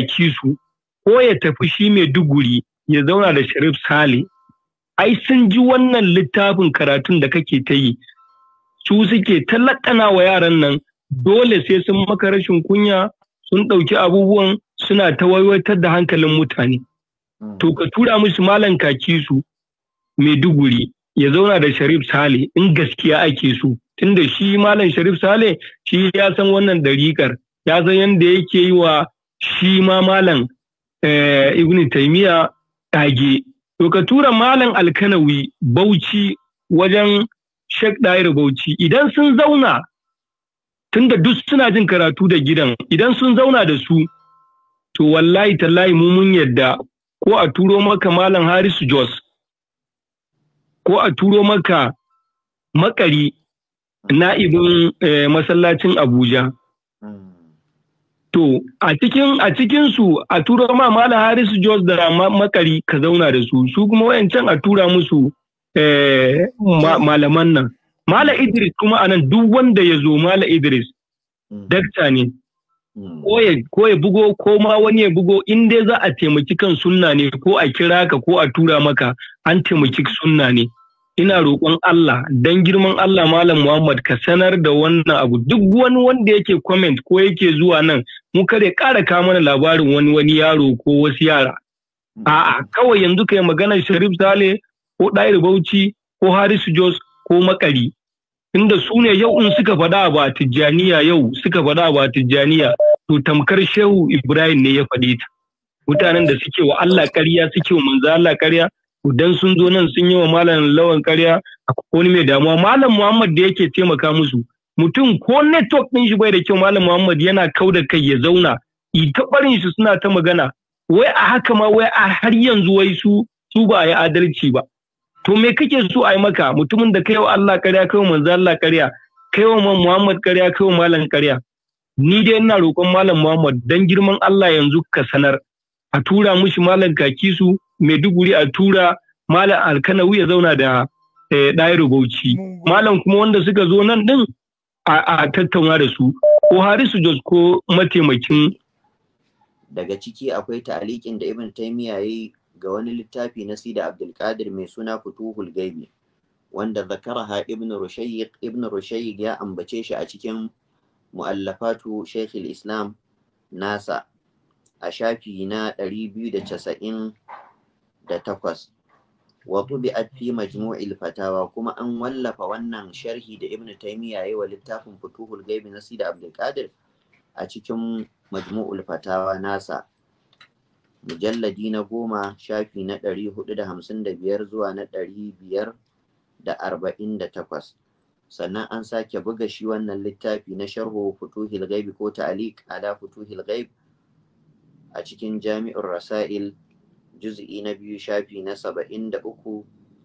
kakisu su ko ya tafi shi mai duguri ya zauna da Sharif Sale ai sun ji wannan littafin karatun da kake ta yi su suke talakana wa yaran nan dole sai sun maka rashin kunya sun ɗauki abubuwan suna ta waiwatar da hankalin mutane hmm. to ka tura musu malam kaki mai duguri ya zauna da sharif sale in gaskiya ake so tunda shi malam sharif sale shi ya san wannan dariƙar ya san yadda yake yi wa shi ma malam eh, ibn taimiya ɗage to ka tura malam alkanawi bauchi wajen shek ɗayar bauchi idan sun zauna tunda duk suna jin karatu da gidan idan sun zauna da su to wallahi tallahi mu mun yadda ko a turo maka malam harisu jos ko a turo maka makari na'ibin eh, masallacin abuja To, a cikin a su a tura ma Mala Harris Jos da makari ka zauna da su, su kuma wayancan a tura musu eh, malaman nan. Mala Idris kuma a nan duk wanda ya zo Mala Idris, hmm. dakta ne. Hmm. Ko ya bugo ko ma wani ya bugo in dai za a taimaki kan sunna ne ko a kira ka ko a tura maka an taimaki sunna ne. ina roƙon Allah dan girman Allah Malam Muhammad ka sanar da wannan abu duk wani wanda yake comment ko yake zuwa nan mu kare ƙara ka mana labarin wani wani yaro ko wasu yara a'a kawai yanzu ka yi magana Sharif Sale ko Dair Bauchi ko Haris Jos ko Makari inda su ne yau in suka faɗa ba Tijjaniya yau suka faɗa ba Tijjaniya to tamkar Shehu Ibrahim ne ya faɗi ta mutanen da suke wa Allah karya suke wa manzo Allah ƙarya dan sun zo nan sun yi wa malam lawan karya a wani mai damuwa malam muhammad da yake taimaka musu mutum ko network din shi bai da kyau malam muhammad yana kau da kai ya zauna ita barin shi suna ta magana wai a haka ma wai a har yanzu wai su su ba yi adalci ba to me kake so a yi maka mutumin da kaiwa Allah karya kaiwa manzo Allah karya kaiwa man muhammad karya kaiwa malam karya ni dai ina roƙon malam muhammad dan girman Allah yanzu ka sanar a tura mushi malam kaki su maiduguri a tura malam alkanawi ya zauna da ɗaya eh, bauchi malam kuma wanda suka zo nan din a tattauna da su ko harisu jos ko mataimakin daga ciki akwai ta'alikin da ibn taymiya yayi ga wani littafi na sida abdulkadir mai suna futuhul gaibi wanda zakaraha ibn Rushayyik ibn Rushayyik ya ambace shi a cikin mu'allafatu shaykh islam nasa a shafi na 290 da takwas wa fi majmu'il fatawa kuma an wallafa wannan sharhi da ibnu taymiya yayi wa littafin futuhul ghaibi na sida abdul qadir a cikin majmu'ul fatawa nasa mujalladi na goma shafi na ɗari hudu da hamsin da biyar zuwa na ɗari biyar da arba'in da takwas sannan an sake buga shi wannan littafi na sharhu futuhil gaibi ko ta'aliq ala futuhil gaib a cikin jami'ur rasail juz'i na biyu shafi na saba'in da uku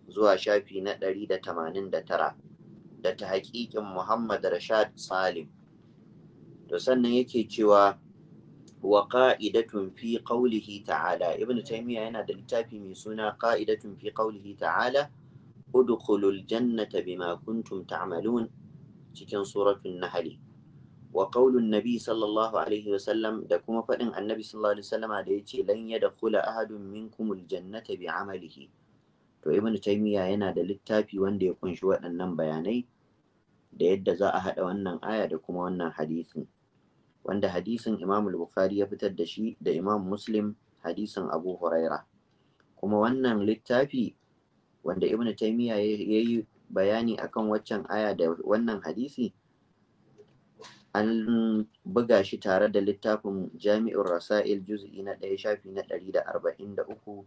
zuwa shafi na ɗari da tamanin da tara da ta haƙiƙin Muhammad Rashad Salim. To sannan yake cewa wa ƙa'idatun fi ƙaulihi ta'ala Ibn Taymiyyah yana da littafi mai suna ƙa'idatun fi ƙaulihi ta'ala udkhulul jannata bima kuntum ta'malun cikin suratul nahli wa qaulun sallallahu alaihi wasallam da kuma faɗin annabi sallallahu alaihi wasallam da yace lan yadkhula ahadun minkumul jannata amalihi to ibnu taymiya yana da littafi wanda ya kunshi waɗannan bayanai da yadda za a haɗa wannan aya da kuma wannan hadisin wanda hadisin imam bukhari ya fitar da shi da imam muslim hadisin abu huraira kuma wannan littafi wanda ibnu taymiya ya yi bayani akan waccan aya da wannan hadisi an buga shi tare da littafin jami'in rasail juz'i na ɗaya shafi na ɗari da arba'in da uku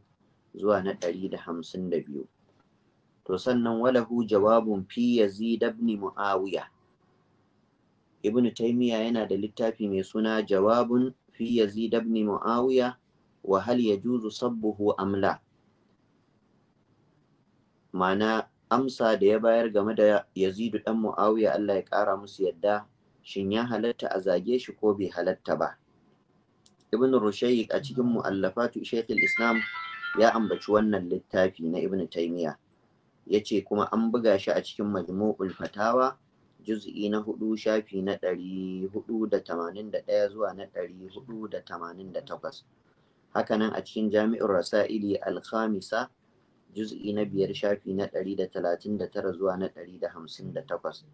zuwa na ɗari da hamsin da biyu to sannan walahu jawabun fi yazid ibn muawiya ibn taymiya yana da littafi mai suna jawabun fi yazid ibn muawiya wa hal yajuzu sabbuhu amla ma'ana amsa da ya bayar game da yazidu dan muawiya Allah ya kara musu yadda shin ya halatta a zage shi ko bai halatta ba ibn rushayk a cikin mu'allafatu shaykhul islam ya ambaci wannan littafi na ibn taymiya yace kuma an buga shi a cikin majmu'ul fatawa juz'i na hudu shafi na ɗari hudu da tamanin da ɗaya zuwa na ɗari hudu da tamanin da takwas hakanan a cikin jami'in rasa'ili alkhamisa juz'i na biyar shafi na ɗari da talatin da tara zuwa na ɗari da hamsin da takwas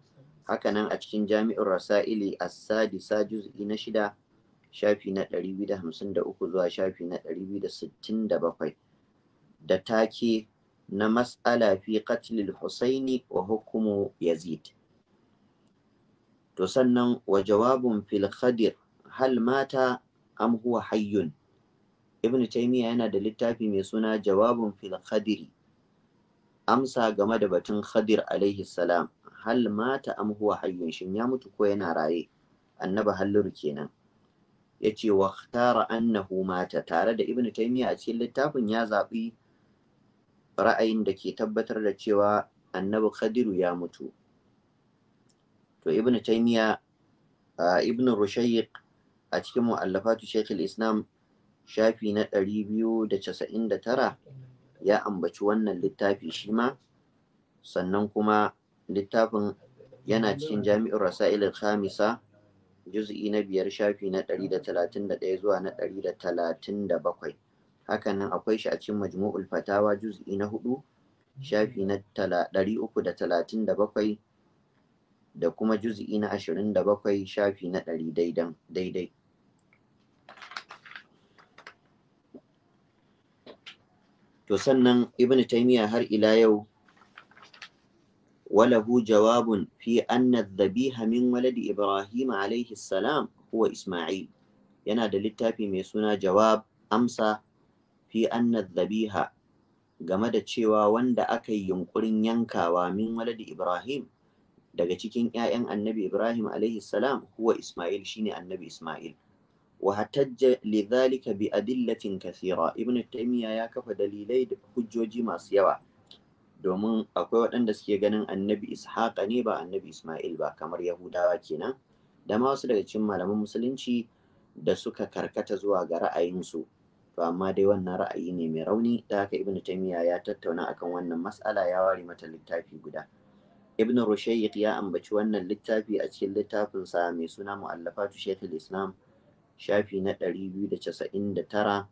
Haka nan a cikin jami'in rasa'ili as-sadisa juz'i na shida shafi na 253 zuwa shafi na 267 da take na mas'ala fi qatlil husaini wa hukumu yazid to sannan wa jawabun fil khadir hal mata am huwa hayyun ibn taymiya yana da littafi mai suna jawabun fil khadiri amsa game da batun khadir alaihi salam hal mata am huwa hayyun shin ya mutu ko yana raye annabi halluru kenan yace wa ikhtara annahu mata tare da ibnu taymiya a cikin littafin ya zabi ra'ayin da ke tabbatar da cewa annabi khadiru ya mutu to ibnu taymiya ibnu rushayq a cikin mu'allafatu al islam shafi na 299 ya ambaci wannan littafi shi ma sannan kuma littafin yana cikin jami'in rasailul khamisa juz'i na biyar shafi na 131 zuwa na 137 nan akwai shi a cikin majmu'ul fatawa juz'i na hudu shafi na 337 da kuma juz'i na 27 shafi na 100 daidai to sannan ibnu taymiya har ila yau وله جواب في أن min Waladi Ibrahim إبراهيم عليه السلام هو إسماعيل yana da littafi mai suna jawab amsa fi annad zabiha game da cewa wanda aka yi yunkurin yankawa min waladi ibrahim daga cikin 'ya'yan annabi ibrahim alaihi salam huwa ismail shine annabi ismail wa hatajja lidhalika bi adillatin kathira ibnu taymiya ya kafa dalilai da hujjoji masu yawa domin akwai waɗanda suke ganin annabi ishaqa ne ba annabi isma'il ba kamar yahudawa kenan da ma wasu daga cikin malaman musulunci da suka karkata zuwa ga ra'ayinsu to amma dai wannan ra'ayi ne mai rauni da haka ibnu taymiya ya tattauna akan wannan mas'ala ya ware mata littafi guda ibnu rushayyiq ya ambaci wannan littafi a cikin littafinsa mai suna mu'allafatu shaykhul islam shafi na ɗari biyu da da casa'in tara.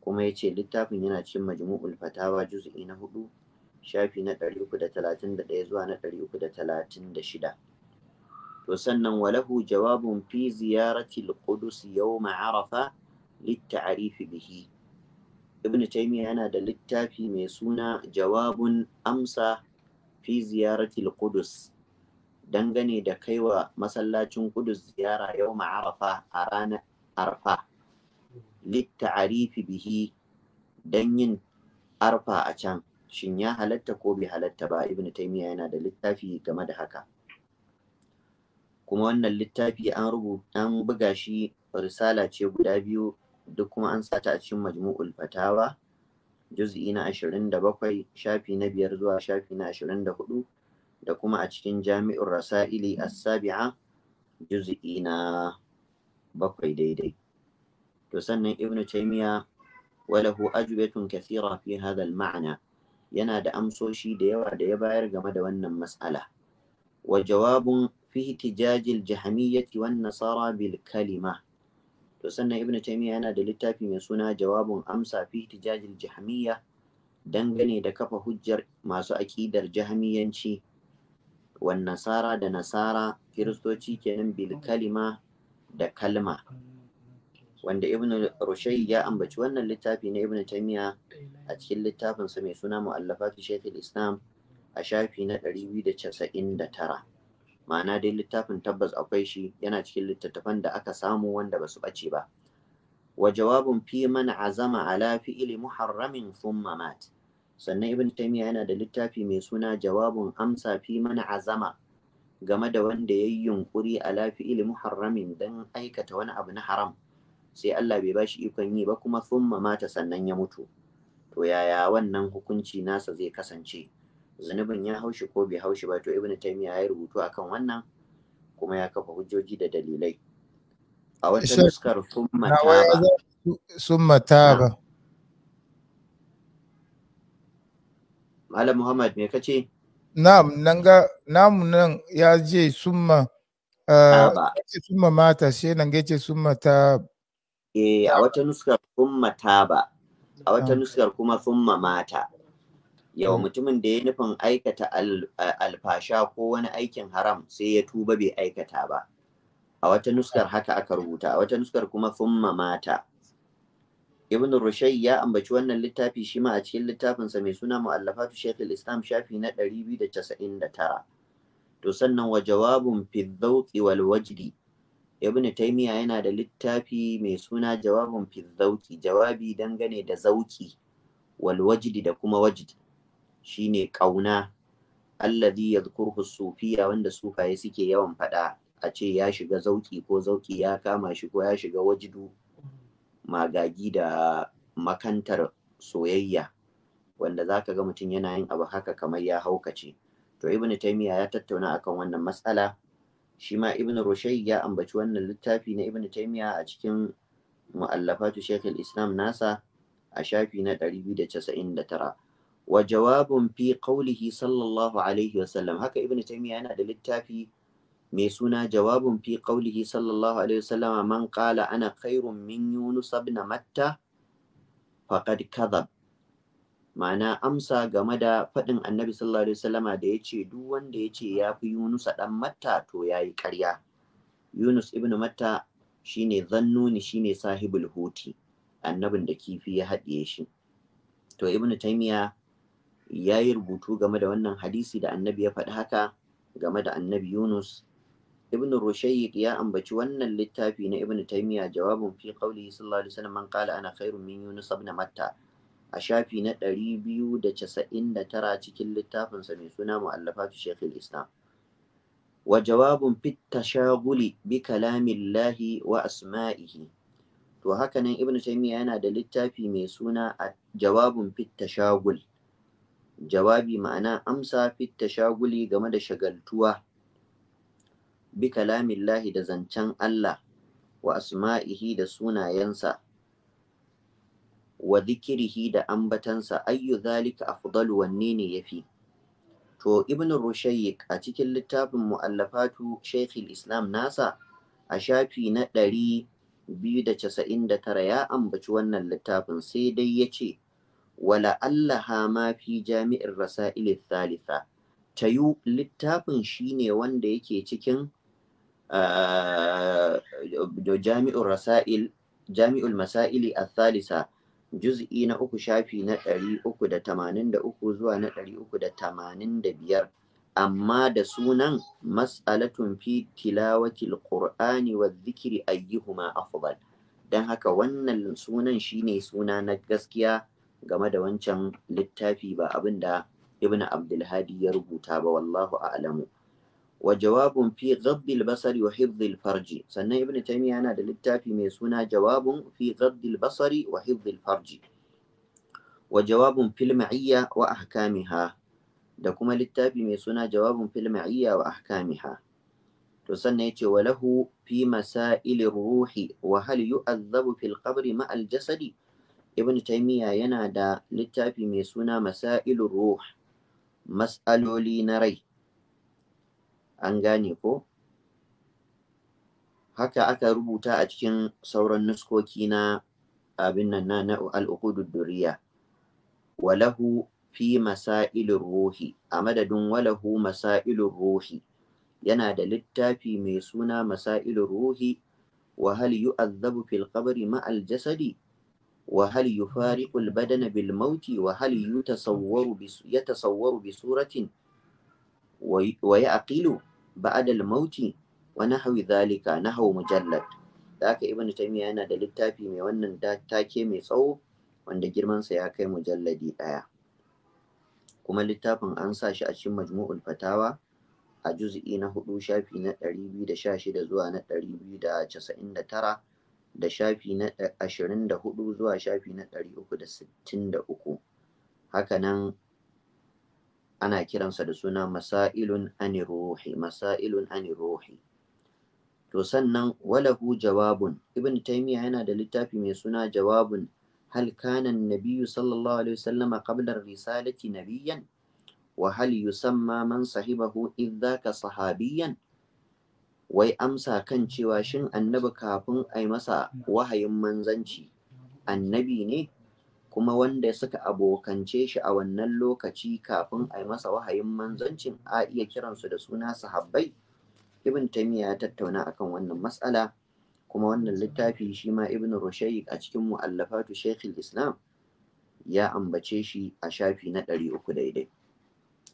kuma ya ce littafin yana cikin majmu'ul fatawa juz'i na hudu shafi na 331 zuwa na shida. to sannan walahu jawabun fi ziyarati al-qudus yawma arafa litta'arifi bihi ibn taymiya yana da littafi mai suna jawabun amsa fi ziyarati al dangane da kaiwa masallacin Qudus ziyara yau ma'arafa a ranar arfa litta'arifi bihi dan yin arfa a can shin ya halatta ko bai halatta ba ibn taimiya yana da littafi game da haka kuma wannan littafi an rubuta an buga shi risala ce guda biyu duk kuma an sata a cikin majmu'ul fatawa juz'i na 27 shafi na biyar zuwa shafi na 24 da kuma a cikin jami'ur rasaili as-sabi'a juz'i na bakwai daidai to sannan ibnu walahu وله kathira fi في هذا المعنى yana da amsoshi da yawa da ya bayar game da wannan mas'ala wa jawabun fi tijajil jahmiyyati wan nasara bil kalima to sannan ibnu taymiya yana da littafi mai suna jawabun amsa fi tijajil jahamiyya. dangane da kafa hujjar masu aƙidar jahamiyanci wan nasara da nasara kiristoci kenan bil kalima da kalma wanda ibn Rushayi ya ambaci wannan littafi na ibn taymiya a cikin littafinsa mai suna mu'allafatu shaykhul islam a shafi na 299 ma'ana dai littafin tabbas akwai shi yana cikin littattafan da aka samu wanda basu bace ba wa jawabun fi man azama ala fi'li muharramin thumma mat sannan ibn taymiya yana da littafi mai suna jawabun amsa fi man azama game da wanda yayi yunkuri lafi fi'li muharramin dan aikata wani abu na haram sai Allah bai bashi ikon yi ba kuma sun mata sannan ya mutu to yaya wannan hukunci nasa zai kasance zunubin ya haushi ko bai haushi ba to Ibn taymiya ya rubutu akan wannan kuma ya kafa hujjoji da dalilai a wata nuskar sun mata ba. Malam Muhammad me kace? Na'am nan ga namu nan ya je summa summa mata sai nan ga summa ta eh a wata nuskar ta ba a wata ah. nuskar kuma summa mata yau mm. mutumin da ya nufin aikata alfasha ko wani aikin haram sai ya tuba bai aikata ba a wata nuskar haka aka rubuta a wata nuskar kuma summa mata ibn rushai ya ambaci wannan littafi shi ma a cikin littafinsa mai suna mu'allafatu shaykh islam shafi na 299 to sannan wa jawabun fi dhawqi wal wajdi ibn taymiya yana da littafi mai suna jawabin fi zauki jawabi dangane da zauki wal wajdi da kuma wajdi shine kauna alladhi yadhkuruhu sufiya wanda sufaye suke yawan fada a ce ya shiga zauki ko zauki ya kama shi ko ya shiga wajdu magagi da makantar soyayya wanda zaka ga mutum yana yin abu haka kamar ya haukace to ibn taymiya ya tattauna akan wannan matsala shi ma ibn rushai ya ambaci wannan littafi na ibn taimiya a cikin mu'allafatu shekul islam nasa a shafi na 299 wa jawabun fi qawlihi sallallahu alaihi wasallam haka ibn taimiya yana da littafi mai suna jawabun fi qawlihi sallallahu alaihi wasallam man qala ana khairun min yunus ibn matta faqad kadhab ma'ana amsa game da faɗin annabi sallallahu alaihi wasallama da ya ce duk wanda ya ce ya fi yunus ɗan matta to ya yi ƙarya yunus ibn matta ne shi ne sahibul huti annabin da kifi ya haɗiye shi to ibn taimiya ya yi rubutu game da wannan hadisi da annabi ya faɗi haka game da annabi yunus ibn rushayyid ya ambaci wannan littafi na ibn taimiya jawabin fi qawlihi sallallahu alaihi wasallam man ana khairun min yunus ibn matta a shafi na 299 cikin littafinsa mai suna mu'allafatu shekul islam wa jawabun fit tashaguli bi kalamillahi wa asma'ihi to haka nan ibnu taymiya yana da littafi mai suna a jawabun fit tashagul jawabi ma'ana amsa fit tashaguli game da shagaltuwa bi kalamillahi da zancen Allah wa asma'ihi da sunayensa wa zikirihi da ambatansa ayyu zalika afdalu wanne ne yafi to ibn rushayyik a cikin littafin mu'allafatu shaykhil islam nasa a shafi na ɗari biyu da casa'in da tara ya ambaci wannan littafin sai dai ya ce wala allaha ma fi jami'in rasa'il thalitha tayu littafin shine wanda yake cikin ah, jami'ul rasail jami'ul Salisa. athalitha juz'i na uku shafi na ɗari uku da tamanin da uku zuwa na ɗari uku da tamanin da biyar amma da sunan mas'alatun fi tilawatil qur'ani wa zikiri ayyuhuma afdal dan haka wannan sunan shine suna na gaskiya game da wancan littafi ba abin da ibnu abdulhadi ya rubuta ba wallahu a'lamu wa jawabun fi ghaddil basari wa hifdhil farji sannan ibnu taymiya yana da littafi mai suna jawabun fi ghaddil basari wa hifdhil farji wa jawabun fil wa ahkamiha da kuma littafi mai suna jawabun filma'iyya ma'iyya wa ahkamiha to sannan yace ce lahu fi masailir ruhi wa hal yu'adhabu fil qabri ma al jasadi ibnu taymiya yana da littafi mai suna masailur ruh mas'aloli na rai an gane ko haka aka rubuta a cikin sauran nuskoki na abin nan na al'uqudud duriya walahu fi masailin ruhi a madadin walahu masailin ruhi yana da littafi mai suna masailin ruhi wa hal yu'azzabu fil qabri ma'al jasadi wa hal yufariqu badana bil mauti wa hal yutasawwaru bi yatasawwaru bi suratin wa ya'qilu ba'ad al-mauti wa nahwi dhalika nahwu mujallad da haka ibnu taymiya yana da littafi mai wannan take mai tsawo wanda girmansa ya kai mujalladi ɗaya kuma littafin an sa shi a cikin majmu'ul fatawa a juz'i na hudu shafi na 216 zuwa na 299 da shafi na 24 zuwa shafi na 363 hakanan ana kiransa da suna masailun ani ruhi masailun ani to sannan walahu jawabun ibn taymiya yana da littafi mai suna jawabun hal kana nabiyyu sallallahu alaihi wasallama qabla risalati nabiyyan wa hal yusamma man sahibahu idzaka sahabiyan wai amsa kan cewa shin annabi kafin ai masa wahayin manzanci annabi ne kuma wanda suka abokance shi a wannan lokaci kafin a yi masa wahayin manzancin a iya kiransu da suna sahabbai ibn Taimiyya ya tattauna akan wannan matsala kuma wannan littafi shi ma ibn rushayk a cikin mu'allafatu shaykhul islam ya ambace shi a shafi na ɗari uku daidai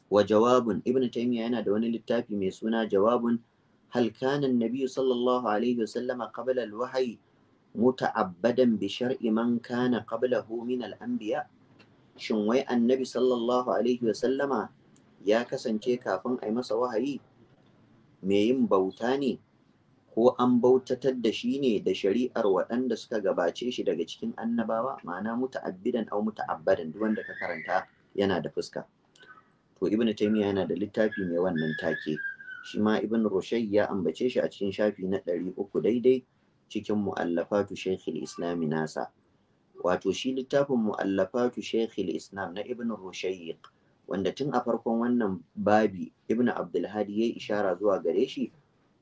wa jawabun ibn Taimiyya yana da wani littafi mai suna jawabun hal kana an sallallahu alaihi wasallama qabla al-wahyi muta'abbadan bi shar'i kana qablahu min al shin wai annabi sallallahu alaihi wasallama ya kasance kafin a yi masa wahayi mai yin bauta ne ko an bautatar da shi ne da shari'ar waɗanda suka gabace shi daga cikin annabawa ma'ana muta'abbidan au muta'abbadan duk wanda ka karanta yana da fuska to ibnu taymiya yana da littafi mai wannan take Shima ibn rushayy ya ambace shi a cikin shafi na ɗari uku daidai cikin mu'allafatu shaykhil islam nasa wato shi littafin mu'allafatu shaykhil islam na ibn rushayyiq wanda tun a farkon wannan babi ibn abdulhadi ya ishara zuwa gare shi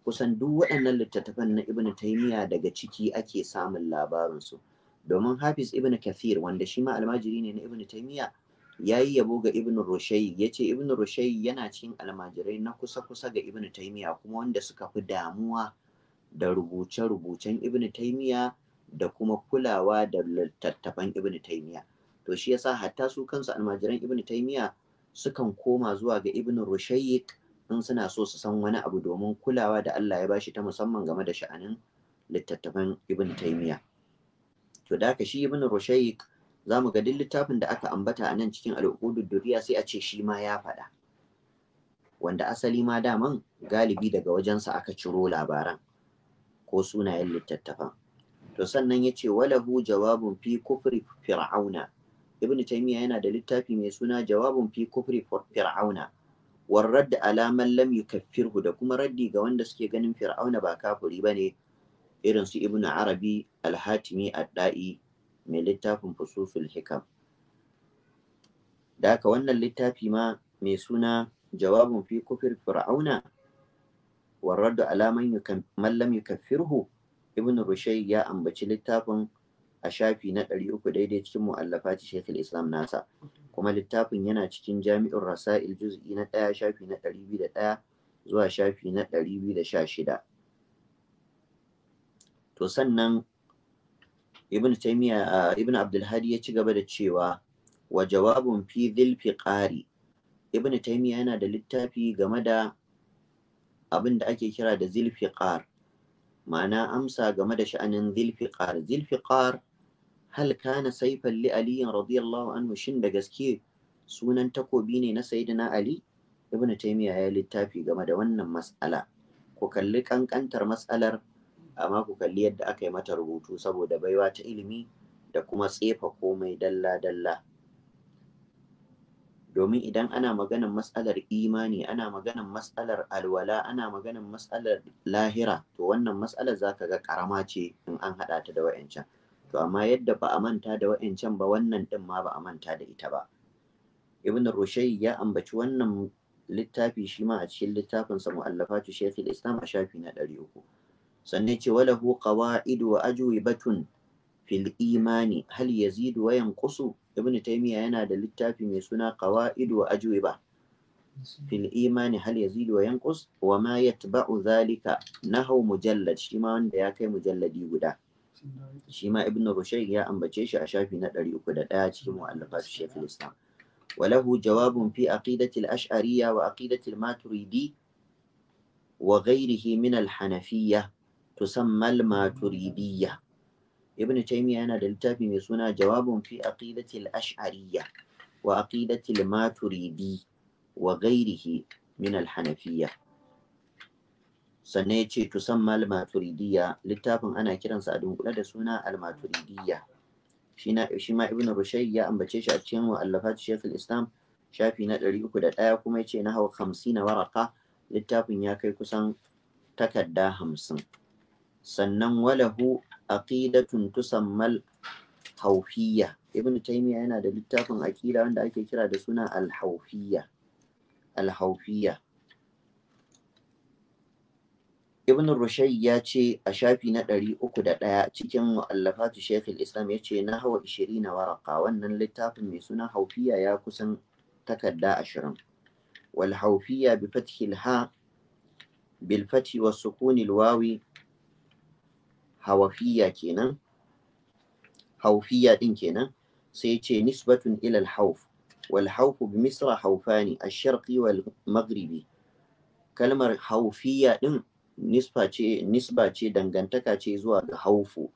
kusan duk waɗannan littattafan na ibn taymiya daga ciki ake samun labarinsu domin hafiz ibn kathir wanda shi ma almajiri ne na ibn taymiya ya yi yabo ga ibn Rushayyi ya ce ibn Rushayyi yana cikin almajirai na kusa-kusa ga ibn taymiya kuma wanda suka fi damuwa da rubuce-rubucen ibn taimiya da kuma kulawa da littattafan ibn taimiya to shi yasa hatta su kansu almajiran ibn taimiya sukan koma zuwa ga ibn rushayyik in suna so su san wani abu domin kulawa da Allah ya bashi ta musamman game da sha'anin littattafan ibn taimiya to da haka shi ibn rushayyik za ga duk littafin da aka ambata a nan cikin al'udud duriya sai a ce shi ma ya faɗa wanda asali ma daman galibi daga wajensa aka ciro labaran ko sunayen littattafan to sannan ya ce walahu jawabun fi kufri fir'auna ibn taymiya yana da littafi mai suna jawabun fi kufri fir'auna warrar da alaman lam yukaffirhu da kuma raddi ga wanda suke ganin fir'auna ba kafuri bane irin su ibn arabi al-hatimi ad-da'i mai littafin fususul hikam da haka wannan littafi ma mai suna jawabin fi kufri fir'auna Warar da alaman mallam kafirhu, ibn rushai ya ambaci littafin a shafi na ɗari uku daidai cikin mu'allafati shekul islam nasa kuma littafin yana cikin jami'in rasa'il juz'i na ɗaya shafi na ɗari biyu da ɗaya zuwa shafi na ɗari biyu da sha shida to sannan ibn taymiya ibn abdulhadi ya ci gaba da cewa wa jawabun fi dhil fiqari ibn taymiya yana da littafi game da abin da ake kira da zilfiƙar ma'ana amsa game da sha'anin zilfiƙar zilfiƙar hal kana saifan li aliyin radiyallahu anhu shin da gaske sunan takobi ne na sayyidina ali ibn taymiya ya littafi game da wannan mas'ala ku kalli kankantar mas'alar amma ku kalli yadda aka yi mata rubutu saboda baiwa ta ilimi da kuma tsefa komai dalla-dalla. domin idan ana maganan matsalar imani ana maganan matsalar alwala ana maganan matsalar lahira to wannan matsalar zaka ga karama ce in an haɗa ta da wa'ancan to amma yadda ba a manta da wa'ancan ba wannan din ma ba a manta da ita ba ibn rushai ya ambaci wannan littafi shi ma a cikin littafin sa mu'allafatu shaykh al-islam a shafi na 300 sannan ce walahu qawaidu wa ajwibatun fil imani hal yazidu wa yanqusu ibn taymiya yana da littafi mai suna qawaid wa ajwiba fil imani hal yazid wa yanqus wa ma yatba'u zalika nahu mujallad shi ma wanda ya kai mujalladi guda shi ma ibn rushayk ya ambace shi a shafi na 301 cikin mu'allafat shaykh islam وله جواب في عقيدة wa وعقيدة الماتريدي وغيره من الحنفية تسمى الماتريدية ibn taymiya yana da littafi mai suna jawabun fi aqidati ashariyya wa aqidati maturidi wa ghairihi min al-hanafiyya sannan ya ce tusamma al-maturidiyya littafin ana kiransa a dunkule da suna al-maturidiyya shi ma ibn rushai ya ambace shi a cikin mu'allafat shaykhul islam shafi na 301 kuma ya ce na hawa 50 waraka littafin ya kai kusan takarda 50 sannan walahu aqidatun tusammal Haufiya ibn taymiya yana da littafin aqida wanda ake kira da suna al-haufiyya al ibn rushai ya ce a shafi na ɗari uku da ɗaya cikin mu'allafatu shaykh islam ya ce na hawa na waraka wannan littafin mai suna haufiya ya kusan takarda ashirin wal haufiya bi fathil ha bil fathi was sukuni wawi hawafiya kenan haufiya din kenan sai ce nisbatun ilal hauf wal haufu bi misra haufani ash-sharqi wal maghribi kalmar haufiya din nisba ce nisba ce dangantaka ce zuwa ga haufu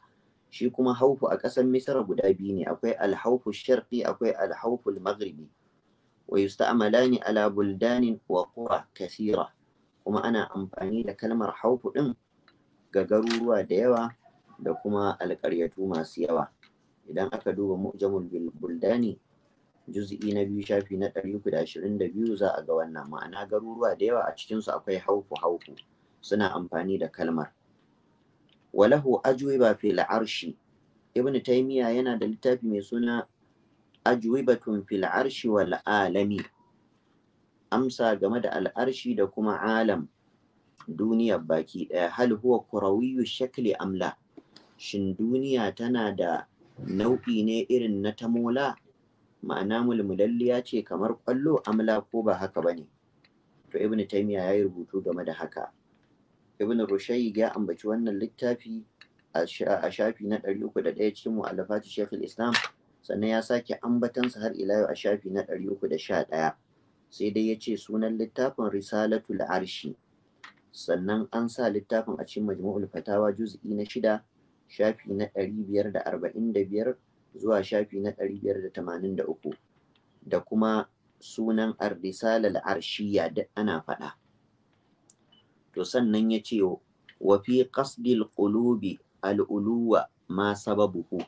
shi kuma haufu a ƙasar misra guda biyu ne akwai alhaufu sharqi akwai alhaufu maghribi wa yusta'malani ala buldanin wa qura kasira kuma ana amfani da kalmar haufu din ga garuruwa da yawa da kuma alƙaryatu masu yawa idan aka duba mu'jamul buldani juz'i na biyu shafi na ɗari uku da ashirin da biyu za a ga wannan ma'ana garuruwa da yawa a cikinsu akwai hauku hauku suna amfani da kalmar walahu ajwiba fi arshi ibn taymiya yana da littafi mai suna ajwibatun fil arshi wal alami amsa game da al'arshi da kuma alam duniya baki ɗaya hal huwa kurawiyu shakli amla shin duniya tana da nau'i ne irin na tamola ma'ana ya ce kamar kwallo amla ko ba haka ba ne? to ibnu taymiya yi rubutu game da haka ibnu rushayi ya ambaci wannan littafi a shafi na 301 cikin mu'allafati shaykhul islam sannan ya sake ambatansa har ila yau a shafi na ɗaya, sai dai ya ce sunan littafin risalatul arshi sannan an sa littafin a cikin majmu'ul fatawa juz'i na shida shafi na ɗari biyar da arba'in da biyar zuwa shafi na ɗari biyar da tamanin da uku da kuma sunan ardisalal arshiya duk ana faɗa to sannan ya ce wa fi qasdil qulubi al'uluwa ma sababuhu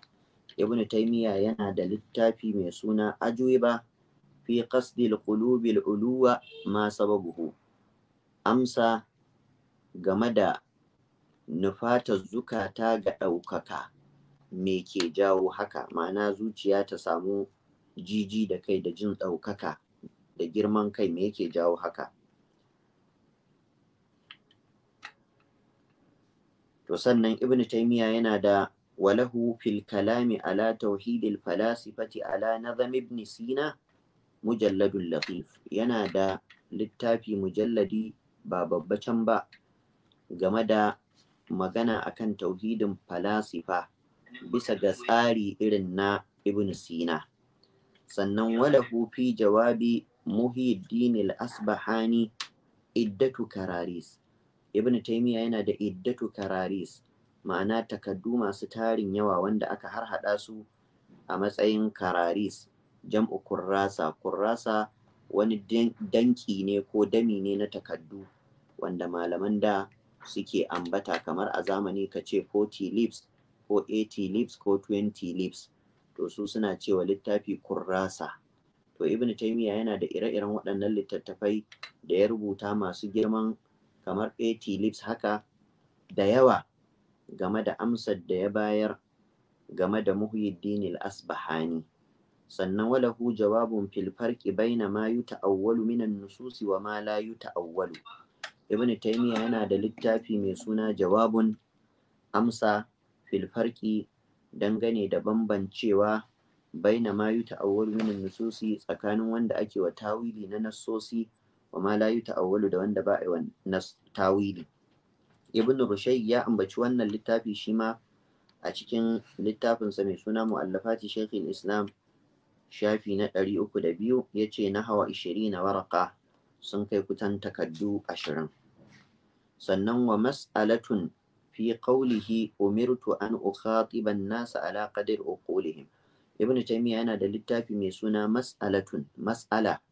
ibnu taymiya yana da littafi mai suna ajuiba fi qasdil qulubi al'uluwa ma sababuhu amsa game da nufata zukata ga ɗaukaka me ke jawo haka ma'ana zuciya ta samu jiji da kai da jin ɗaukaka da girman kai me yake jawo haka to sannan Ibn taymiya yana da walahu fil kalami ala tauhidil falasifati ala nazam ibn sina mujalladul latif yana da littafi mujalladi ba can ba game da magana akan tauhidin falasifa bisa ga tsari irin na Ibn Sina. Sannan wala fi jawabi Muhyiddin al-Asbahani iddatu kararis. Ibn Taimiyya yana da iddatu kararis, ma'ana takaddu masu tarin yawa wanda aka harhaɗa su a matsayin kararis, jam'u kurrasa, kurrasa wani danki ne ko dami ne na takaddu wanda malaman da suke ambata kamar a zamani ka ce 40 leaves ko 80 leaves ko 20 leaves to su suna cewa littafi kurrasa to ibn taymiya yana da ire-iren waɗannan littattafai da ya rubuta masu girman kamar 80 leaves haka da yawa game da amsar da ya bayar game da muhyiddin al-asbahani sannan walahu jawabun fil farqi baina ma yuta'awwalu minan an-nusus wa ma la yuta'awwalu ibn taymiya yana da littafi mai suna jawabun amsa filfarki dangane da bambancewa baina ma awwalu min nususi tsakanin wanda ake wa tawili na nasosi wa ma la awwalu da wanda ba a nas tawili ibn rushay ya ambaci wannan littafi shi ma a cikin littafinsa mai suna mu'allafati shaykhul islam shafi na ɗari uku da biyu ya ce na hawa ishirin na waraka sun kai kutan takardu ashirin sannan wa mas'alatun fi qawlihi umirtu an ukhatiba an-nasa ala qadri uqulihim ibn taymiya yana da littafi mai suna mas'alatun mas'ala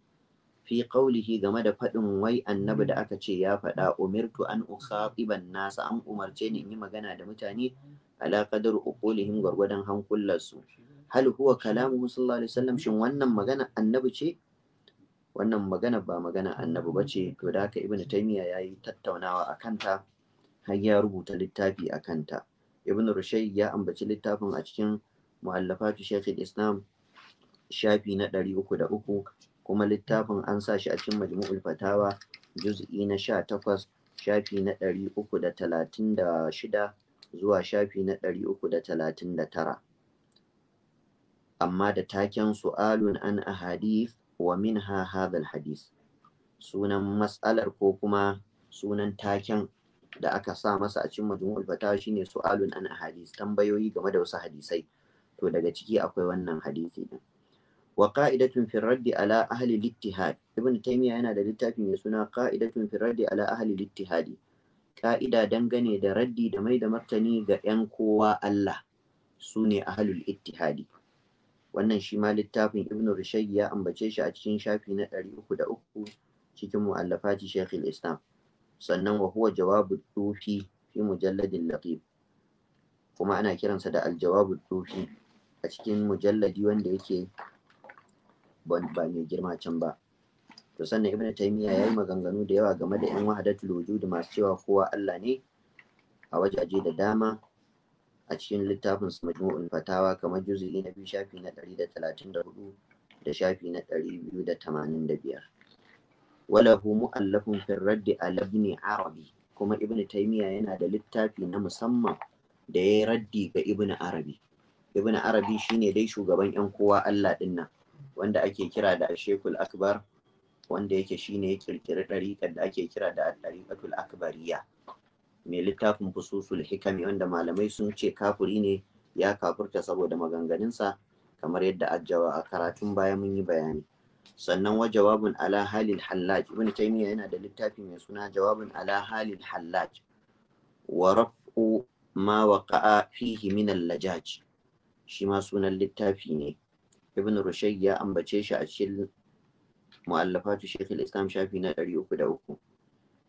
fi qawlihi game da faɗin wai annabi da aka ce ya faɗa umirtu an an nasa an umarce ni in yi magana da mutane ala qadri uqulihim gwargwadon hankulansu hal huwa kalamu sallallahu alaihi wasallam shin wannan magana annabi ce wannan magana ba magana annabi ba ce to da haka ibnu taymiya ya yi tattaunawa a kanta har ya rubuta littafi a kanta ibnu rushai ya ambaci littafin a cikin mu'allafatu shaykhul islam shafi na ɗari uku da uku kuma littafin an sa shi a cikin majmu'ul fatawa juz'i na sha takwas shafi na ɗari uku da talatin da shida zuwa shafi na ɗari uku da talatin da tara amma da taken su'alun an ahadith wa ha hadha hadis sunan matsalar ko kuma sunan taken da aka sa masa a cikin majmu'ul fatawa shine su'alun an hadis tambayoyi game da wasu hadisai to daga ciki akwai wannan hadisi din wa qa'idatun fi raddi ala ahli al-ittihad ibn taymiya yana da littafi mai suna qa'idatun fi raddi ala ahli al ƙa'ida ka'ida dangane da raddi da mai da martani ga 'yan kowa Allah su ne ahlul ittihadi wannan shi ma littafin ibn rushayi ya ambace shi a cikin shafi na ɗari uku da uku cikin mu'allafati shekul islam sannan wa huwa jawabu tufi fi mujalladin laqib kuma ana kiransa da aljawabu tufi a cikin mujalladi wanda yake ba mai girma can ba to sannan ibn taymiya yayi maganganu da yawa game da yan wahadatul wujud masu cewa kowa Allah ne a wajaje da dama a cikin littafin sa majmu'ul fatawa kamar juzu'i na biyu shafi na 134 da shafi na 285 walahu mu'allafun fi raddi ala ibn arabi kuma ibn taymiya yana da littafi na musamman da ya raddi ga Ibnu arabi Ibnu arabi shine dai shugaban yan kowa Allah din wanda ake kira da shekul akbar wanda yake shine ya kirkiri ɗariƙar da ake kira da ɗariƙatul akbariya mai littafin fususul hikami wanda malamai sun ce kafuri ne ya kafurta saboda maganganunsa kamar yadda ajawa a karatun baya mun yi bayani sannan wa jawabun ala halil hallaj ibn taymiya yana da littafi mai suna jawabin ala halil hallaj wa raf'u ma waqa'a fihi min lajaj shi ma sunan littafi ne ibn rushayy ya ambace shi a cikin mu'allafatu shaykh al-islam shafi na 303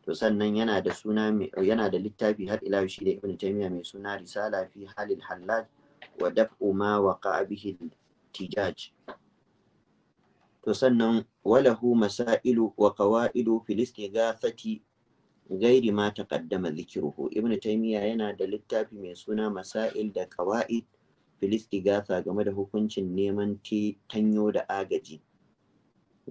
to sannan yana da suna yana da littafi har ila shi da Ibn taymiya mai suna risala fi halil hallaj wa daf'u ma waqa bihi tijaj to sannan walahu masailu wa qawaidu fi istighafati ghairi ma taqaddama dhikruhu Ibn taymiya yana da littafi mai suna masail da qawaid fi game da hukuncin neman tanyo da agaji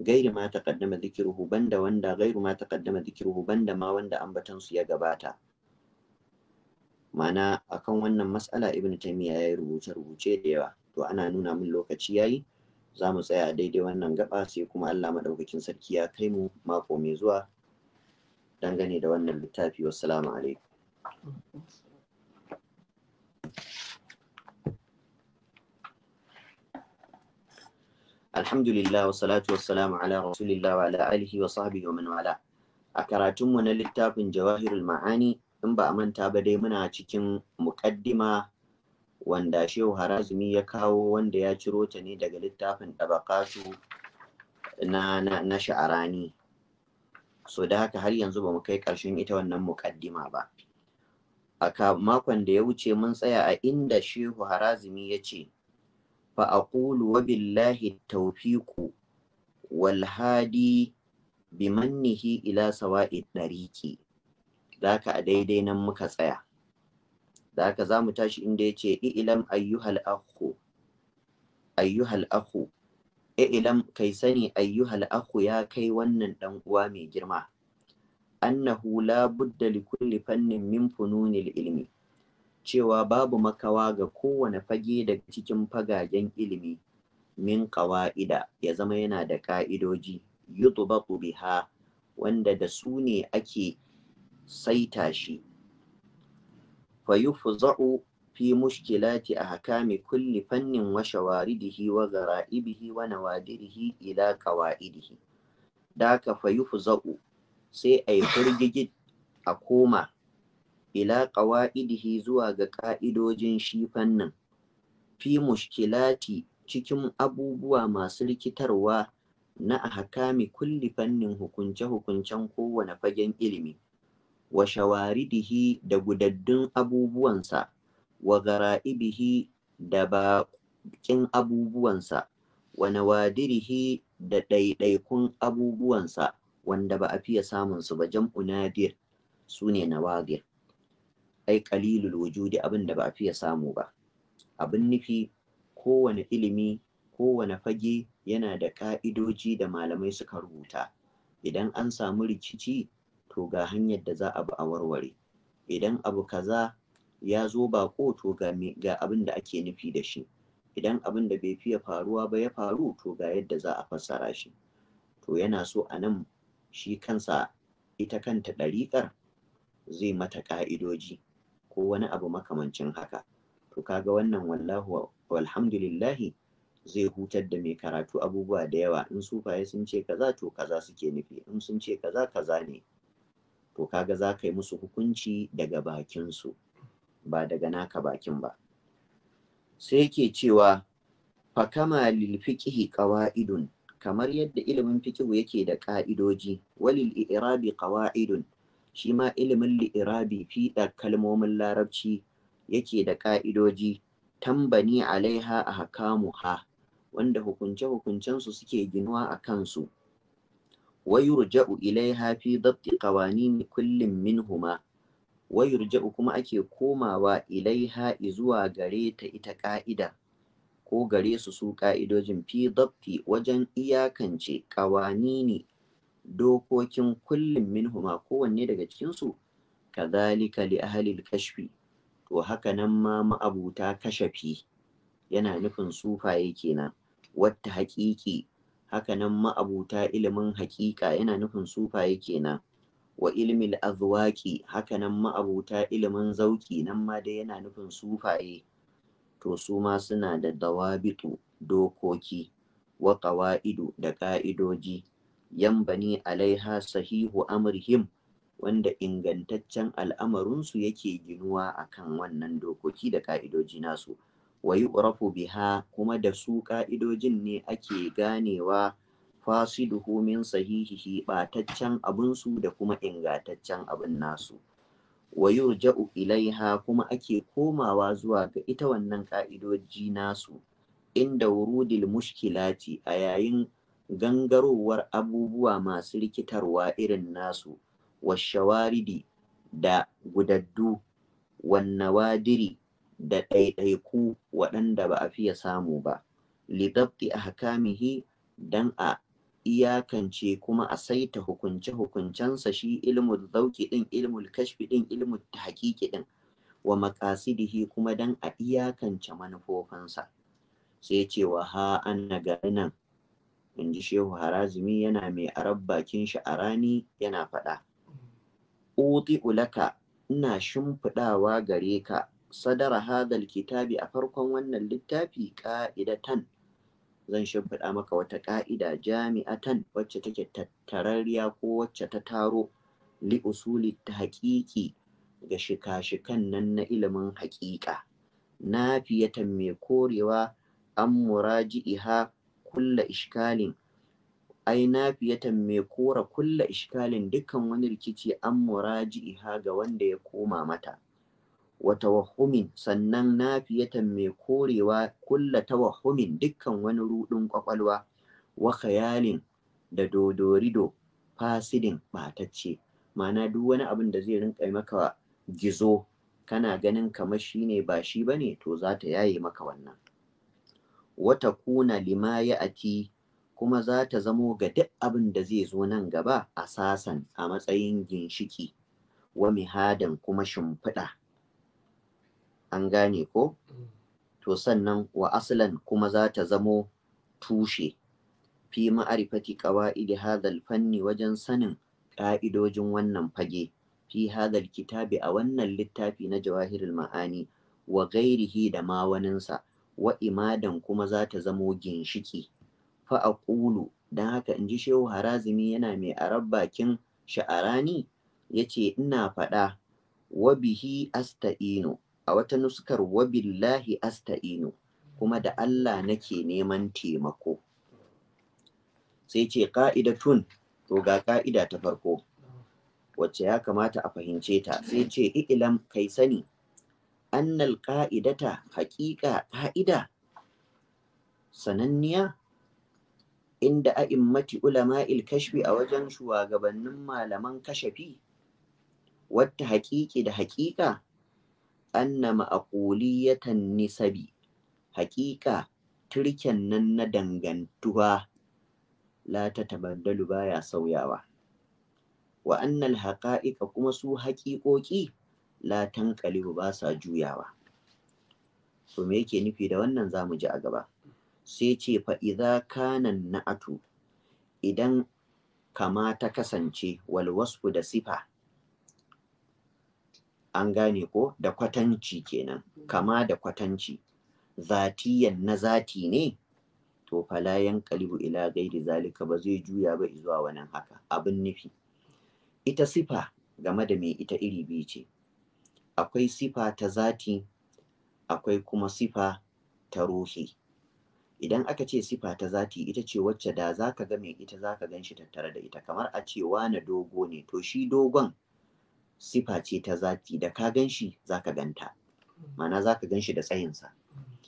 gairi ma taqaddama dhikruhu banda wanda ma taqaddama banda ma wanda ambatan su ya gabata ma'ana akan wannan mas'ala ibnu ya yi rubuce rubuce da yawa to ana nuna min lokaci yayi za mu tsaya a daidai wannan gaɓa sai kuma Allah madaukakin sarki ya kai mu mako mai zuwa dangane da wannan littafi wassalamu alaikum alhamdulillah wa salatu wassalamu ala rasulillah wa ala alihi wa sahbihi wa man wala a karatunmu na littafin jawahirul ma'ani in ba a manta ba dai muna cikin muqaddima wanda shehu harazumi ya kawo wanda ya ciro ta ne daga littafin dabaqatu na na, na sha'arani so da haka har yanzu ba mu kai ƙarshen ita wannan muqaddima ba a makon da ya wuce mun tsaya a inda shehu harazumi ya ce فأقول وبالله التوفيق والهادي بمنه إلى سواء الطريق ذاك أديدينا مكسايا ذاك زام تاش إنديتي إئلم أيها الأخ أيها الأخ إئلم كيسني أيها الأخ يا كي ونن أنقوامي جرما أنه لا بد لكل فن من فنون الإلمي cewa babu makawa ga kowane fage daga cikin fagagen ilimi min ƙawa'ida ya zama yana da ƙa'idoji yutubaqu biha wanda da su ne ake saita shi Fa yufza'u fi mushkilati ahkami kulli fannin wa shawaridihi wa gara'ibihi wa nawadirihi ila Da ka daka yufza'u sai ai furgigi a koma ila qawa'idihi zuwa ga ƙa'idojin shi fannin fi mushkilati cikin abubuwa masu rikitarwa na ahkami kulli fannin hukunce-hukuncen kowane fagen ilimi wa shawaridihi da gudaddun abubuwansa wa gara'ibihi da baƙin abubuwansa wa nawadirihi da ɗaiɗaikun abubuwansa wanda ba a fiye samun su ba jam'u nadir su ne nawadir ai qalilul wujudi abin da ba a fiye samu ba abin nufi kowane ilimi kowane fage yana da ƙa'idoji da malamai suka rubuta idan an samu rikici to ga hanyar da za a bi a warware idan abu kaza ya zo bako to ga abin da ake nufi da shi idan abin da bai fiye faruwa ba ya faru to ga yadda za a fassara shi to yana so a nan shi kansa ita kanta ɗariƙar zai mata ƙa'idoji ko wani abu makamancin haka to kaga wannan wallahu walhamdulillahi zai hutar da mai karatu abubuwa da yawa in sufaye sun ce kaza to kaza suke nufi in sun ce kaza kaza ne to kaga za ka yi musu hukunci daga bakinsu ba daga naka bakin ba sai yake cewa fakama lil ƙawa'idun kamar yadda ilimin fiqhu yake da ka'idoji walil i'rabi ƙawa'idun. shi ma ilimin li'irabi fiɗa kalmomin larabci yake da ƙa'idoji tambani alaiha a ha, wanda hukunce-hukuncensu suke ginuwa a kansu wayurja'u ilaiha fi dabti qawanin kullum minhuma wayurja'u kuma ake komawa ilaiha zuwa gare ta ita ƙa'ida ko gare su su ƙa'idojin fi dabti wajen iyakance ƙawanini dokokin kullum minhuma kowanne daga cikinsu kazalika li ahalil kashfi to haka nan ma ma'abuta kashafi yana nufin sufaye kenan wata haƙiƙi haka nan ma'abuta ilimin haƙiƙa yana nufin sufaye kenan wa ilmil azwaki haka nan ma'abuta ilimin zauki nan ma dai yana nufin sufaye to su ma suna da dawabitu dokoki wa ƙawa'idu da ƙa'idoji yambani alaiha sahihu amrihim wanda ingantaccen al'amarinsu yake ginuwa akan wannan dokoki da ka'idoji nasu wa biha kuma da su ka'idojin ne ake ganewa fasiduhu min sahihihi bataccen abinsu da kuma ingantaccen abin nasu wa Ja'u ilaiha kuma ake komawa zuwa ga ita wannan ka'idoji nasu inda wurudil mushkilati a yayin gangarowar abubuwa masu rikitarwa irin nasu washawaridi da gudaddu wannawadiri da ɗaiɗaiku waɗanda ba a fiye samu ba lidabti a hakamihi don a iyakance kuma a saita hukunce-hukuncensa shi ilmul zauki ɗin ilmul kashfi ɗin ilmul hakiki ɗin wa makasidihi kuma don a iyakance manufofinsa sai cewa ha an gari nan in ji shehu harazumi yana mai arab bakin shi a rani yana faɗa uti ulaka ina shimfiɗawa gare ka sadara hadal kitabi a farkon wannan littafi ƙa'idatan zan shimfiɗa maka wata ƙa'ida jami'atan wacce take tattararriya ko wacce ta taro li usuli ta haƙiƙi ga shika-shikan nan na ilimin haƙiƙa na fiyatan mai korewa an muraji'iha kulla ishkalin ai nafiyatan mai kora kulla ishkalin dukkan wani rikici an muraji'iha ga wanda ya koma mata wa tawahumin sannan nafiyatan mai korewa kulla tawahumin dukkan wani rudin kwakwalwa wa khayalin da dodorido fasidin batacce ma'ana duk wani abin da zai rinka maka gizo kana ganin kamar shine ba shi bane to zata ta yaye maka wannan wata kuna lima ya ati kuma za ta zamo ga duk abin da zai zo nan gaba a sasan a matsayin ginshiki wa mihadan kuma shimfiɗa an gane ko to sannan wa aslan kuma za ta zamo tushe fi ma'arifati qawa'idi hadal fanni wajen sanin ƙa'idojin wannan fage fi hadal kitabi a wannan littafi na jawahirul ma'ani wa gairihi da ma waninsa Wa'imadan kuma za ta zamo ginshiki fa ƙulu don haka in ji shehu harazimi yana mai arab bakin sha'arani ce ina faɗa wa bihi asta'inu a wata nuskar wa billahi asta'inu kuma da Allah nake neman taimako sai ce ƙa'ida tun to ga ƙa'ida ta farko wacce ya kamata a fahimce ta sai ce ilam kai sani annal ƙa'idata haƙiƙa ƙa'ida sananniya inda a'immati ulama'il kashfi a wajen shugabannin malaman kashafi wata haƙiƙi da haƙiƙa anna ma'aquliyatan nisabi haƙiƙa tirken nan na dangantuwa la tabaddalu baya sauyawa wa annal haƙa'iƙa kuma su haƙiƙoƙi Latan tanqalibu ba sa juyawa to me yake nufi da wannan zamu ji a gaba sai ce fa idza kana na'atu idan kama ta kasance wal wasfu da sifa an gane ko da kwatanci kenan kama da kwatanci zatiyan na zati ne to fala yanqalibu ila gairi zalika ba zai juya ba zuwa wannan haka abin nufi ita sifa game da me ita iri biyu ce akwai sifa ta zati akwai kuma sifa ta ruhi idan aka ce sifa ta zati ita ce wacce da za ka ga mai ita za ka gan shi tattare da ita kamar a ce wane dogo ne to shi dogon sifa ce ta zati da ka gan shi za ka ganta mana za ka gan shi da tsayinsa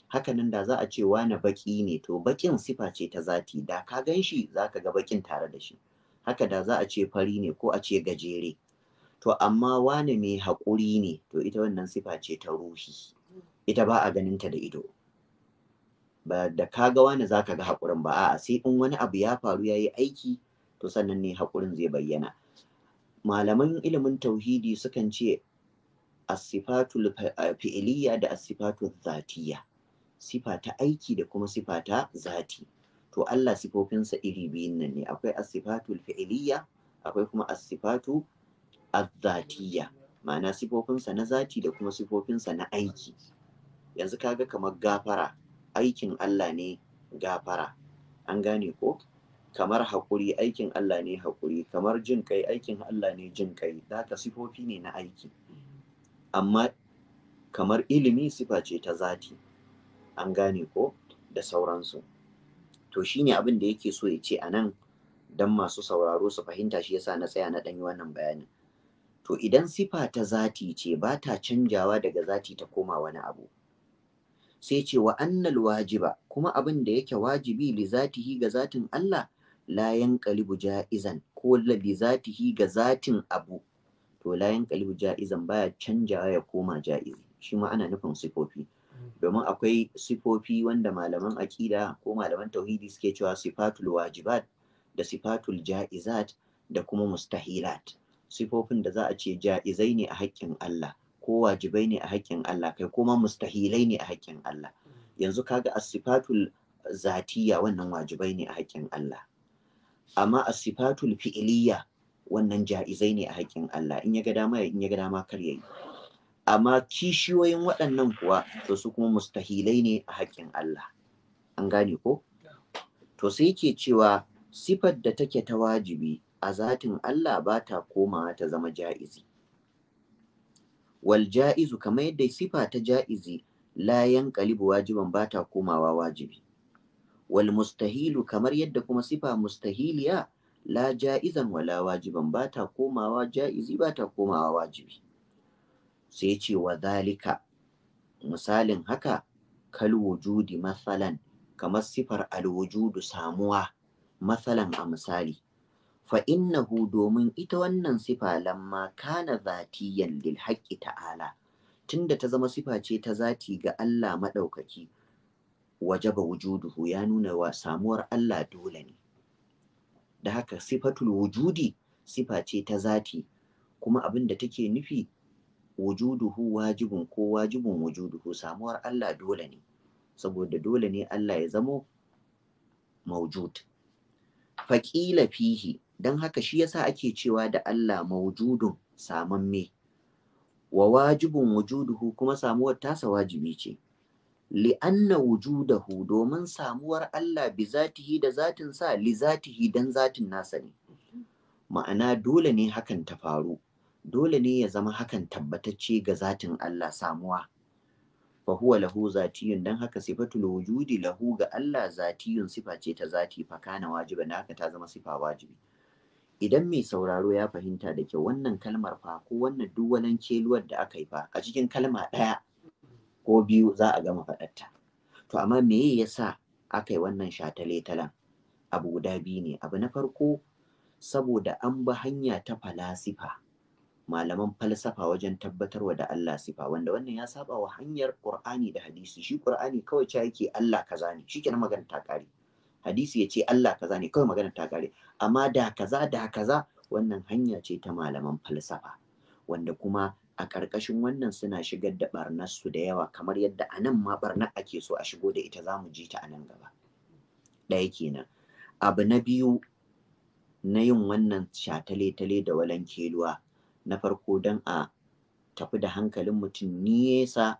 hakanan da za a ce wane baki ne to bakin sifa ce ta zati da ka gan shi za ka ga bakin tare da shi haka da za a ce fari ne ko a ce gajere to amma wane mai haƙuri ne to ita wannan sifa ce ta ruhi ita ba a ganin ta da ido ba da ka ga wane za ka ga haƙurin ba a'a sai in wani abu ya faru ya yi aiki to sannan ne haƙurin zai bayyana malaman ilimin tauhidi sukan ce asifatul fi'iliya da asifatul zatiya sifa ta aiki da kuma sifa ta zati to Allah sifofinsa iri biyun nan ne akwai asifatul fi'iliya akwai kuma asifatu Azzatiya ma'ana sifofinsa na zati da kuma sifofinsa na aiki yanzu kaga kamar gafara aikin Allah ne gafara an gane ko kamar haƙuri aikin Allah ne haƙuri kamar jin kai aikin Allah ne jin kai haka sifofi ne na aiki amma kamar ilimi sifa ce ta zati an gane ko da sauransu to shine abin da yake so ya ce anan nan don masu sauraro su fahimta shi yasa na tsaya na ɗanyi wannan bayanin to idan sifa ta zati ce ba ta canjawa daga zati ta koma wani abu sai ce wa annal wajiba kuma abin da yake wajibi li zatihi ga zatin Allah la yanqalibu ja'izan ko li zatihi ga zatin abu to la yanqalibu ja'izan baya canjawa ya koma ja'izi shi ma ana nufin sifofi domin akwai sifofi wanda malaman akida ko malaman tauhidi suke cewa sifatul wajibat da sifatul ja'izat da kuma mustahilat sifofin da za a ce ja'izai ne a haƙƙin Allah ko wajibai ne a haƙƙin Allah kai kuma mustahilai ne a haƙƙin Allah yanzu kaga asifatul zatiya wannan wajibai ne a haƙƙin Allah amma asifatul fi'iliya wannan ja'izai ne a haƙƙin Allah in ya ga dama in ya ga dama kar yayi amma kishiyoyin waɗannan kuwa to su kuma mustahilai ne a haƙƙin Allah an gane ko to sai yake cewa sifar da take ta wajibi a zatin Allah ba ta komawa ta zama ja'izi. Wal ja'izu kamar yadda sifa ta ja'izi la yanqalibu wajiban ba ta komawa wajibi. Wal mustahilu kamar yadda kuma sifa mustahiliya la ja'izan wala wajiban ba ta komawa ja'izi ba ta komawa wajibi. Sai ce wa zalika misalin haka kal wujudi masalan kamar sifar alwujudu samuwa matsalan a misali. fa domin ita wannan sifa lamma kana zatiyan lil haqqi ta'ala tunda ta zama sifa ce ta zati ga Allah madaukaki wajaba wujuduhu ya nuna wa samuwar Allah dole ne da haka sifatul wujudi sifa ce ta zati kuma abin da take nufi wujuduhu wajibun ko wajibun wujuduhu samuwar Allah dole ne saboda dole ne Allah ya zamo maujud faƙila fihi don haka shi yasa ake cewa da Allah mawjudun me. wa wajibun wujuduhu kuma samuwar tasa wajibi ce li'anna wujudahu domin samuwar Allah bi zatihi da zatin sa li zatihi dan zatin nasa ne ma'ana dole ne hakan ta faru dole ne ya zama hakan tabbatacce ga zatin Allah samuwa fa huwa lahu zatiyun dan haka sifatul wujudi lahu ga Allah zatiyun sifa ce ta zati fa kana wajiba haka ta zama sifa wajibi idan mai sauraro ya fahimta da kyau wannan kalmar fa ko wannan duwalan celuwar da aka yi fa a cikin kalma ɗaya ko biyu za a gama faɗarta to amma me ya sa aka yi wannan shataletalen abu guda biyu ne abu na farko saboda an bi hanya ta falasifa malaman falsafa wajen tabbatarwa da Allah sifa wanda wannan ya saba wa hanyar Qur'ani da hadisi shi Qur'ani kawai ce yake Allah kaza ne na magana ta hadisi ya ce Allah kaza ne kawai magana ta amma da kaza da kaza wannan hanya ce ta malaman falsafa wanda kuma a ƙarƙashin wannan suna shigar da ɓarnar su da yawa kamar yadda a nan ma ɓarnar ake so a shigo da ita za mu ji ta a nan gaba ɗaya kenan abu na biyu na yin wannan shatale-tale da keluwa na farko don a tafi da hankalin mutum nesa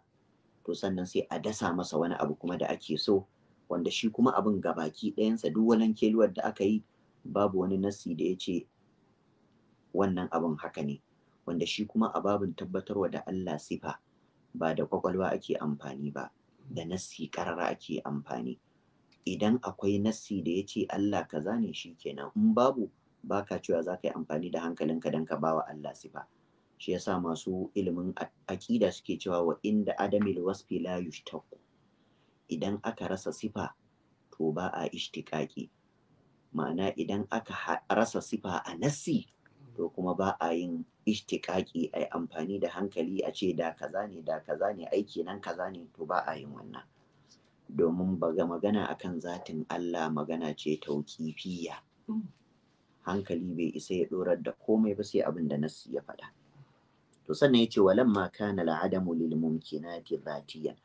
to sannan sai a dasa masa wani abu kuma da ake so wanda shi kuma abin gabaki ɗayansa duk walankeluwar da aka yi babu wani nassi da ya ce wannan abin haka ne wanda shi kuma a babin tabbatarwa da Allah sifa ba da kwakwalwa ake amfani ba da nassi karara ake amfani idan akwai nassi da ya ce Allah kaza ne shi kenan in babu baka cewa za ka yi amfani da hankalinka don ka bawa Allah sifa shi yasa masu ilimin aƙida suke cewa wa inda adamil wasfi la yushtaqu idan aka rasa sifa to ba a ishtiqaqi ma'ana idan aka rasa sifa a nassi to kuma ba a yin ishtiƙaƙi a yi amfani da hankali a ce da kaza ne da kaza ne aiki nan kaza ne to ba a yin wannan domin baga magana akan zatin Allah magana ce tauƙifiya hankali bai isa ya ɗorar da komai ba sai abin da nassi ya faɗa to sannan yace walamma kana al'adamu lil mumkinati zatiyan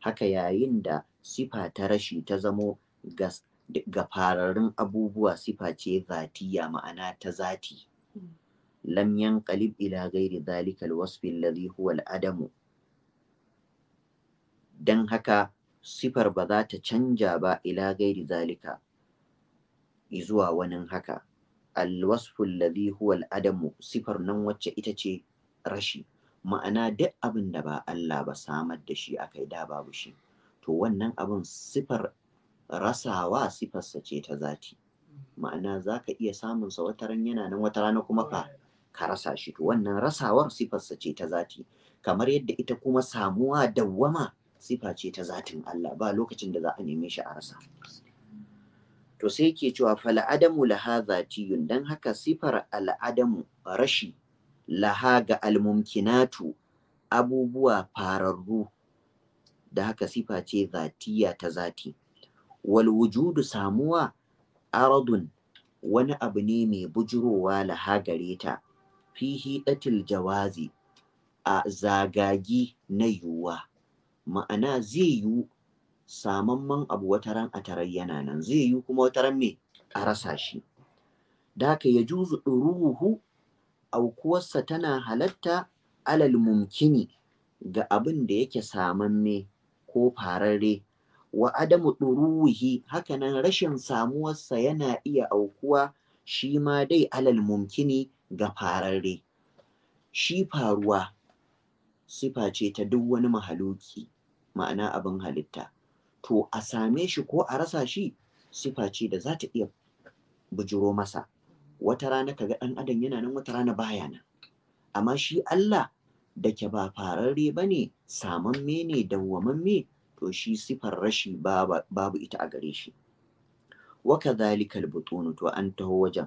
haka yayin da sifa ta rashi ta zamo gas gafararrun abubuwa sifa ce zatiya ma'ana ta zati lam ƙalib ila ghairi dhalika alwasfi alladhi huwa al'adamu dan haka sifar ba za ta canja ba ila gairi zalika zuwa wani haka alwasfu alladhi huwa al'adamu sifar nan wacce ita ce rashi ma'ana duk abin da ba Allah ba samar da shi akai da babu shi to wannan abin sifar rasawa sifarsa ce ta zati mm-hmm. ma'ana za ka iya sa wata ran yana nan wata rana kuma ka ka rasa shi to wannan rasawar sifarsa ce ta zati kamar yadda ita kuma samuwa dawwama sifa ce ta zatin Allah ba lokacin da za a neme shi a rasa to sai ke cewa fala adamu laha zatiyun dan haka sifar al'adamu rashi laha ga almumkinatu abubuwa fararru da haka sifa ce zatiya ta zati wal wujudu samuwa aradun wani abu ne mai bujurowa la hagareta ta fi jawazi a zagagi na yiwuwa ma'ana zai yiwu samamman abu wata ran a tarar nan zai yiwu kuma wata ran me a rasa shi da haka ya juzu ɗuruhu aukuwarsa tana halatta alal mumkini ga abin da yake samamme ko fararre wa adamu ɗuruhi nan rashin samuwarsa yana iya aukuwa shi ma dai alal mumkini ga fararre shi faruwa sifa ce ta duk wani mahaluki ma'ana abin halitta to a same shi ko a rasa shi sifa ce da za ta iya bujiro masa wata rana kaga ɗan adam yana nan wata rana baya nan amma shi Allah da ke ba fararre ba ne samamme ne dawwamamme to shi sifar rashi babu ita a gare shi wa kadhalika albutunu to an taho wajen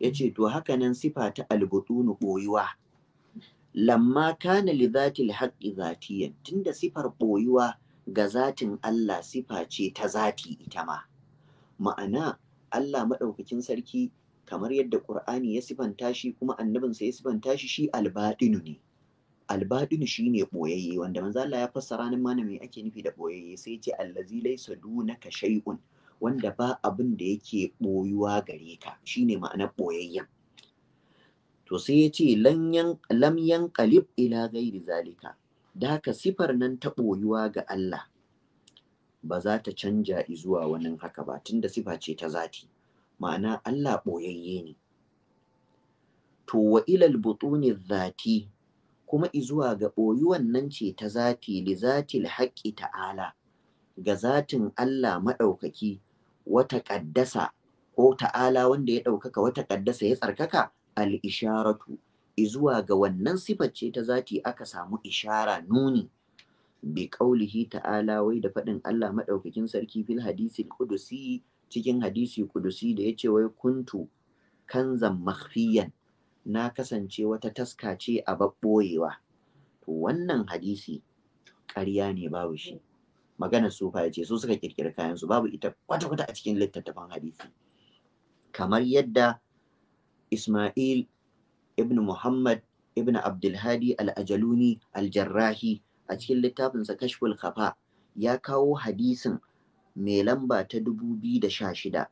yace to hakanan sifa ta albutunu boyuwa lamma kana li zatil haqqi zatiyan tunda sifar boyuwa ga zatin Allah sifa ce ta zati ita ma ma'ana Allah madaukakin sarki kamar yadda Qur'ani ya sifanta shi kuma annabinsa ya sifanta shi shi albaɗinu ne albadinu shine boyayye wanda Manzala ya fasa ranar mana me ake nufi da boyayye sai ce allazi laysa dunaka shay'un wanda ba abin da yake ɓoyuwa gare ka shine ma'anar boyayyen to sai ya ce lam yanqalib ila ghairi zalika da haka sifar nan ta boyuwa ga Allah ba za ta canja zuwa wani haka ba tunda sifa ce ta zati ma'ana Allah ɓoyayye ne to wa ilal butuni zati kuma izuwa ga ɓoyuwan nan ce ta zati li haƙƙi ta'ala ga zatin Allah maɗaukaki wata ƙaddasa ko ta'ala wanda ya ɗaukaka wata ƙaddasa ya tsarkaka al-isharatu izuwa ga wannan sifar ce ta zati aka samu ishara nuni bi ƙaulihi ta'ala wai da faɗin Allah maɗaukakin sarki fil hadisi kudusi cikin hadisi kudusi da ya ce wai kuntu kanzan makhfiyan na kasance wata taska ce a babboyewa to wannan hadisi ƙarya ne babu shi magana sufa ya ce su suka kirkiri kayan su babu ita kwata-kwata a cikin littattafan hadisi kamar yadda Ismail ibn Muhammad ibn Abdulhadi al-Ajaluni al-Jarrahi a cikin littafin sa Kashful Khafa ya kawo hadisin mai lamba ta 2016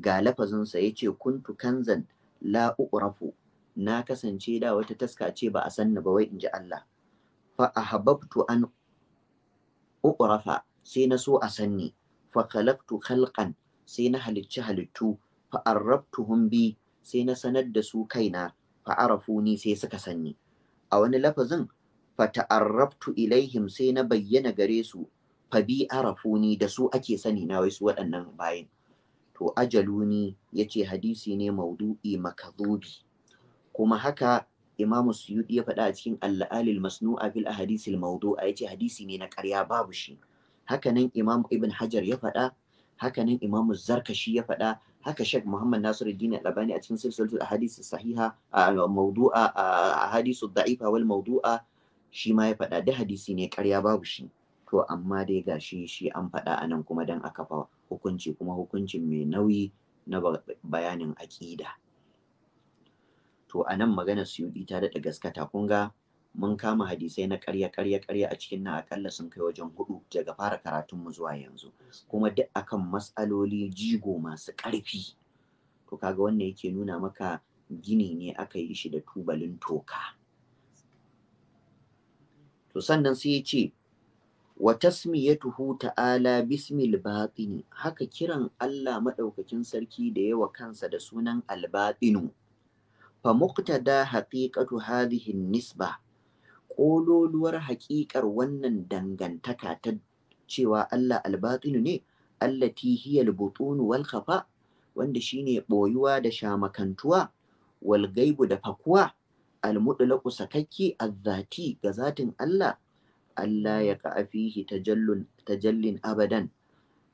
ga lafazinsa ya ce kuntu kanzan la uqrafu na kasance da wata taska ce ba a san ni ba wai in ji Allah fa ahabbtu an uqrafa sai na so a sanni fa khalaqtu khalqan sai na halicci halittu fa arrabtuhum bi sai na sanar da su kaina fa arafuni sai suka sanni a wani lafazin fa ta'arrabtu ilaihim sai na bayyana gare su fa bi arafuni da su ake sani na wai su waɗannan bayin to ajaluni yace hadisi ne maudu'i makazubi kuma haka imamu suyudi ya faɗa a cikin al-la'alil masnu'a fil ahadisil mawdu'a yace hadisi ne na ƙarya babu shi hakanan imam ibn hajar ya faɗa hakanan Imam zarkashi ya faɗa haka shek muhammad nasiruddin al-albani a cikin silsilatul a sahiha mawdu'a ahadithu da'ifa wal maudu'a shi ma ya faɗa da hadisi ne ƙarya babu shi to amma dai gashi shi an faɗa anan kuma dan aka fa hukunci kuma hukuncin mai nauyi na bayanin aƙida. to a nan maganar yi ta daɗa gaskata kun ga mun kama hadisai na ƙarya ƙarya ƙarya a cikin na akalla sun kai wajen hudu daga fara karatun mu zuwa yanzu kuma duk akan matsaloli jigo masu ƙarfi to kaga wannan yake nuna maka gini ne aka yi shi da tubalin toka to sannan sai ya ce wa tasmiyatuhu ta'ala bismil batini haka kiran Allah madaukakin sarki da yawa kansa da sunan albatinu Fa فمقتدى حقيقة هذه النسبة ƙololuwar haƙiƙar wannan dangantaka ta cewa Allah albatinu ne allati hiyal butunu wal khafa wanda shine Ɓoyuwa da shamakantuwa Walgaibu da fakuwa al mutlaqu sakakki azzati ga zatin Allah Allah ya ka'a fihi tajallun tajallin abadan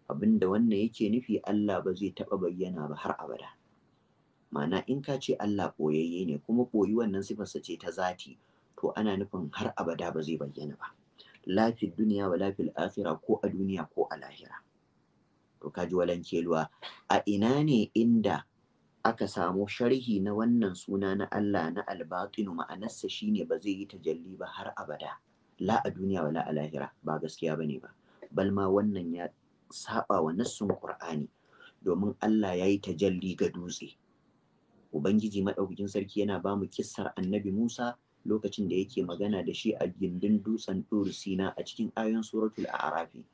abinda wannan yake nufi Allah ba zai taɓa bayyana ba har abada ma'ana in ka ce Allah ɓoyayye ne kuma ɓoyi wannan sifarsa ce ta zati to ana nufin har abada ba zai bayyana ba lafil duniya wa lafil akhira ko a duniya ko a lahira to ji walan keluwa a ina ne inda aka samu sharhi na wannan suna na Allah na albatinu ma'anarsa shine ba zai yi tajalli ba har abada la a duniya wala a lahira ba gaskiya bane ba balma wannan ya saba wa nassun qur'ani domin Allah ya yi tajalli ga dutse ubangiji maɗaukakin sarki yana ba mu kissar annabi musa lokacin da yake magana da shi a gindin dutsen sina a cikin ayon suratul a'rafi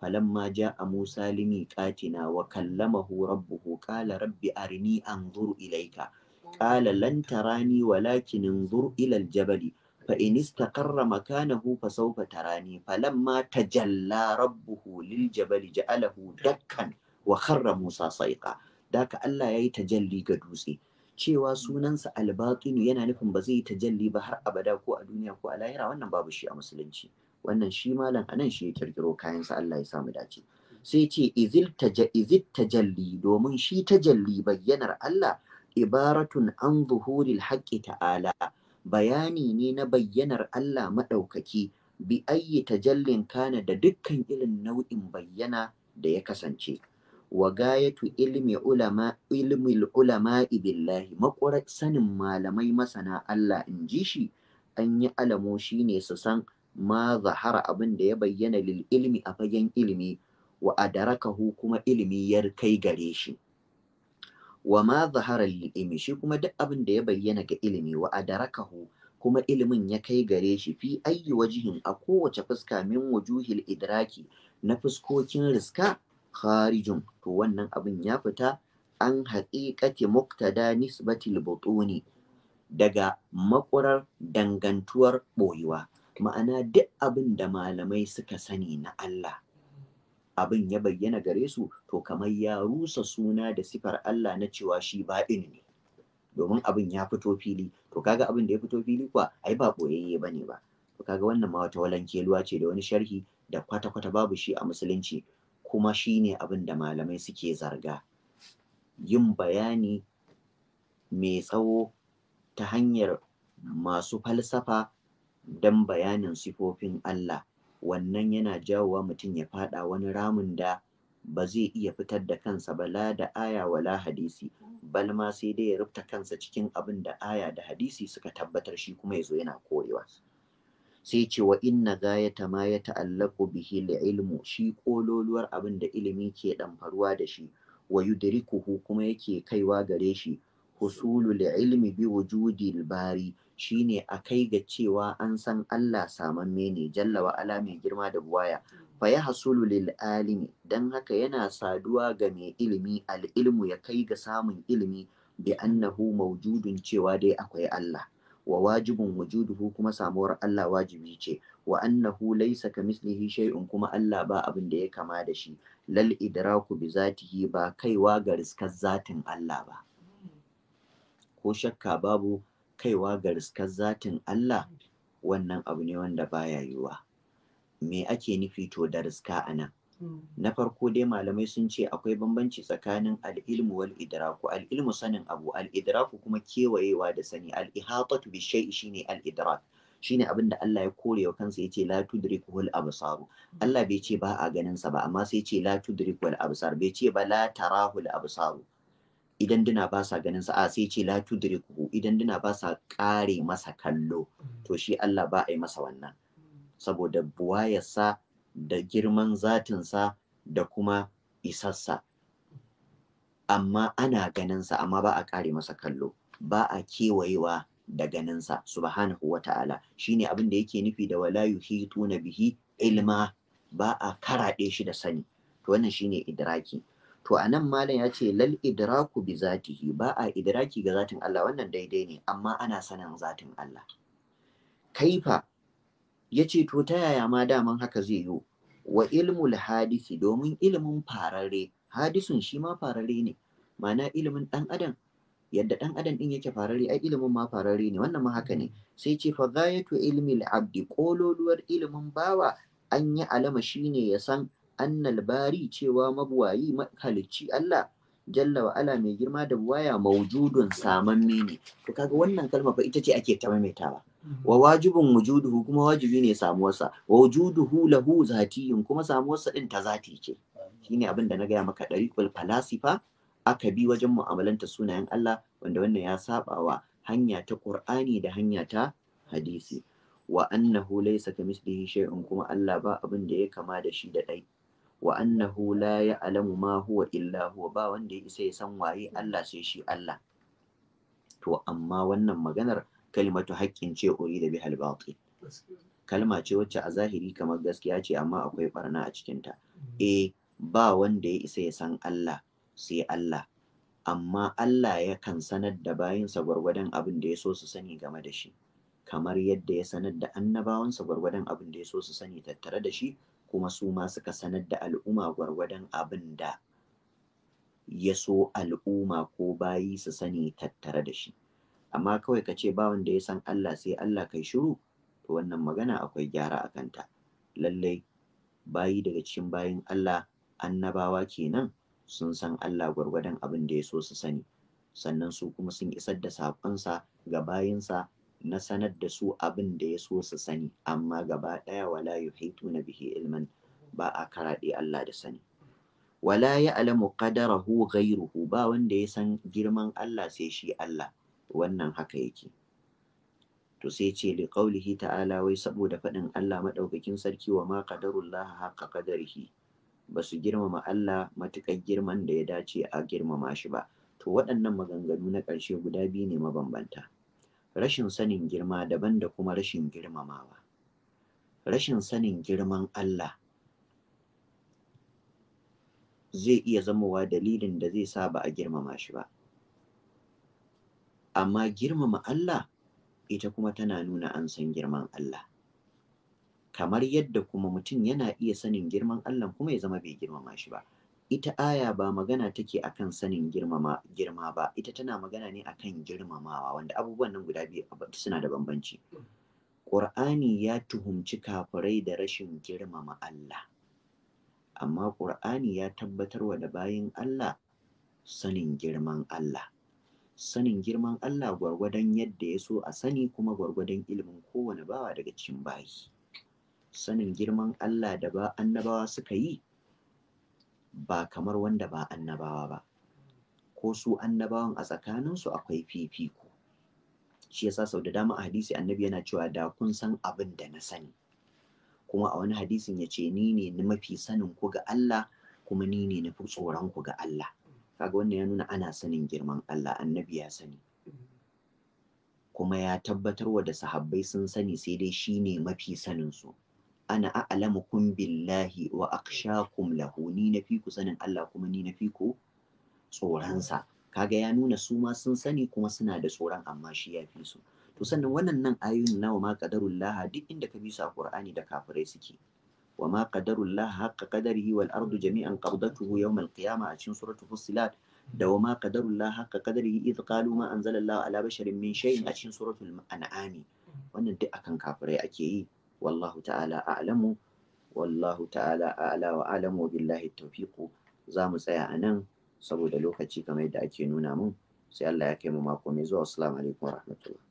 falamma a musa limi katina wa kallamahu rabbuhu kala rabbi arini anzur ilayka qala lan tarani walakin anzur ila al-jabali fa in istaqarra makanahu fa sawfa tarani falamma tajalla rabbuhu lil jabali ja'alahu dakkan wa kharra musa saiƙa. daka Allah yayi tajalli ga dutse cewa sunansa albatinu yana nufin ba zai tajalli ba har abada ko a duniya ko a lahira wannan babu shi a musulunci wannan shi malam anan shi ya kirkiro kayansa Allah ya samu dace sai ce izil taja izil tajalli domin shi tajalli bayyanar Allah ibaratun an zuhuril haqqi ta'ala bayani ne na bayyanar Allah madaukaki bi ayyi tajallin kana da dukkan irin nau'in bayyana da ya kasance wa gayatu ilmi ulama ilmil ulama billahi makwara sanin malamai masana Allah in ji shi an yi alamo shine su san ma zahara abin da ya bayyana lil ilmi a fagen ilmi wa adarakahu kuma ilmi ya kai gare shi wa ma zahara lil ilmi shi kuma duk abin da ya bayyana ga ilmi wa adarakahu kuma ilimin ya kai gare shi fi ayyi wajihin a kowace fuska min wujuhil idraki na fuskokin riska kharijun to wannan abin ya fita an haƙiƙati muktada nisbatil butuni daga makurar dangantuwar ɓoyuwa ma'ana duk abin da malamai suka sani na Allah abin ya bayyana gare su to kamar ya rusa suna da sifar Allah na cewa shi ba'in ne domin abin ya fito fili to kaga abin da ya fito fili kuwa ai ba boyayye bane ba to kaga wannan ma wata walankeluwa ce da wani sharhi da kwata-kwata babu shi a musulunci kuma shine abin da malamai suke zarga yin bayani mai tsawo ta hanyar masu falsafa don bayanin sifofin Allah wannan yana jawowa mutum ya fada wani ramin da ba zai iya fitar da kansa ba la da aya wala hadisi bal sai dai ya rubuta kansa cikin abin da aya da hadisi suka tabbatar shi kuma ya zo yana korewa sai ce wa inna gayata ma ya ta'allaku bihi ilmu shi kololuwar abin da ilimi ke ɗamfaruwa da shi wa yudrikuhu kuma yake kaiwa gare shi husulul ilmi bi wujudi bari shine a kai ga cewa an san Allah saman Mene, jalla wa ala mai girma da buwaya fa ya hasulu lil alimi dan haka yana saduwa ga mai ilimi al ilmu ya kai ga samun ilimi bi annahu mawjudun cewa dai akwai Allah wa wajibun wujuduhu kuma samuwar Allah wajibi ce wa annahu laysa kamislihi shay'un kuma Allah ba abin da ya kama da shi lal idraku bi zatihi ba kaiwa ga riskar zatin Allah ba ko shakka babu kaiwa ga riskar zatin Allah wannan abu ne wanda baya yiwuwa me ake nufi to da riska anan na farko dai malamai sun ce akwai bambanci tsakanin al'ilmu wal idraku al'ilmu sanin abu al'idraku kuma kewayewa da sani al'ihatatu bi shay'i shine al'idrak shine abin da Allah ya kore wa kansa ce la wal absar Allah bai ce ba a ganin sa ba amma sai ce la wal absar bai ce ba la al absar idan duna ba sa ganin sa a sai ce la tudriku, idan duna ba sa kare masa kallo to shi Allah ba a yi masa wannan saboda sa. da girman zatinsa da kuma isassa amma ana ganinsa amma ba a ƙare masa kallo ba a kewayewa da ganinsa subhanahu wa ta'ala shine abin da yake nufi da wala yuhituna bihi ilma ba a karaɗe shi da sani to wannan shine idraki to a nan malam ya ce lal idraku bi zatihi ba a idraki ga zatin Allah wannan daidai ne amma ana sanin zatin Allah kaifa ya ce to ta yaya ma daman haka zai yiwu wa ilmul hadisi domin ilimin farare hadisun shi ma farare ne ma'ana ilimin dan adam yadda ɗan adam ɗin yake fararre ai ilimin ma fararre ne wannan ma haka ne sai ce fa ghayatu ilmil abdi kololuwar ilimin bawa an yi alama shine ya san annal bari cewa mabuwayi Halicci Allah jalla wa ala mai girma da waya maujudun samanne ne to kaga wannan kalma fa ita ce ake ta maimaitawa Mm-hmm. wa wajibun wujuduhu kuma wajibi ne samuwarsa wa wujuduhu lahu zatiyun kuma samuwarsa din ta zati ce mm-hmm. shine abin da na gaya maka dariqul falasifa aka bi wajen mu'amalanta sunayen Allah wanda wannan ya wa hanya ta Qur'ani da hanya ta hadisi wa annahu laysa kamislihi shay'un kuma Allah ba abin da ya kama da shi da dai wa annahu la ya'lamu ma huwa illa huwa ba wanda ya isa ya san waye Allah sai shi Allah to amma wannan maganar kalimatu haƙƙin ce uri da bihal batil kalma ce wacce a zahiri kamar gaskiya ce amma akwai barna a cikinta mm. eh ba wanda ya isa ya san Allah sai Allah amma Allah yakan sanar da bayansa gwargwadon abin da ya so su sani game da shi kamar yadda ya sanar da annabawansa gwargwadon abin da ya so su sani tattare da shi kuma su ma suka sanar da al'umma gwargwadon abin da ya so al'umma ko bayi su sani tattare da shi amma kawai ka ce ba wanda ya san Allah sai Allah kai shiru to wannan magana akwai gyara a kanta lallai bayi daga cikin bayin Allah annabawa kenan sun san Allah gwargwadon abin da ya so su sani sannan su kuma sun isar da saƙonsa ga bayinsa na sanar da su abin da ya so su sani amma gaba ɗaya wala yuhitu na bihi ilman ba a karaɗe Allah da sani wala ya alamu qadarahu ghayruhu ba wanda ya san girman Allah sai shi Allah wannan haka yake to sai ce li qaulihi ta'ala wai saboda faɗin Allah madaukakin sarki wa ma qadarullah haqa qadarihi ba su girmama Allah matukar girman da ya dace a girmama shi ba to waɗannan maganganu na ƙarshe guda biyu ne mabambanta rashin sanin girma daban da kuma rashin girmamawa rashin sanin girman Allah zai iya zamowa dalilin da zai sa ba a girmama shi ba amma girmama Allah ita kuma tana nuna an san girman Allah kamar yadda kuma mutum yana iya sanin girman Allah kuma ya zama bai girmama shi ba ita aya ba magana take akan sanin girmama girma ba ita tana magana ne akan girmamawa wanda abubuwan nan guda biyu suna da bambanci Ƙur'ani ya tuhumci kafirai da rashin girmama Allah amma Ƙur'ani ya tabbatarwa da bayin Allah sanin girman Allah sanin girman Allah gwargwadon yadda ya so a sani kuma gwargwadon ilimin kowane bawa daga cikin bayi sanin girman Allah da ba annabawa suka yi ba kamar wanda ba annabawa ba ko su annabawan a tsakaninsu akwai fifiko shi yasa sau da dama a hadisi annabi yana cewa da kun san abin da na sani kuma a wani hadisin ya ce ni ne na mafi sanin ku ga Allah kuma ni ne na fi tsoron ku ga Allah kaga wannan ya nuna ana sanin girman Allah annabi ya sani kuma ya tabbatar wa da sahabbai sun sani sai dai shi ne mafi sanin su ana a'lamukum billahi wa akshakum lahu ni na fi sanin Allah kuma ni na fi ku tsoronsa kaga ya nuna su ma sun sani kuma suna da tsoron amma shi ya fi su to sannan wannan nan ayoyin nawa ma qadarullah duk inda ka bi su a Qur'ani da kafirai suke Wama kadarullah haka haqqa qadarihi wal ardu jami'an qabdatuhu yawm al a cikin suratul fussilat da wa ma qadarullah haqqa qadarihi id qalu ma anzalallahu ala basharin min shay'in a cikin suratul an'ami wannan duk akan kafirai ake yi wallahu ta'ala a'lamu wallahu ta'ala a'la wa a'lamu billahi tawfiqu za mu tsaya a nan saboda lokaci kamar yadda ake nuna mun sai Allah ya kai mu zuwa assalamu alaikum wa rahmatullah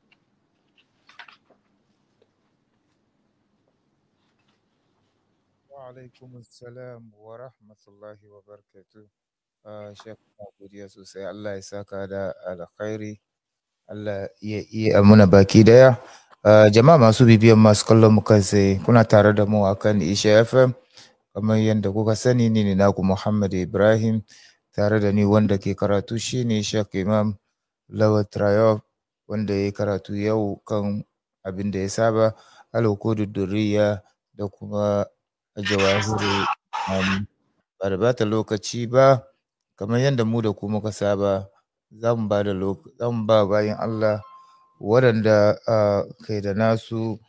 alaikum salam wa rahmatullahi wa barakatuh. Ah, Shekara godiya sosai Allah ya saka da alkhairi. Allah ya iya muna baki daya. Ah, jama'a masu bibiyan masu kallon muka kan sai kuna tare da mu akan Isha FM. Kamar yadda kuka sani ni ne naku Muhammad Ibrahim tare da ni wanda ke karatu shine Sheikh Imam Lawal Trayof wanda ya karatu yau kan abin da ya saba alhukudu durriya da kuma jawahiri um, ba da bata lokaci ba kamar yadda mu da ku muka saba za mu ba da za mu ba bayan Allah waɗanda ke da nasu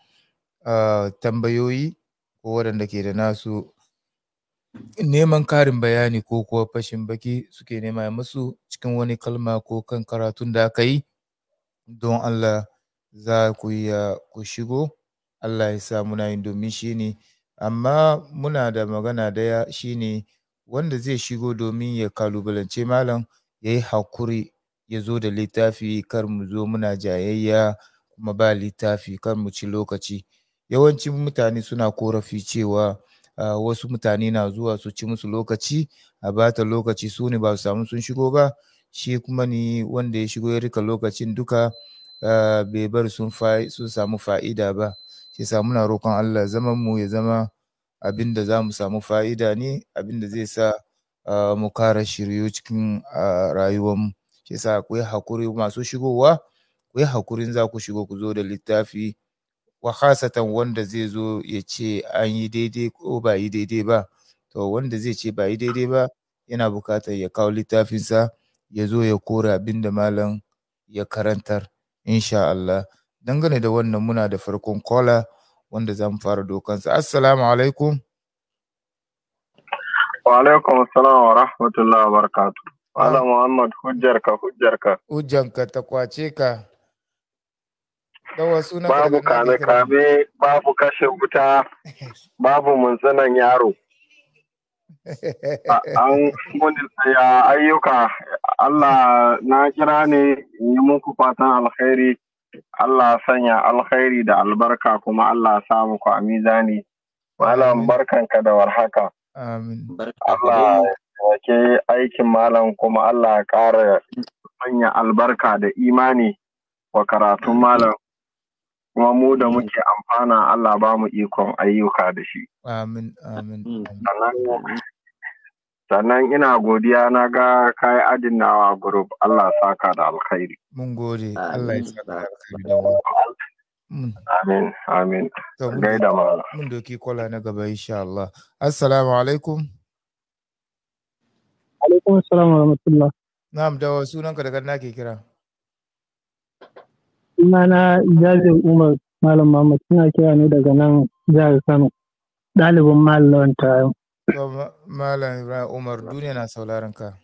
tambayoyi ko waɗanda ke da nasu neman karin bayani ko kuwa fashin baki suke nema musu cikin wani kalma ko kan karatun da aka yi don Allah za ku iya ku shigo Allah ya sa muna yin domin shi ne Amma muna da magana ɗaya shine wanda zai shigo domin ya kalubalance malam ya yi haƙuri ya zo da littafi kar mu zo muna jayayya kuma ba littafi kar mu ci lokaci. Yawancin mutane suna korafi cewa a wasu mutane na zuwa su ci musu lokaci a bata lokaci su ne ba su samu sun shigo ba shi kuma ni wanda ya shigo ya rika lokacin duka bai bar sun samu fa'ida ba. shi yasa muna roƙon Allah zaman mu ya zama abin da za mu samu fa'ida ne abin da zai sa ah, mu kara shiryu cikin ah, rayuwar mu shi yasa ku yi hakuri masu shigowa ku yi hakurin za ku shigo ku zo da littafi wa hasatan wanda zai zo ya ce an yi daidai ko ba yi daidai ba to wanda zai ce ba yi daidai ba yana bukatar ya kawo littafinsa ya zo ya kora abin da malam ya karantar insha Allah dangane da wannan muna da farkon kola wanda za mu fara dokansa assalamu alaikum wa alaikum assalam wa rahmatullahi wa barakatuh ah. Malam Muhammad hujjarka hujjarka hujjanka ta kwace ka babu kame kame babu kashe wuta babu muntsinan yaro an gudu tsaya ayyuka Allah na kira ne yi muku fatan alkhairi Allah sanya alkhairi da albarka kuma Allah sa muku a mizani. Malam barkanka da warhaka. Amin. Allah ke aikin malam kuma Allah ƙara sanya albarka da imani wa karatun malam. Kuma mu da muke amfana Allah ba mu ikon ayyuka da shi. Amin. Amin. sannan ina godiya na ga kayi adin nawa group Allah saka da alkhairi mun gode Allah ya saka da alkhairi da amin amin gaida ma mun doki kola na gaba insha Allah assalamu alaikum alaikum assalam wa rahmatullah na'am da sunan ka daga na ke kira na Jazir Umar Malam Muhammad suna kira ne daga nan jihar Kano ɗalibin Malam Lawan Malam Ibrahim Umar duniya na sauraron ka.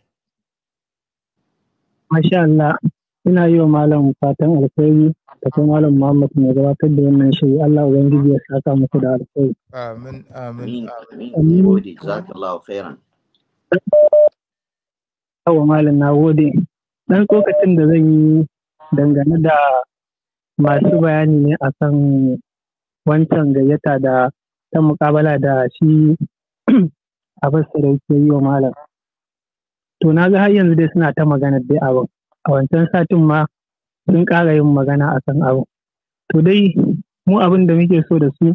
Masha Allah, ina yi wa malam fatan alkhairi da kuma malam Muhammad mai gabatar da wannan shiri Allah Ubangiji ya saka muku da alkhairi. Amin, amin, amin. Gode, jazakallahu malam na gode. Dan lokacin da zan yi dangane da masu bayani ne akan wancan gayyata da ta mukabala da shi A abin sarauki yi wa malam to na ga har yanzu dai suna ta magana dai abin a wancan satin ma sun ƙara yin magana a kan abin to dai mu abin da muke so da su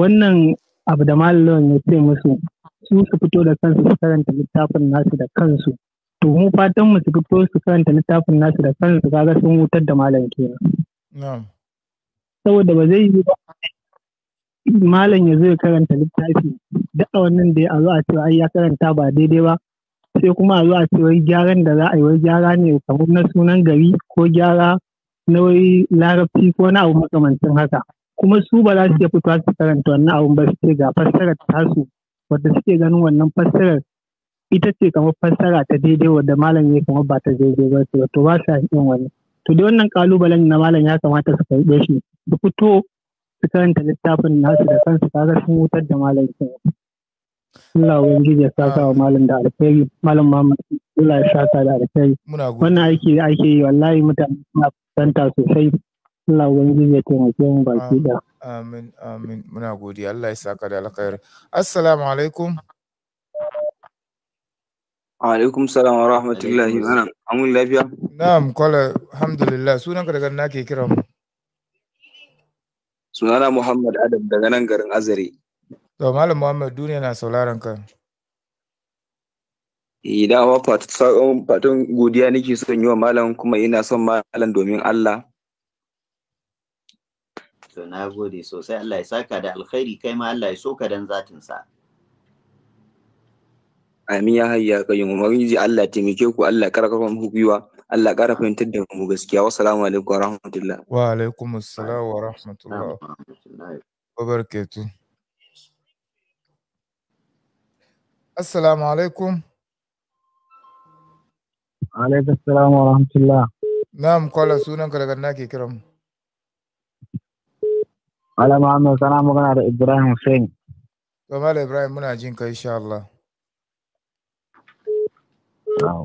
wannan abu da malam ya ce musu su su fito da kansu su karanta littafin nasu da kansu to mu fatan mu su fito su karanta littafin nasu da kansu kaga sun wutar da malam kenan saboda ba zai yi ba malam ya zo ya karanta littafi daɗa wannan da ya zo a cewa ai ya karanta ba daidai ba sai kuma a zo a ce wai gyaran da za a yi wai gyara ne kamar na sunan gari ko gyara na wai larabci ko na abu makamancin haka kuma su ba za su iya fitowa su karanta wannan abun ba su ce ga fassarar ta su wadda suke ganin wannan fassarar ita ce kamar fassara ta daidai wadda malam ya kamar ba ta daidai ba su to ba sa yin wani to dai wannan kalubalen na malam ya kamata su karɓe shi su fito masu karanta littafin nasu da kansu kaga sun wutar da malam ke Allah ubangiji ya saka wa malam da alkhairi malam Muhammad Allah ya saka da alkhairi wannan aiki da ake yi wallahi mutane suna fuskanta sosai Allah ubangiji ya taimake mu baki da amin amin muna godiya Allah ya saka da alkhairi assalamu alaikum alaikum salam wa rahmatullahi wa barakatuh amin lafiya na'am kola alhamdulillah sunanka daga nake kira mu sunana Muhammad Adam daga nan garin Azare. To Malam Muhammad duniya na sauraron ka. Idan eh, ma fatan godiya nake son yi wa malam kuma ina son malam domin Allah. To na gode sosai Allah ya saka da alkhairi kai ma Allah ya soka dan zatinsa. amin ya hayya umarni ji Allah taimake ku Allah karfafa muku gwiwa Allah ƙara fahimtar da mu gaskiya salamu alaikum wa rahmatullah wa alaikum assalam wa rahmatullah wa barakatuh assalamu alaikum alaikum assalam wa rahmatullah na'am kwallon sunan ka daga nake kiran mu Malam Muhammad sana magana da Ibrahim Hussein. Kamar Ibrahim muna jin ka insha Allah.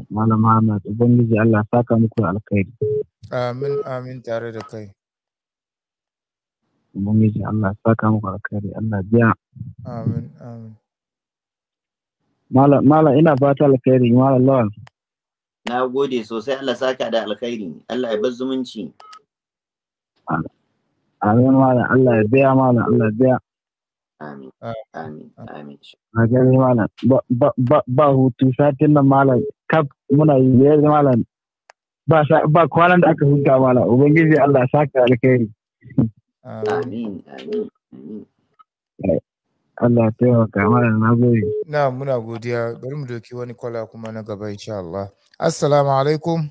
Malam Ahmad, Ubangiji Allah saka muku alkhairi. Amin, amin tare da kai. Ubangiji Allah saka muku alkhairi, Allah biya. Amin, amin. Malam ina fata alkhairi, Malam Lawan. Na gode sosai Allah saka da alkhairi, Allah ya bar zumunci. Amin, Malam. Allah ya biya, Malam, Allah ya biya. Amin, amin, amin. Na gani malam. ba hutu satin nan Malam. kaf muna yi ya malam ba kwanan da aka huta malam ubangiji Allah sa ka alkhairi amin amin Allah taimaka mana na gode. Na muna godiya bari mu doki wani kwala kuma na gaba insha Allah. Assalamu alaikum.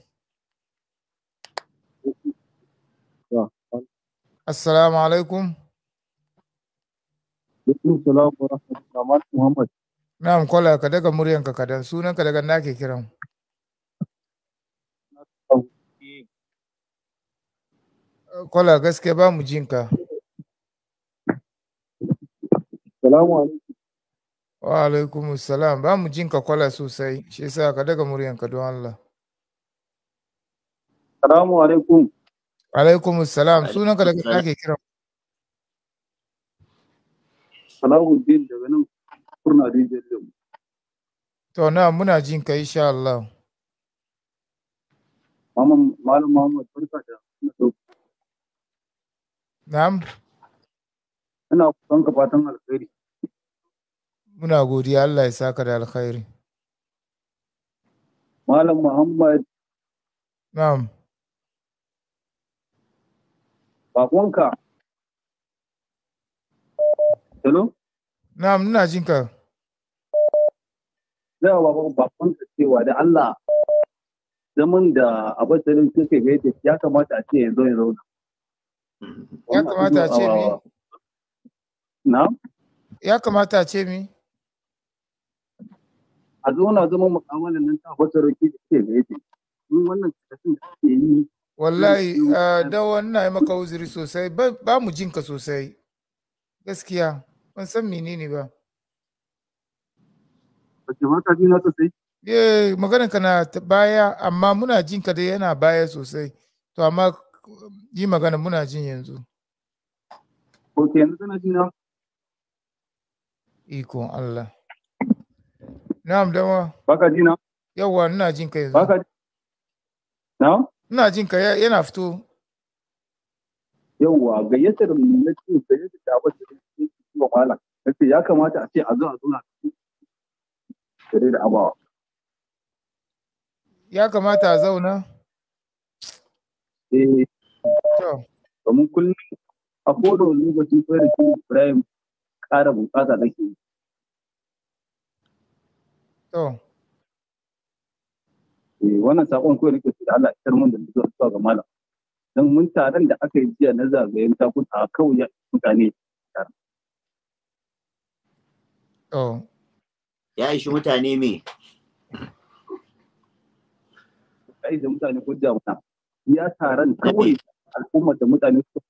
Assalamu alaikum. Assalamu alaikum wa rahmatullahi Muhammad. Na'am kola ka daga ka kadan ka daga nake kiran. Kola gaske ba mu ka. Salamu alaikum. Wa alaikum salam ba mu jin ka kola sosai shi yasa ka daga ka don Allah. Salamu alaikum. Alaikum salam ka daga nake kiran. Salahuddin daga nan kurna da yin mu. To na muna jin ka insha Allah. Malam Muhammad barka da na Na'am. Ina kusan ka fatan alkhairi. Muna godiya Allah ya saka da alkhairi. Malam Muhammad. Na'am. Bakonka. Hello? Na'am, ina jin jinka. zai ba bakon cewa da Allah zaman da abatarin suke gaita ya kamata a ce yanzu ya zauna. Ya kamata a ce mi? Na? Ya kamata a ce mi? A zauna zaman mukamalin nan ta abatarin da suke gaita. Mun wannan kasin da ake yi. Wallahi, ah, da wannan ya maka uzuri sosai, ba mu jinka sosai. Gaskiya, ban san menene ba. Baki ma ka sosai? Ye, magana ka na baya, amma muna jin ka dai yana baya sosai. To amma yi magana muna jin yanzu. Ok, yanzu kana jin na? Ikon Allah. Na'am dama. Baka ji na? Yawwa, ina jin ka yanzu. Baka ji. Na? Ina jin ka yana fito. Yawwa, gayyatar mu na ce gayyatar da abin da ke ya kamata a ce a zo a zauna cikin read about. Ya kamata a zauna? Eh. Domin kullum a kodo lokaci fayar da Ibrahim ƙara bunƙasa nake. To. Eh wannan saƙon kawai nake so da Allah ya mun da zuwa zuwa ga malam. Dan mun taron da aka yi jiya na zagayen takuta a kawai mutane. To. ya ishi mutane me ya da mutane hujja mana ya taron kawai al'ummar da mutane su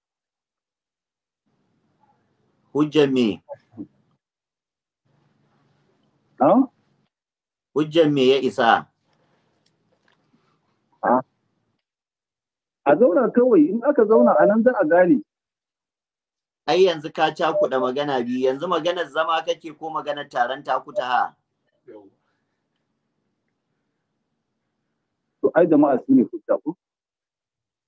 hujja me hujja me ya isa a zauna kawai in aka zauna a nan za a gane ai yanzu ka cakuɗa magana biyu yanzu maganar zama kake ko maganar taron takuta ha to ai jama'a su ne hujja ko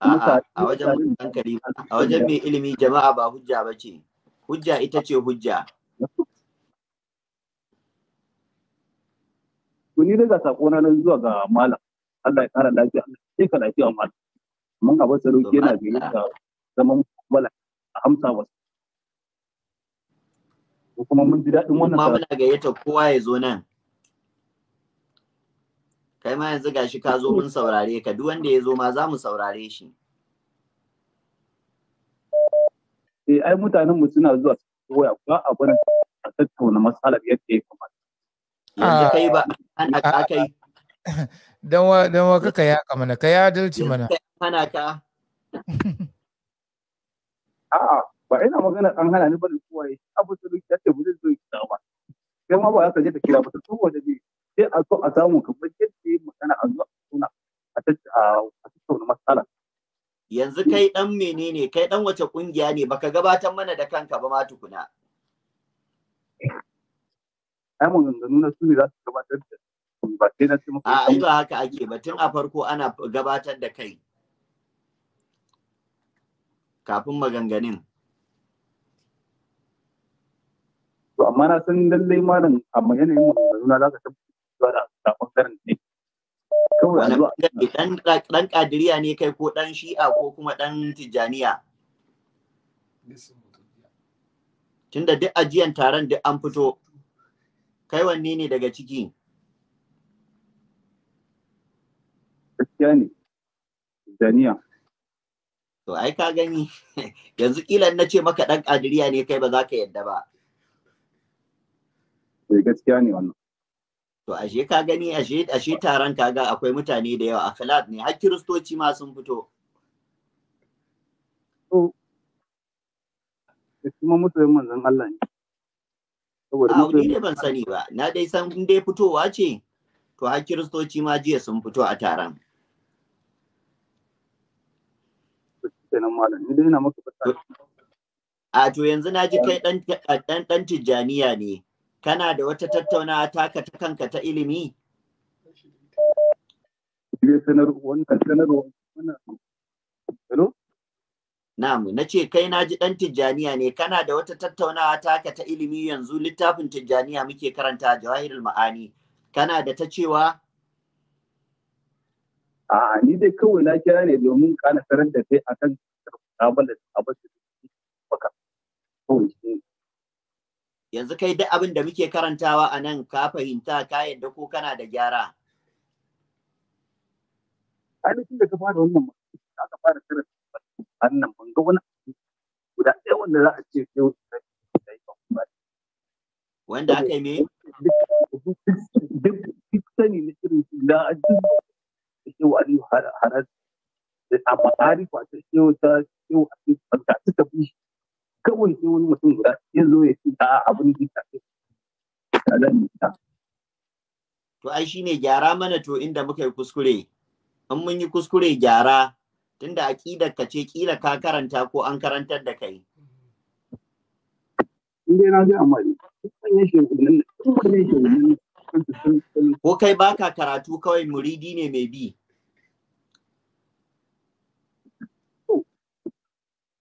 a wajen hankali a wajen mai ilimi jama'a ba hujja ba ce hujja ita ce hujja to ni daga sako na nan zuwa ga malam Allah ya kara lafiya sai ka lafiya malam mun abin wasu yana biye ga zaman malam a amsa wasu kuma mun ji daɗin wannan muna gayyata kowa ya zo nan kai ma yanzu gashi ka zo mun saurare ka duk wanda ya zo ma za mu saurare shi eh ai mutanen mu suna zuwa waya ba a barin a tattauna matsalar yadda ya kamata yanzu kai ba an ah. akai dan wa dan wa kaka ya ka mana ka ya dalci mana hana ka a'a ba ina magana an hana ni ba da kowa abu da yadda ba zai zo ya kira ba kai ma ba za ka je ka kira ba da ne sai a zo a samu kamar yadda magana a zo a zauna a tattauna matsala. Yanzu kai ɗan menene kai ɗan wace ƙungiya ne baka gabatar mana da kanka ba ma tukuna. Ai maganganu na su ne za su gabatar da ba sai na ce muku. A ba haka ake ba tun a farko ana gabatar da kai. Kafin maganganin. To amma na san lallai malam amma yanayin maganganu na za ka tabbata kasancewa da a ne dan kadiriya ne kai ko dan shi'a ko kuma dan tijjaniya tunda duk ajiyan taron duk an fito kai wanne ne daga ciki gaskiya ne tijjaniya to ai ka gani yanzu kila na ce maka dan kadiriya ne kai ba za ka yadda ba eh, gaskiya ne wannan To ashe ka gani ashe ashe taron kaga akwai mutane da yawa flat ne har kiristoci ma sun fito. To kuma musulmin manzon Allah ne. Saboda ne ban sani ba na dai san in dai fitowa ce to har kiristoci ma jiya sun fito a taron. A to yanzu na ji kai dan dan tijjaniya ne. kana da wata tattaunawa taka ta kanka ta ilimi? Na'am, na ce kai na ji ɗan Tijjaniya ne, kana da wata tattaunawa taka ta ilimi yanzu littafin Tijjaniya muke karanta Jawahirul Ma'ani, kana da ta cewa? A'a, ni dai kawai na kira ne domin kana sanar da kai akan abin da abin da yanzu kai duk abin da muke karantawa a nan ka fahimta ka yadda ko kana da gyara ainihin da ka fara wannan da aka fara karanta wannan ban ga wani guda ɗaya wanda za a ce yau da yi ba wanda aka yi me duk sani na irin da a duk da shewa aliyu harar da amma arifa ta shewa ta shewa aliyu ta ta tafi kawai sai wani mutum guda ya zo ya ce a abin da ya To ai shi ne gyara mana to inda muka yi kuskure. In mun yi kuskure gyara tunda aƙidar ka ce ƙila ka karanta ko an karantar da kai. Inde na ji amma ne. Ko kai baka karatu kawai muridi ne mai bi.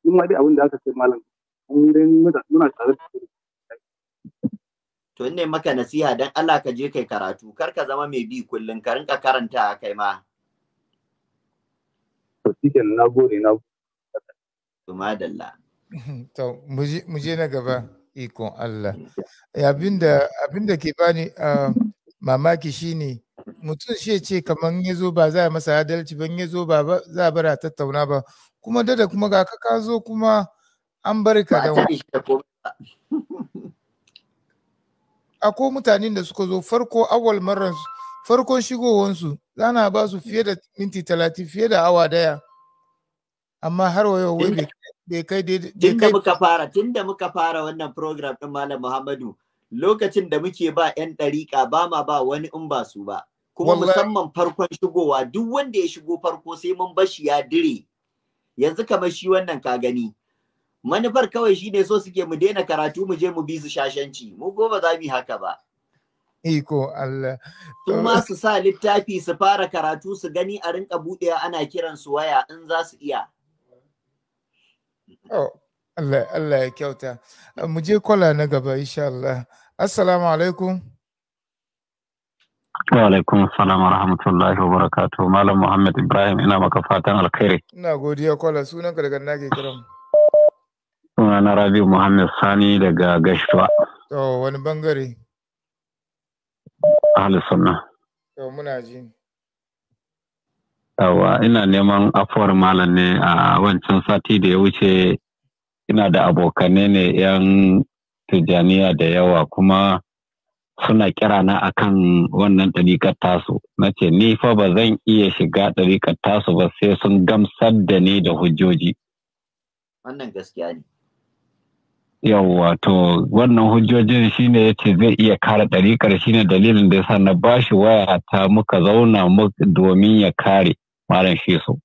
Ina ma dai abin da aka ce malam wurin muna tare da to ne maka nasiha don Allah ka je kai karatu kar ka zama mai bi kullum ka rinka karanta kai ma to shikenan na gode na to madalla to mu je na gaba ikon Allah eh, abinda da ke bani ah, mamaki shine mutum shi ce kamar ya zo ba za a masa adalci ban ya zo ba za a bara tattauna ba kuma dada kuma ga ka zo kuma an bari ka da akwai mutanen da suka zo farko awal marar farkon shigowansu zana ba su fiye da minti talatin fiye da awa daya amma har wa yau wai bai kai daidai. muka fara tunda muka fara wannan program din malam muhammadu lokacin da muke ba yan dariƙa ba ma ba wani in ba su ba kuma musamman farkon shigowa duk wanda ya shigo farko sai mun bashi ya dire yanzu kamar shi wannan ka gani manufar kawai shi ne so suke mu daina karatu mu je mu bi su shashanci mu ko ba za mu haka ba iko Allah su ma su sa littafi su fara karatu su gani a rinka budewa ana kiran su waya in za su iya oh, Allah Allah ya kyauta mu je kwala na gaba insha Allah assalamu alaikum Wa alaikum assalam wa rahmatullahi wa barakatuh Malam Muhammad Ibrahim ina maka fatan alkhairi. Ina godiya kwala sunanka daga nake kiran. suna na Muhammad Sani daga Gashtuwa. To wani bangare? Sunna. To muna ji. Yawa ina neman afuwar malam ne a wancan sati da ya wuce ina da abokane ne 'yan Tijjaniya da yawa kuma suna kira na akan wannan ɗariƙar tasu na ce ni fa ba zan iya shiga ɗariƙar tasu ba sai sun gamsar da ni da hujjoji. Wannan gaskiya ne. yawwa to wannan hujjojin shine ya ce zai iya kare ɗariƙar shine dalilin da yasa na bashi waya ta muka zauna domin ya kare malam shi so.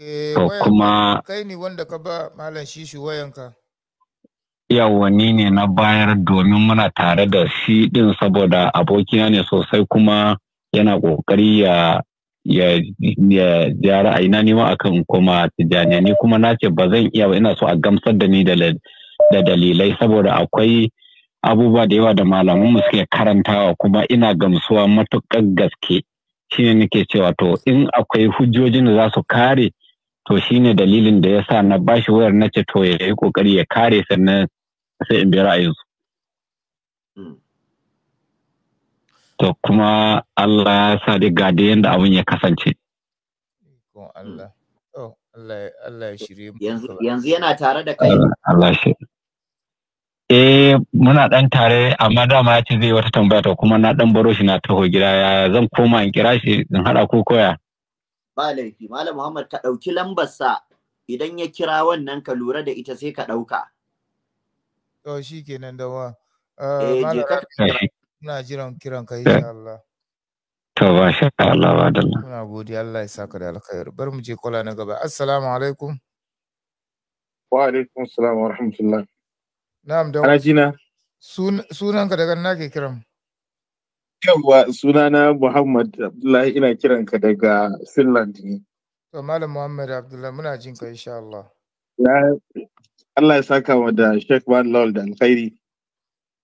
Eh, to kuma kai ne wanda ka ba malam shi wayanka. Yawwa ni ne na bayar domin muna tare da shi ɗin saboda abokina ne sosai kuma yana ƙoƙari ya ya ja ra'ayina ni ma akan koma tijaniya ni kuma na ce ba zan iya ba ina so a gamsar da ni da dalilai saboda akwai abubuwa da yawa da malamanmu suke karantawa kuma ina gamsuwa matuƙar gaske shine nake cewa to in akwai hujjojin da za su kare to shine dalilin da ya sa na bashi wayar na ce to ya yi kokari ya kare sannan sai in bi ra'ayinsu. Hmm. to kuma Allah ya sa dai ga da yanda abin ya kasance Allah Allah ya shirye yanzu yanzu yana tare da kai Allah eh muna dan tare amma dama ya ce zai wata tambaya to kuma na dan baro shi na taho gida ya zan koma in kira shi in hada ko koya ba laifi malam Muhammad ka dauki lambar sa idan ya kira wannan ka lura da ita sai ka dauka to shikenan da eh, eh je ka Ina jiran kiran ka insha eh. Allah. To ba sha Allah ba Allah. Muna godiya Allah ya saka da alkhair. Bari mu je kula na gaba. Assalamu alaikum. Wa alaikum assalam wa rahmatullah. Na'am dan. Ana jina. Sunan ka daga nake ke kiran. Yawwa sunana Muhammad Abdullahi ina kiran ka daga Finland ne. To Malam Muhammad Abdullahi muna jin ka insha Allah. Allah ya saka wa da Sheikh Ban Lawal da alkhairi.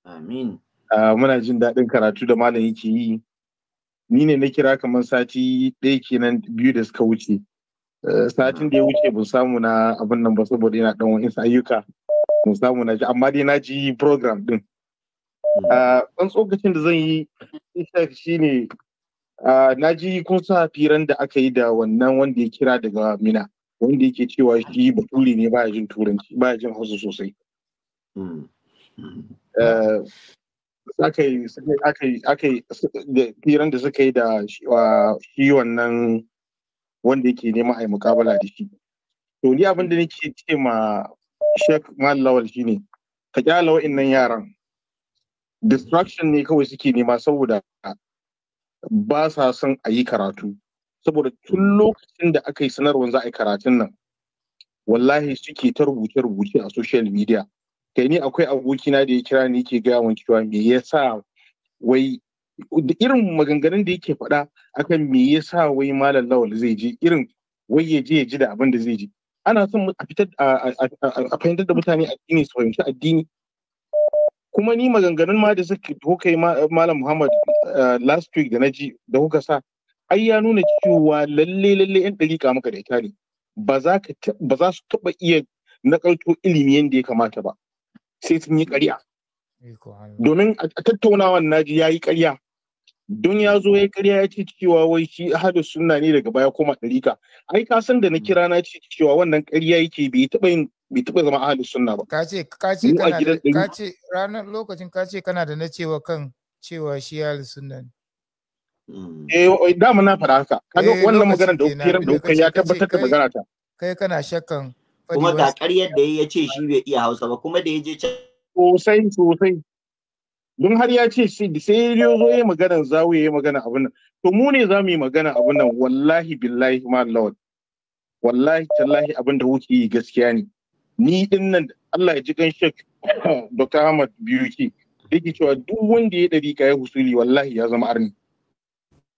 Amin. Ah, muna jin daɗin karatu da malam yake yi ni ne na kira kamar sati ɗaya kenan biyu da suka wuce eh, satin da ya wuce ban samu na abin nan ba saboda yana ɗan wa'insu ayyuka ban samu na ji amma dai na ji program ɗin ah, ɗan tsokacin da zan yi shi ne ah, na ji kun sa firan da aka yi da wannan wanda ya kira daga mina wanda yake cewa shi bature ne ba jin turanci baya jin hausa sosai hmm. Hmm. Eh, aka da suka yi da shi wannan wanda yake nema a yi mukabala da shi to ni abin da nake ce ma Sheikh Malawal shine ka kyala wa'annan yaran distraction ne kawai suke nema saboda ba sa son a yi karatu saboda tun lokacin da aka yi sanarwar za a yi karatun nan wallahi suke ta rubuce-rubuce a social media kai ni akwai abokina da ya kira ni yake gaya cewa me yasa wai irin maganganun da yake faɗa akan me yasa wai malam lawal zai je irin wai ya je ya ji da abin da zai ji ana son a fitar a fahimtar da mutane addini su fahimci addini kuma ni maganganun ma da suka kuka yi malam muhammad eh, last week da na ji da kuka sa ai ya nuna cewa lalle lalle yan ɗariƙa maka da ita ne ba za su taɓa iya nakalto ilimi yadda ya kamata ba sai sun yi ƙarya domin a tattaunawan naji ya yi ƙarya don ya zo ya karya ya ce cewa wai shi ahadu sunna ne daga baya koma ɗarika ai ka san da na kira na ce cewa wannan karya yake bai taɓa yin bai taɓa zama ahadu sunna ba ka ce ka ce ka ce ranar lokacin ka ce kana da na cewa kan cewa shi ahadu sunna ne hmm. eh dama na fara haka kaga eh, wannan maganar da kuke da ya tabbatar da magana ta kai kana shakkan kuma ga ƙaryar da ya ce shi bai iya Hausa ba kuma da ya je can sosai sosai don har ya ce sai ya zo ya magana zawiya ya magana abin nan to mu ne za mu yi magana abin nan wallahi billahi ma lord wallahi tallahi abin da kuke yi gaskiya ne ni din nan Allah ya ji kan shek Dr. Ahmad Biyuki yake cewa duk wanda ya dariƙa ya husuli wallahi ya zama arni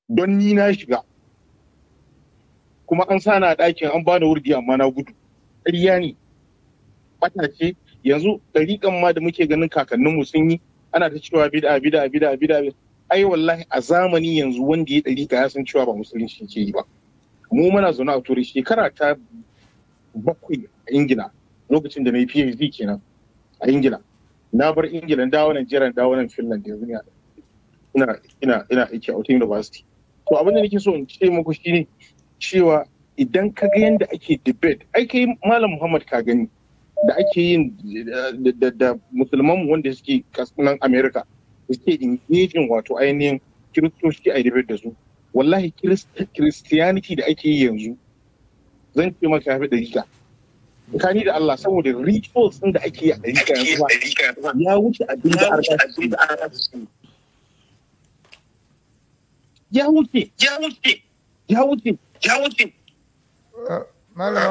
don ni na shiga kuma an sana a ɗakin an bani wurdi amma na gudu ƙarya ne bata ce yanzu ɗariƙan ma da muke ganin kakanninmu sun yi ana ta cewa bida bida bida bida ai wallahi a zamani yanzu wanda ya ɗariƙa ya san cewa ba musulunci ke yi ba mu muna zaune a turai shekara ta bakwai a ingila lokacin da na yi phd kenan a ingila na bar ingila dawo najeriya dawo nan finland yanzu ne ina ina ina aiki a wata university to abinda da nake so in ce muku shine cewa idan ka ga yadda ake debate ake malam muhammad ka gani da ake yin da musulman wanda suke kasunan america suke engaging wato ainihin kiristoci a debate da su wallahi christianity da ake yi yanzu zan ce maka yafi ɗarika Kani da Allah saboda rituals din da ake yi a ɗarika yanzu ya wuce abin da wuce. ya wuce ya wuce ya wuce آمين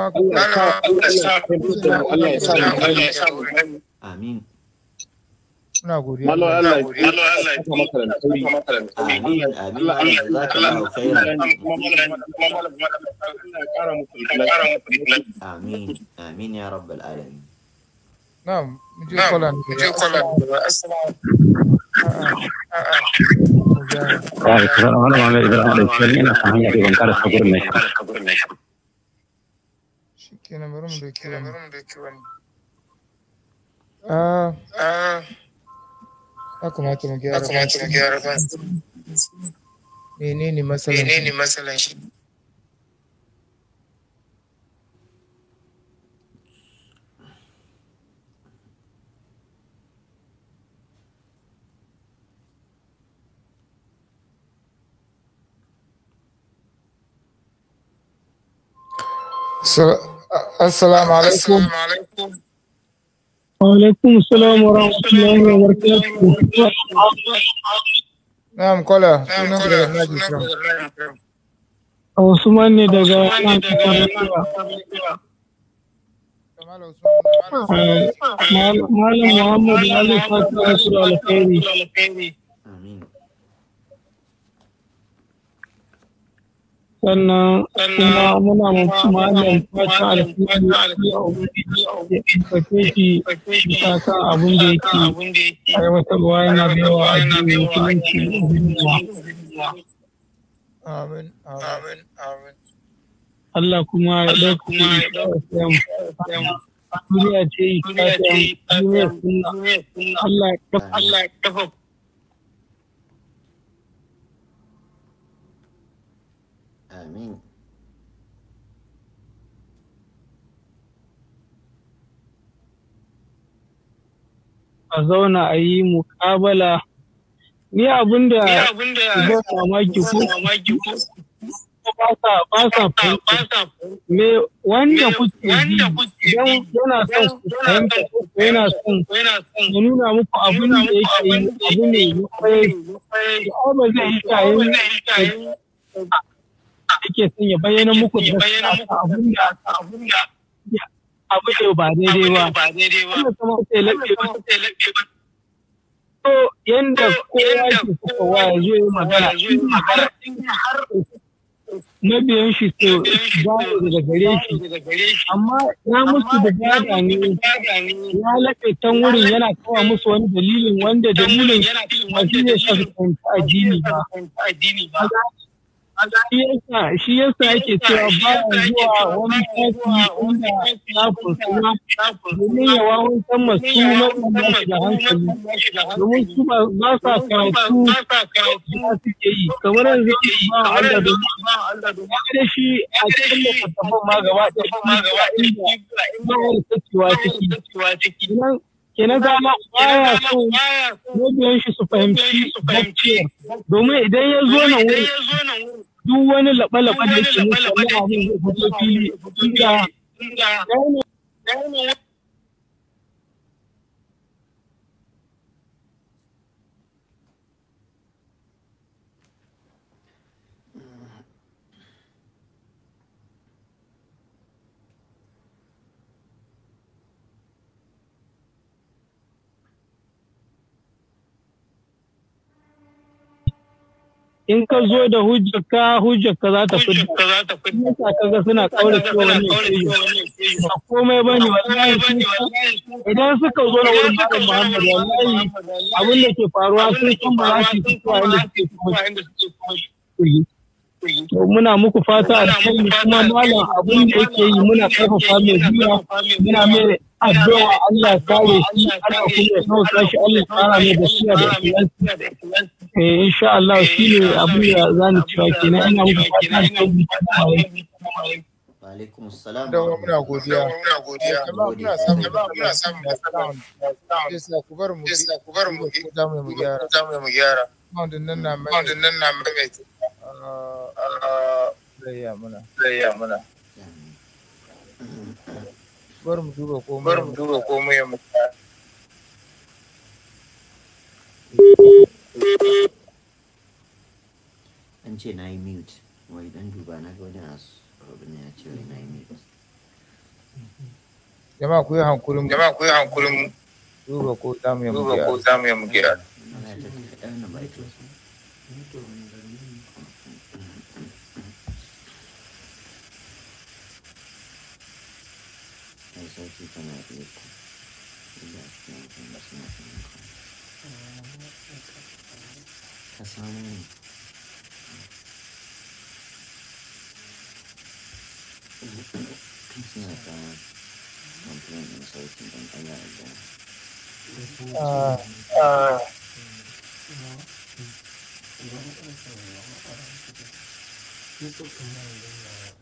امين يا رب العالمين نعم نجي نعم، آه، آه. السلام عليكم ورحمة الله وبركاته. kenan bari mu doki wani ah, ah. ya kamata mu gyara ba menene matsalan menene matsalan shi So السلام علیکم وعلیکم السلام ورحمۃ اللہ وبرکاتہ نعم کولا عثمان ne daga Malam Muhammad Ali Fatih Rasul Alkhairi sannan kuma muna malam fata alfahari a shi bisa kan abin da yake aiwatarwa yana da yawa a cikin musulunci Amin, amin, amin. Allah kuma ya ɗauki duniya ce duniya sunna Allah ya kafa amin a zauna a yi mukabala ni abin da ba mamaki ko ba sa fahimta me wanda kuke yi yana son ku fahimta yana son ya nuna muku abin da yake yi abu ne ya kwaye ba zai yi kayan ake son ya bayyana muku da abin da abu ne ba daidai ba. Wanda kuma sai laɓe ba. To yanda kowa ke suka waya zai yi magana in har mabiyan shi to babu daga gare shi amma ya musu da bada ne ya lakaitan wurin yana kawo musu wani dalilin wanda dalilin ba zai shafi fahimta addini ba. shi yasa yake cewa ba zuwa wani tafi wanda ya fusuma domin ya wawan san masu maɗanda shi da hankali domin su ba sa karatu da suke yi kamar yanzu ba Allah da ya shi a cikin littattafan ma gaba ɗaya inda ba wani sakewa ciki kenan dama baya so mabiyan shi su fahimci gaskiya domin idan ya zo na wuri duk wani laɓa-laɓa da yake nuna wani abin zai fili inda in ka zo da hujjar ka za ta fita yasa ka ga suna kaura cewa wani ya yi ba komai yi wallahi idan suka zo da wurin bakan Muhammad wallahi abin da ke faruwa sun san ba za su fito inda suke kuma muna muku fata a cikin kuma malam abin da yake yi muna karfafa mai zuwa muna mai addu'a Allah ya kare shi Allah kuma ya kawo shi Allah ya kara mai da ikhlasi eh insha Allah shi ne abin da zani cewa kenan ina muku fata a cikin wa alaikum assalam muna godiya muna godiya eh, muna samu muna samu sai ku bar mu sai ku bar samun da mu gyara da nan na mai Zai muna. Zai muna. Bar mu duba ko Bar mu duba ko mu yamu. An ce na yi mute. Wai dan duba na ga wani asu. Robin ya ce wai na yi mute. Jama'a ku yi hankurin. Jama'a ku yi hankurin. Duba ko za mu gira. Duba ko za mu yamu gira. Ana da ɗan na ba ita. 消費じゃないというか医療費の全しなきゃなんか多少ねしないとコンプレーンの消費いでああ y o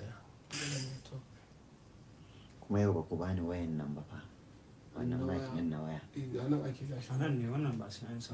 u t u kuma yau ba ku bani wayan nan ba fa wannan mic din na waya eh anan ake gashi nan ne wannan ba sai an sa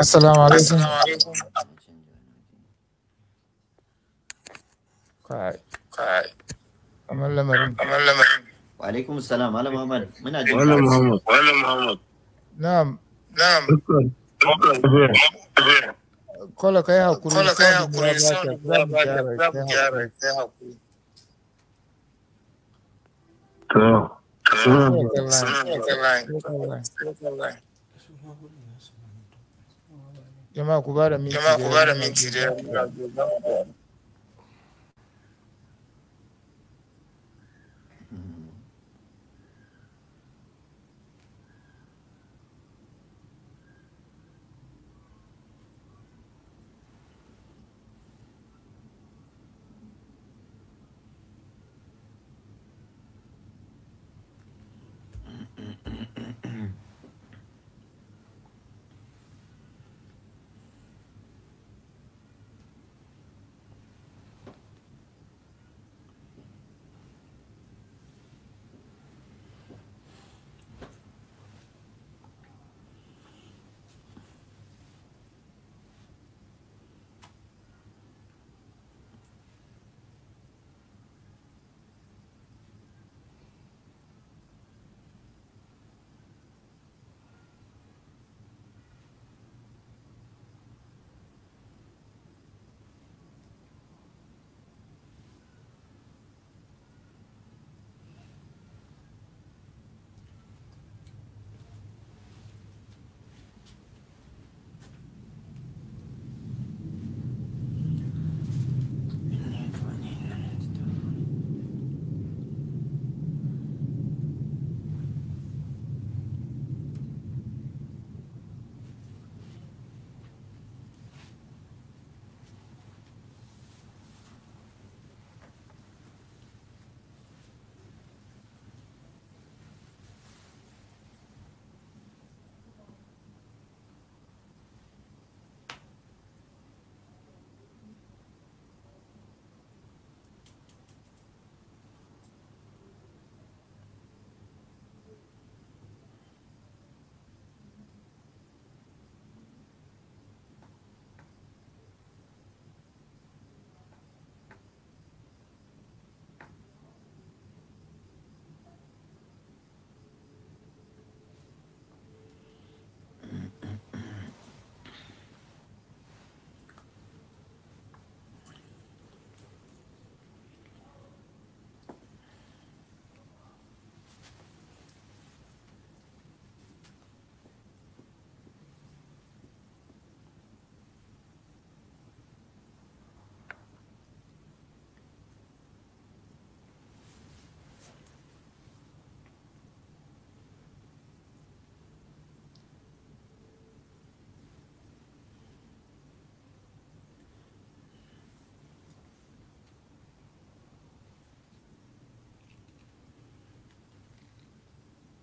السلام عليكم قاعد قاعد أمل مرن أمل مرن وعليكم السلام هلا محمد من أجل هلا محمد هلا محمد نعم نعم قولك يا هكولي قولك يا هكولي سلام سلام سلام سلام jama'a ku bara minti jama'a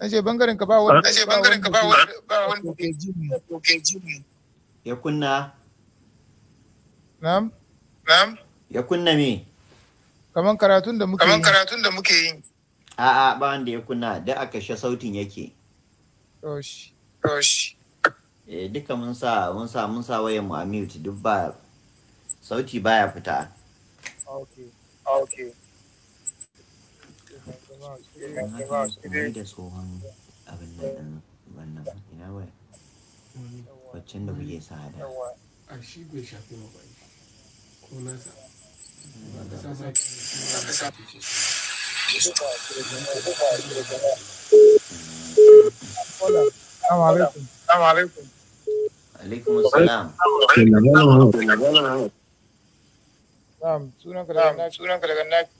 nace bangaren ka ba wanda nace bangaren ka ba wanda ba ke ya kunna na'am na'am ya kunna me kaman karatun da muke kaman karatun da muke yi a'a ba wanda ya kunna da aka sha sautin yake to shi eh duka mun sa mun sa mun sa wayan mu a mute duk ba sauti baya fita okay okay mai da tsohon abin nan ɗin waya da ka sa sa ka sunan ka daga naki.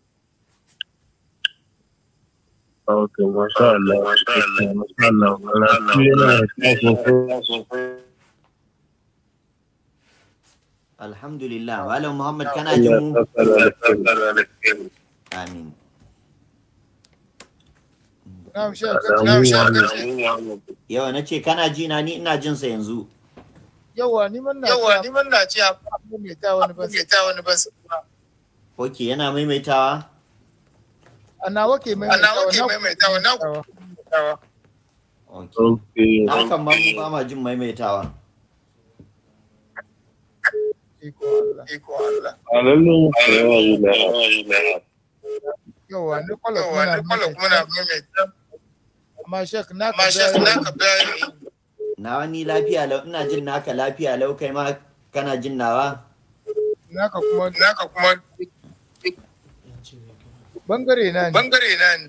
Ok, masha Allah, Allah, masha Allah, karatu yana da kyau Alhamdulillah, Malam Muhammad kana jin mu? Amin. Yawa na ce na ni ina jinsa yanzu. Yawa ni man na Yawa ni ta wani bas. Ok, yana maimaitawa? a nawa ke maimaitawa na maimaitawa ma mu ba ma jin maimaitawa. Yawa ni maimaitawa. na ka Nawa ni lafiya lau ina jin naka lafiya lau kai ma kana jin nawa. Naka kuma naka kuma Bangare na ne. Bangare na ne.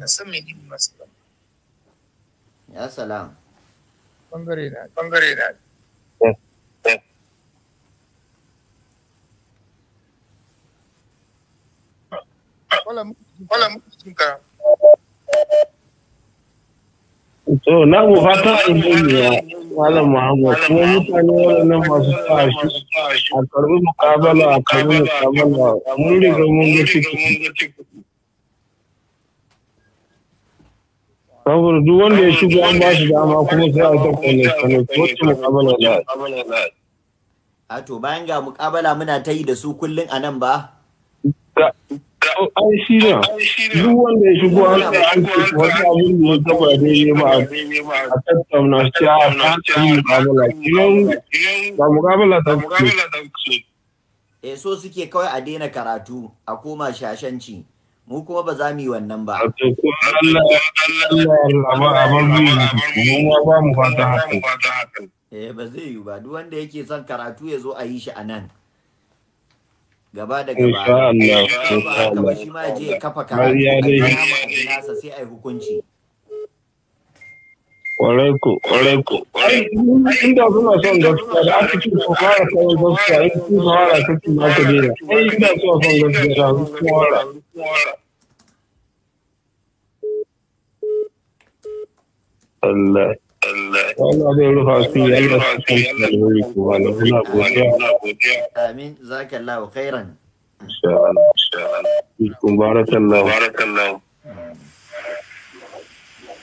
Na san masu ba. Ya salam. Bangare na Bangare na Hola, hola, mutum ka. to na mu fata alheri malam muhammad kuma mutane waɗannan masu tashi a karbi mukabala a karbi mukabala mun riga mun ga ciki saboda duk wanda ya shigo an ba shi dama kuma sai a ta kone ko wacce mukabala da a to bayan ga mukabala muna ta yi da su kullum a nan ba ai shi da duk wanda ya shigo an da an ce wani abin da ya taba daidai ba a tattauna shi a yi mukabala kinan ba mukabala ta ce eh so suke kawai a daina karatu a koma shashanci mu kuma ba za mu yi wannan ba Allah Allah ba a bar mu ba mu fata haka eh ba zai yi ba duk wanda yake son karatu ya zo a yi shi a nan gaba da gaba gaba shi ma je kafa karatu nasa sai ai hukunci Kwarai ku, Inda suna son gaskiya da aka su fara gaskiya in su fara na ka Ai inda suna son gaskiya da su fara. Allah. امين جزاك الله خيرا ان شاء الله ان شاء الله بارك الله بارك الله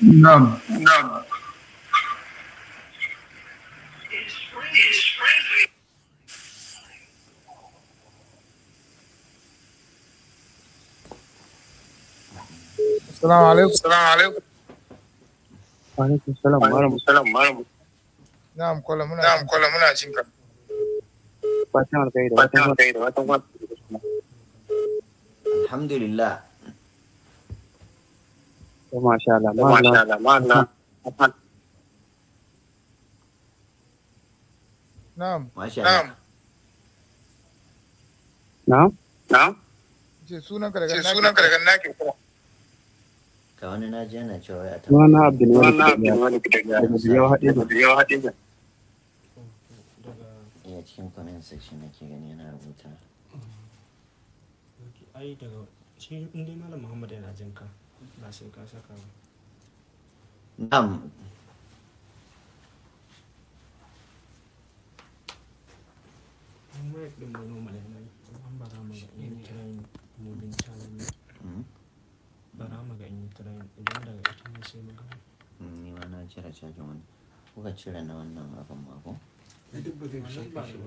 نعم نعم السلام عليكم السلام عليكم Wa alaikum salam malam. Na'am kola muna Na'am kola muna jin Alhamdulillah. Masha Allah. Allah. Masha Allah. Na'am. Masha Allah. Na'am. Na'am. Ce sunan ka daga naki. kuma. ga wani na ji na cewa a tabbata wani abdul malik daga yau haɗe da yau haɗe da ya cikin comment section gani yana rubuta ai daga shi inda malam muhammad yana jin ka sai ka saka na'am bara mu ga in yi idan daga ita ne sai mu ga mm, ni ma na cire cajin wani kuka cire na wannan abin mako duk ba zai shi ba ba ne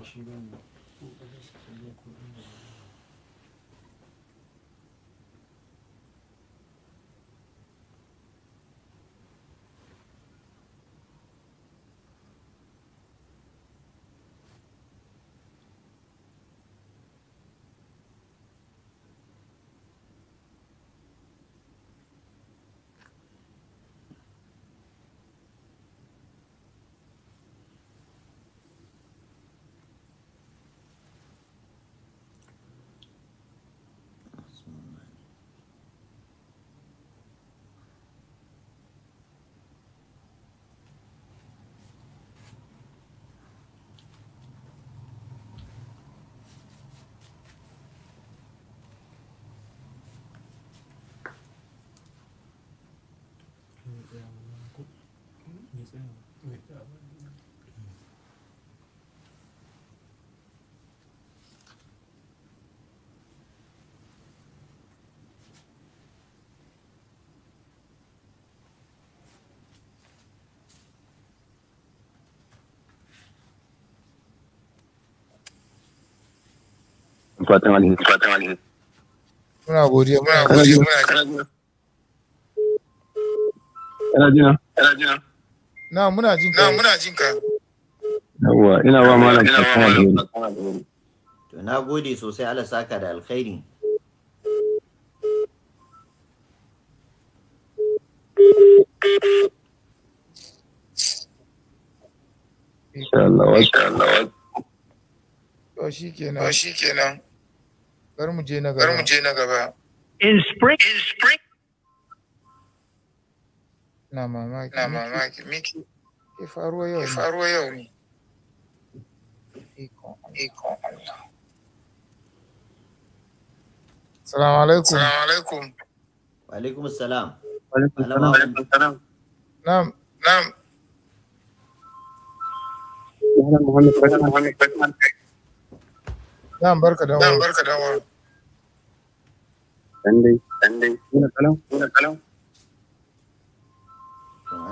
Fatan alheri. Fatan alheri. Muna godiya, muna godiya, muna godiya. Kana jina? jina? Na muna jin ka. Na Yawwa ina ba malam kuma da wuri. To na gode sosai Allah saka da alkhairi. Insha Allah, insha Allah. To shi kenan. To shi kenan. Bar mu je na gaba. Bar mu je na gaba. In spring. In spring. na mamaki na mamaki miki ke faruwa yau ne faruwa yau ne Salamu alaikum. Salamu alaikum. Wa alaikum salam. Wa alaikum salam. Na'am. Na'am. Na'am barka barka da Muna kalau, muna kalau.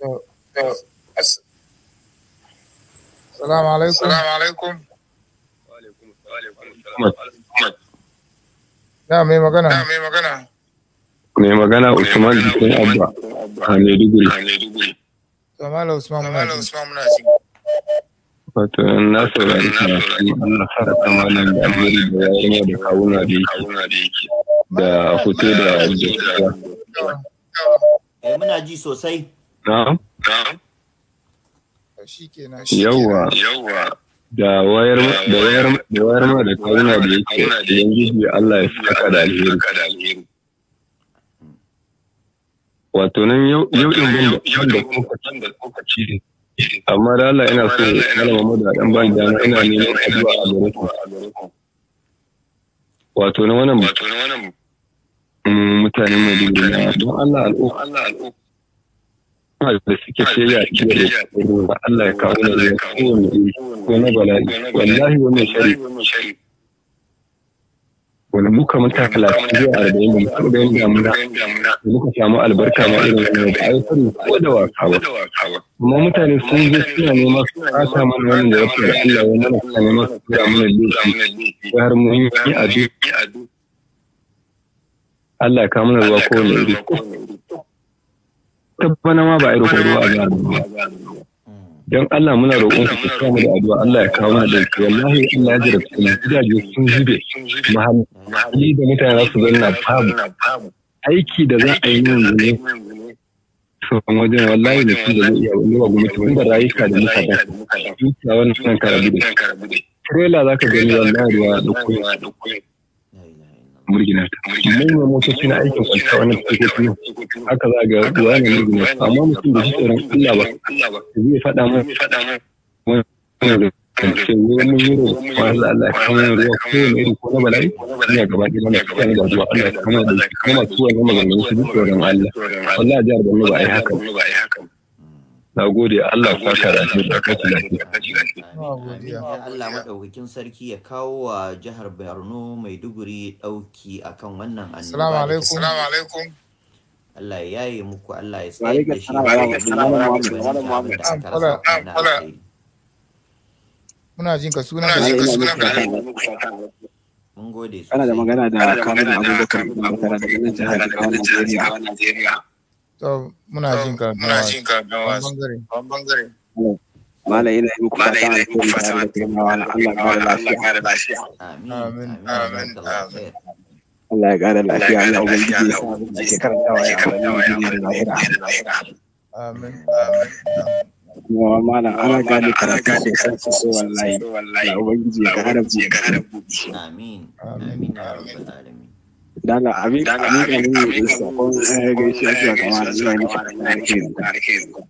Assalamu Da mai magana. Da mai magana. Abba a Maiduguri. To Malam Usman muna ji. Usman muna na saurari karatu Allah fara kamalan da amiri da yarinya da kawuna da yake da hoto da jirgiya. Muna ji sosai. na da wayar da wayar ma da kawuna da yake ubangiji Allah ya saka da alheri wato nan yau din ban da kuka ci amma da Allah ina so malama da dan ban dama ina neman addu'a a gare ku wato na da suke shirya a cikin Allah ya kawo na zai ko na bala'i wallahi wannan shari wani muka muta talatin zuwa arba'in da muka ɗayan damuna da muka samu albarka ma irin wani da aikari ko da wasa ba amma mutane sun zo suna nema su kasa mana wani da rafi da Allah ya mana suna nema su kira mana laifi ya har mun yi a adu Allah ya kawo mana ruwa kowane iri ta bana ma ba a yi roƙon ruwa a jihar ba. don Allah muna roƙon su kusa mu da addu'a Allah ya kawo mana dauki wallahi Allah ya jarabta mu gidaje sun zube mahalli da mutane za su zanna famu. aiki da za a yi min ne sauran wajen wallahi da sun da zai iya wani wa gwamnati wanda rayuka da muka ba dukiya wani kan karabu da trailer za ka gani wallahi ruwa da kuma murginata manyan motoci na aikin kwanci wani tsokoki haka za ga wani murginata amma mutum da shi tsoron Allah ba zai faɗa mu wani kance wurin mun yi ruwa ko Allah ya kama ruwa ko wani irin ko na bala'i ina gaba ɗaya mana kusa ne da zuwa Allah ya kama da kuma masu wani maganganun su duk tsoron Allah wallahi jihar mu ba a yi haka na gode Allah ka karatu da ka Allah madaukakin sarki ya kawo wa jihar Borno Maiduguri dauki akan wannan annoba Assalamu alaikum Assalamu alaikum Allah ya yi muku Allah ya tsaye da shi muna jin ka suna ka suna mun gode ana da magana da kamar abubakar da makarantar jihar Najeriya muna jin ka. Muna jin ka bangare. Bangare. Malam ina yi muku da kuma fata kuma Allah ya kara lafiya. Amin. Amin. Amin. Allah ya kara lafiya. Allah ubangiji ya sa da ke karantawa ya karantawa ya lahira. Amin. Amin. Kuma mana ana gane karatu sosai sosai wallahi. Allah ubangiji ya kara Amin. Amin. Amin. Amin. Dala abin abin da ne sakon ya gaishe shi da kamar ina ne shi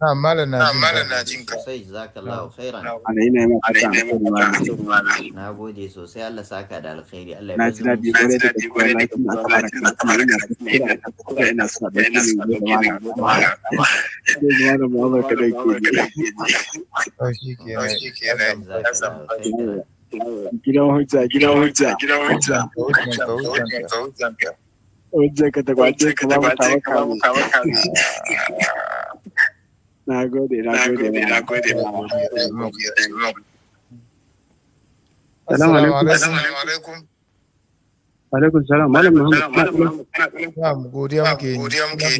na malam na jin malam na jin ka sai khairan ana ina mai fata na gode sosai Allah saka da alkhairi Allah ya ji dadi gore da gore da kuma Allah ya kuma ina ina kuma ina sa da ina sa da ina da da ba ba kada ke shi ke shi ke ne Gidan hujja, gidan hujja. Gidan hujja. Hujja ka ta gwace ka ba mu kawo kawo. Na gode, na gode. Na gode, na gode. Assalamu alaikum. alaikum salam malam muhammad godiya muke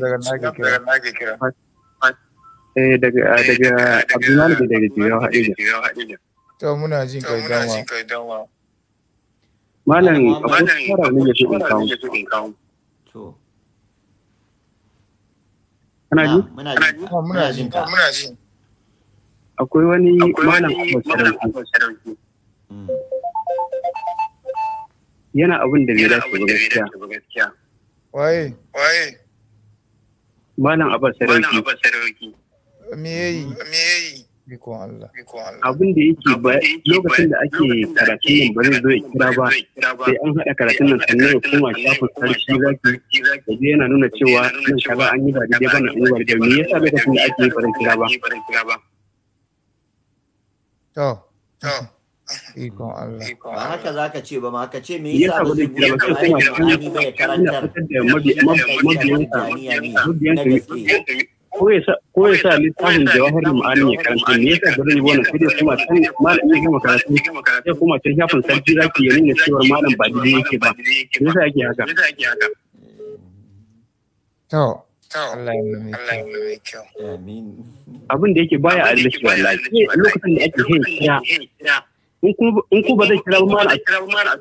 daga daga abdulmalik daga jiya hadija To muna jin kai danwa. Malam akwai shawara ne ya so in kawo. To. Kana ji? Muna oh, jin ka. Muna jin. Akwai wani malam Ahmad Sarauki. Yana abin da bai dace ba gaskiya. Waye? Waye? Malam Abbas Sarauki. Me yayi? Me yayi? abin da yake ba lokacin da ake karatun nan ba zai zo kira ba sai an haɗa karatun nan sannan ya koma shafin sarki zaki da zai yana nuna cewa nan kaza an yi ba daidai na an yi ba daidai me yasa lokacin da ake yi ba kira ba. To, to. Ikon Allah. Ba haka za ka ce ba ma ka ce me yasa ba zai ba sai kuma karantar mabiyanta na gaske. ko ya sa littafin jawahar ma'ani ya karanta ne yasa ba zai yi wannan sai dai kuma can malam ya gama karatu ya kuma can shafin sarki za zaki ya nuna cewar malam ba daidai yake ba yasa ake haka to abin da yake baya a lissu wallahi lokacin da ake hin kira in ku ba zai kira ba malam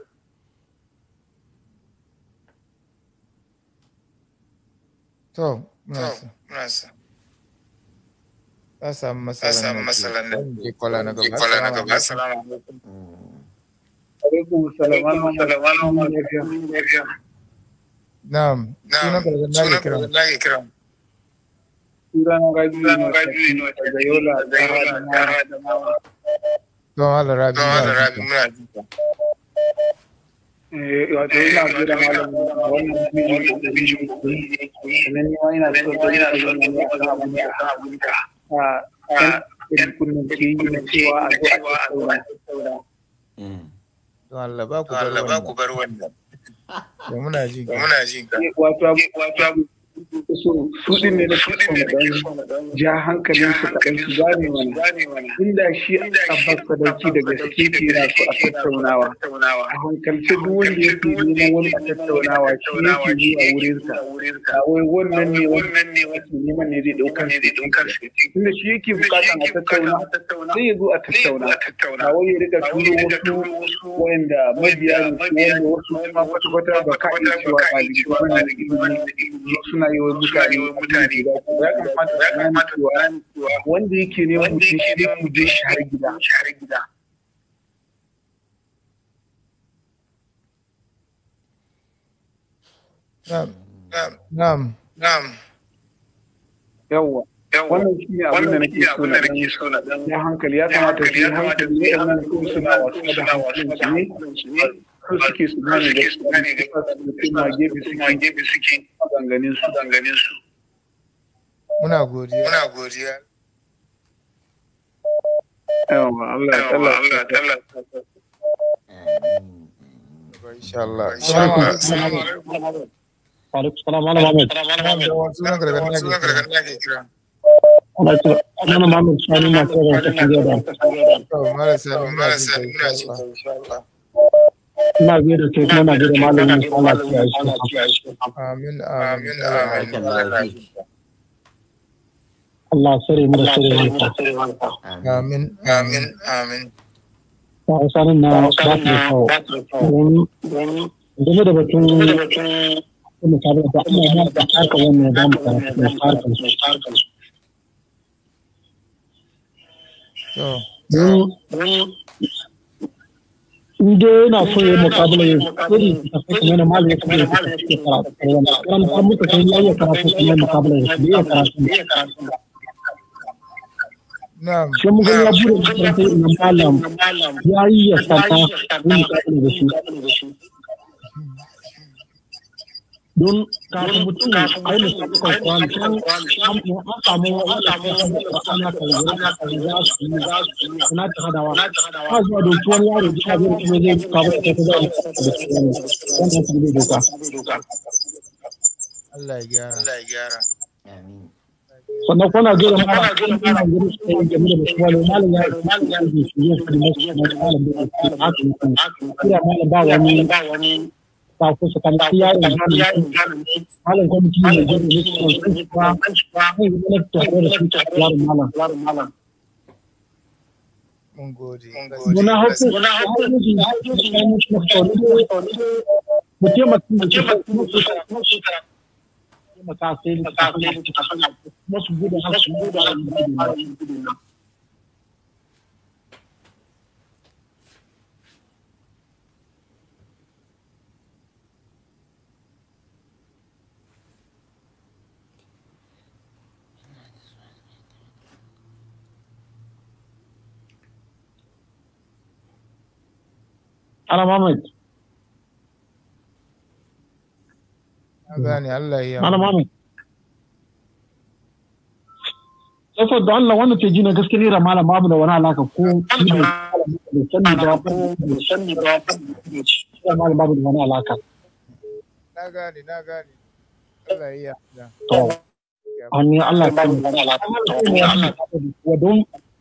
to nasa asam masalan salam alaikum salam nam nam Allah no yan kunnen cikin a a Don Allah ba ku bar wannan. Muna jin Wato abu so ne na dan ja hankalin su kaɗan su gane mana inda shi abbas sadauki da daga ke yana so a tattaunawa a hankalce duk wanda ya fi neman wani a tattaunawa shi yi ke wurinsa a wai wannan ne wannan ne wata neman ne zai ɗaukar su inda shi yake bukatan a tattauna sai ya zo a tattauna a wai ya riga turo wasu wanda mabiya ne wanda wasu kuma kwata-kwata ba ka iya cewa ɗalibai suna rayuwar mutane ya kamata wanda yake ne mutum gida Yawwa. Wannan shi ne abin da nake so na dan hankali ya kamata shi hankali ne suna wasu da hankali ne persecute the man against whom I gave you seeking maganganin su. Muna godiya. Muna godiya. Yawa Allah Allah Allah Allah. Insha Allah. Insha Allah. Waalaikumsalam Malam Ahmed. Malam Ahmed. Malam Ahmed. ina gaida kai kuma na malamin Allah ya shi amin amin amin Allah sare mu da sare wanka amin amin amin ba sanin na ba ta kawo game da batun kuma ta da ba wannan mu su in dai yana so ya mukabala ya kuri kuma na malami da ya kuri karatu kan ta muka kai ya yi karatu kuma mukabala ya kuri ya karatu na'am shi mun ya bude karatu na malam ya yi ya ya mun mukabala da shi don kafin mutum ya aini sabukar kwanci an samu ana kan za su yi suna ta hadawa ba zuwa doki yaro da wani ya gyara sannan kuna da masu na kushughulikia wale kwa mjini kwa kwa kwa Mungodi. ana Muhammad. Gane Allah ya. Ana Muhammad. sai da Allah wanda ce jina gaske ne da malam abu da wani alaka ko da sanni da da malam wani alaka. Na Allah ya. To. Ani Allah ya. Allah ya.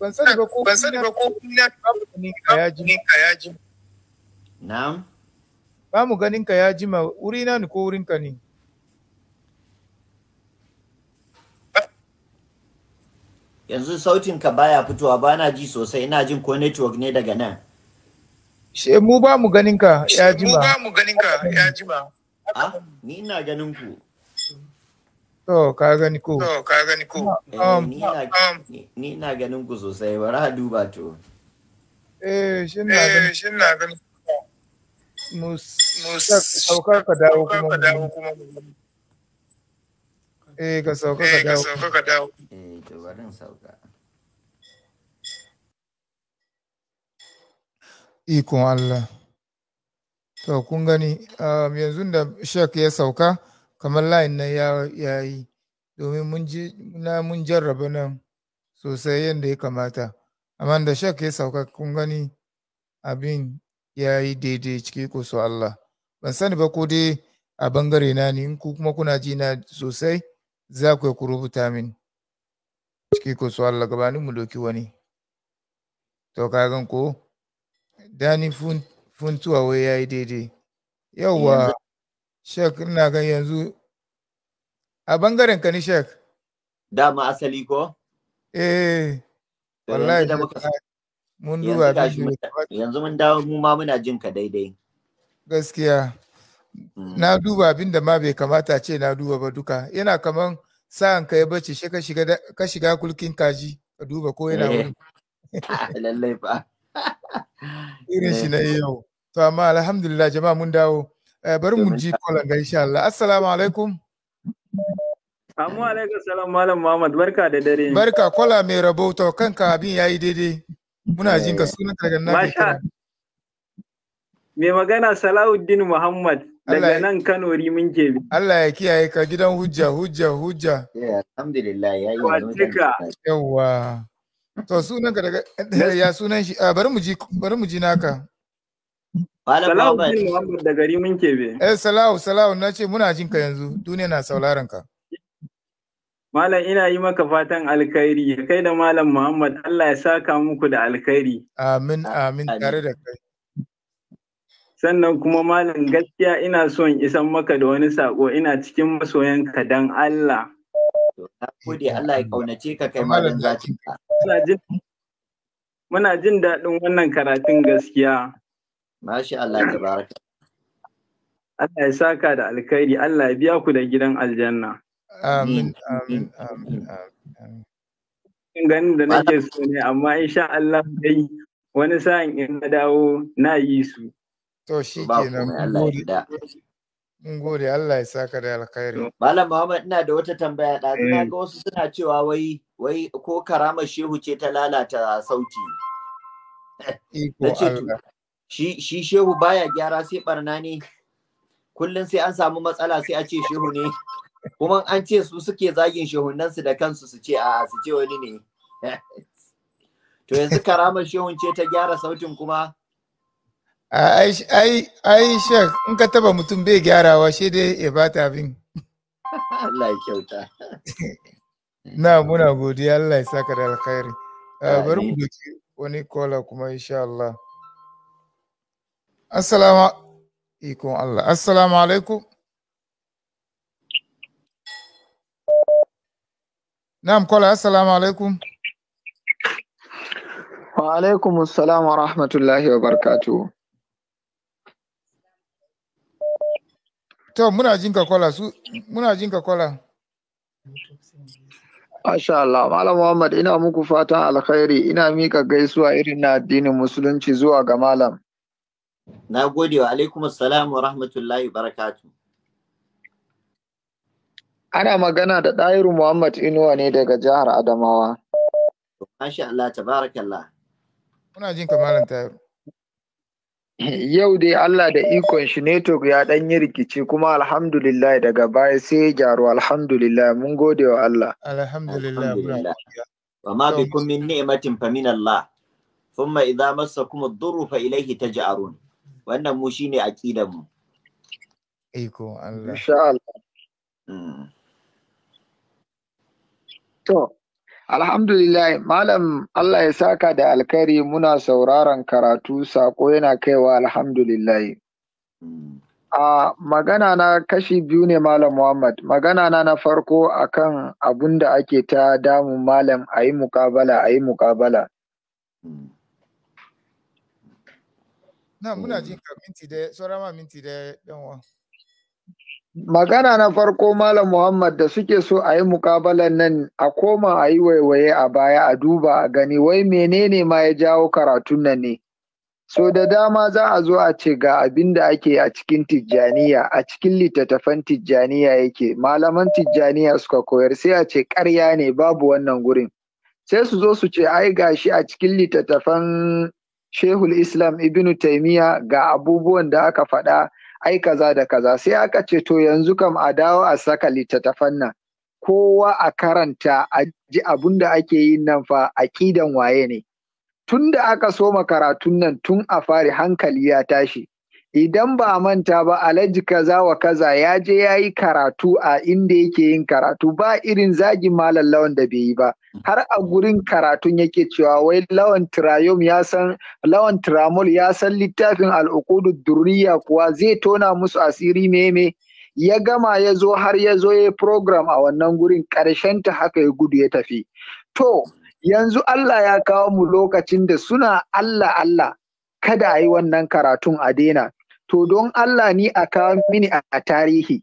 ban sani ba ko ban sani ba ko ninka ya ji na'am ba mu ganin ka ya jima wuri na ni ko wurin ka ne yanzu sautin ka baya fitowa ba na ji sosai ina jin ko network ne daga nan she mu ba mu ganin ka ya jima mu ba mu ganin ka ya jima ah ni ina ganin ku To, ka gani ko. To, ka gani ko. Eh, um, ni na um. ganin ku sosai, bari a duba to. Eh, shin na eh, ganin. shin na ganin. Saukar ka dawo kuma. Eh, ka sauka eh, ka dawo. Eh, ka sauka ka dawo. Eh, to bari sauka. Ikon Allah. To, kun gani, um, yanzu da Shek ya sauka, kamar layin nan ya yi domin mun jarraba nan sosai yadda ya kamata amma da shak ya sauka kun gani abin ya yi daidai cikin kusa Allah ban sani ba ko dai a bangare na ni in kuma kuna ji na sosai za ku ku rubuta min cikin kusa Allah gabanin mu doki wani to ka gan ko dani funtuwa wai ya yi daidai yawwa Sheikh ina gan yanzu a bangaren ka ni Sheikh. Dama asali ko? Eh. Wallahi mun duba yanzu mun dawo mu ma muna jin ka daidai. Gaskiya. Hmm. Na duba abinda ma bai kamata ce na duba ba duka. Yana kaman sa'an ka ya bace shi ka shiga kulkin kaji ka duba ko yana eh. wani. Lallai fa. Irin shi eh. na yau. To amma alhamdulillah jama'a mun dawo. Eh, bari mu ji kwalan ga insha Allah assalamu alaikum Amu alaikum salam malam Muhammad barka da dare barka kwala mai rabo to kanka abin yayi daidai muna jin ka eh. sunan daga nan mai magana Salahuddin Muhammad daga nan Kano Rimin bi. Allah ya kiyaye ka gidan hujja hujja hujja eh, alhamdulillah yayi yawa to sunan ka daga ya sunan shi ah, bari mu ji bari mu ji naka Salahu bin Muhammad da gari mun kebe. Eh Salahu Salahu na ce muna jin ka yanzu duniya na sauraron ka. Malam ina yi maka fatan alkhairi kai da Malam Muhammad Allah ya saka muku da alkhairi. Amin amin tare da kai. Sannan kuma Malam gaskiya ina son isan maka da wani sako ina cikin masoyanka dan Allah. Na gode Allah ya kaunace ka kai Malam Zaci. Muna jin daɗin wannan karatun gaskiya. Masha Allah ta baraka. Allah ya saka da alkhairi, Allah ya biya ku da gidan aljanna. Amin, amin, amin, amin. ganin da nake so ne, amma insha Allah dai wani sa'in in na dawo na yi su. To shi kenan mun gode Allah ya saka da alkhairi. Malam Muhammad ina da wata tambaya ɗazu na eh. ga wasu suna cewa wai wai ko karamar shehu ce ta lalata sauti. Iko Allah. shi shi shehu baya gyara sai barna ne kullum sai an samu matsala sai a ce shehu ne kuma an ce su suke zagin su da kansu su ce a'a su ce wani ne to yanzu karamar shehu ce ta gyara sautin kuma ai ai shek in ka taba mutum bai gyarawa shi dai ya bata abin Allah ya kyauta na muna godiya Allah ya saka da alkhairi bari mu doki wani kola kuma insha Allah Assalamu ikon Allah. Assalamu alaikum. Na'am kola assalamu alaikum. Wa alaikum assalam wa rahmatullahi wa barakatuh. To muna jinka kola su muna jinka kola. Masha Allah, Malam Muhammad ina muku fatan alkhairi, ina mika gaisuwa irin na addinin musulunci zuwa ga malam. Na gode wa alaikum assalam wa rahmatullahi barakatu. Ana magana da Ɗayiru Muhammad Inuwa ne daga jihar Adamawa. Masha Allah, tabarakallah. Muna jin kamalan Ɗayiru. Yau dai Allah da ikon shi network ya ɗan yi rikici kuma alhamdulillah daga baya sai ya gyaru alhamdulillah mun gode wa Allah. Alhamdulillah. Wa ma kun min ni'matin fa min Allah. ثم إذا ilaihi ta ji تجأرون wannan mu shine aqidar mu iko Allah insha Allah hmm. to Alhamdulillah, Malam Allah ya saka da alkari muna sauraron karatu sako yana kaiwa alhamdulillah. Hmm. A magana na kashi biyu ne Malam Muhammad, magana na na farko akan abun da ake ta damun Malam a yi mukabala, a yi mukabala. Hmm. magana na farko malam muhammad da suke so a yi mukabalan nan a koma a yi waiwaye a baya a duba a gani wai menene ma ya jawo karatun nan ne so da dama za a zo a ce ga abin da ake a cikin tijjaniya a cikin littattafan tijjaniya yake malaman tijjaniya suka koyar sai a ce karya ne babu wannan gurin sai su zo su ce ai gashi a cikin littattafan shehul islam ibn taimiya ga abubuwan da aka faɗa ai kaza da kaza sai aka ce to yanzu kam a dawo a saka littattafan nan kowa a karanta a ji abun da ake yi nan fa aƙidan waye ne tunda da aka soma karatun nan tun a fari hankali ya tashi idan ba a manta ba alhaji kaza wa kaza ya je ya yi karatu a inda yake yin karatu ba irin zagin malam lawan da bai yi ba har a gurin karatun yake cewa wai lawan tirayom ya san lawan tiramol ya san littafin al'ukudu duriya kuwa zai tona musu asiri meme ya gama ya zo har ya zo ya program a wannan gurin ƙarshen ta haka ya gudu ya tafi to yanzu Allah ya kawo mu lokacin da suna Allah Allah kada a yi wannan karatun a daina to don Allah ni a kawo mini a tarihi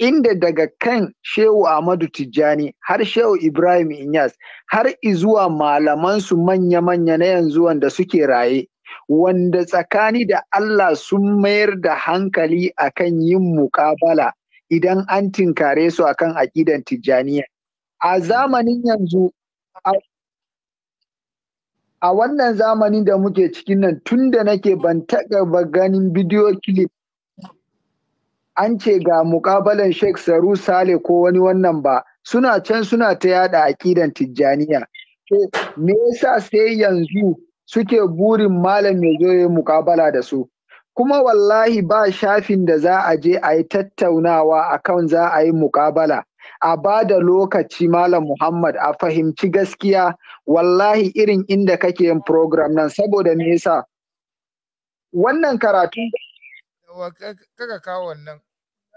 inda daga kan Shehu Ahmadu Tijjani har Shehu Ibrahim Inyas har izuwa malamansu manya-manya na yanzu wanda suke raye wanda tsakani da Allah sun mayar da hankali akan yin muƙabala idan an tinkare su akan aƙidan Tijjaniya a zamanin yanzu a wannan zamanin da muke cikin nan tun da nake ban taɓa ganin bidiyo clip an ce ga mukabalan Sheikh Saru Sale ko wani wannan ba suna can suna ta yada aƙidan Tijjaniya. Me yasa sai yanzu suke burin malam ya zo ya mukabala da su? Kuma wallahi ba shafin da za a je a yi tattaunawa akan za a yi mukabala. a ba da lokaci Malam Muhammad a fahimci gaskiya wallahi irin inda kake yin program nan saboda nesa. wannan karatu kaka kawo wannan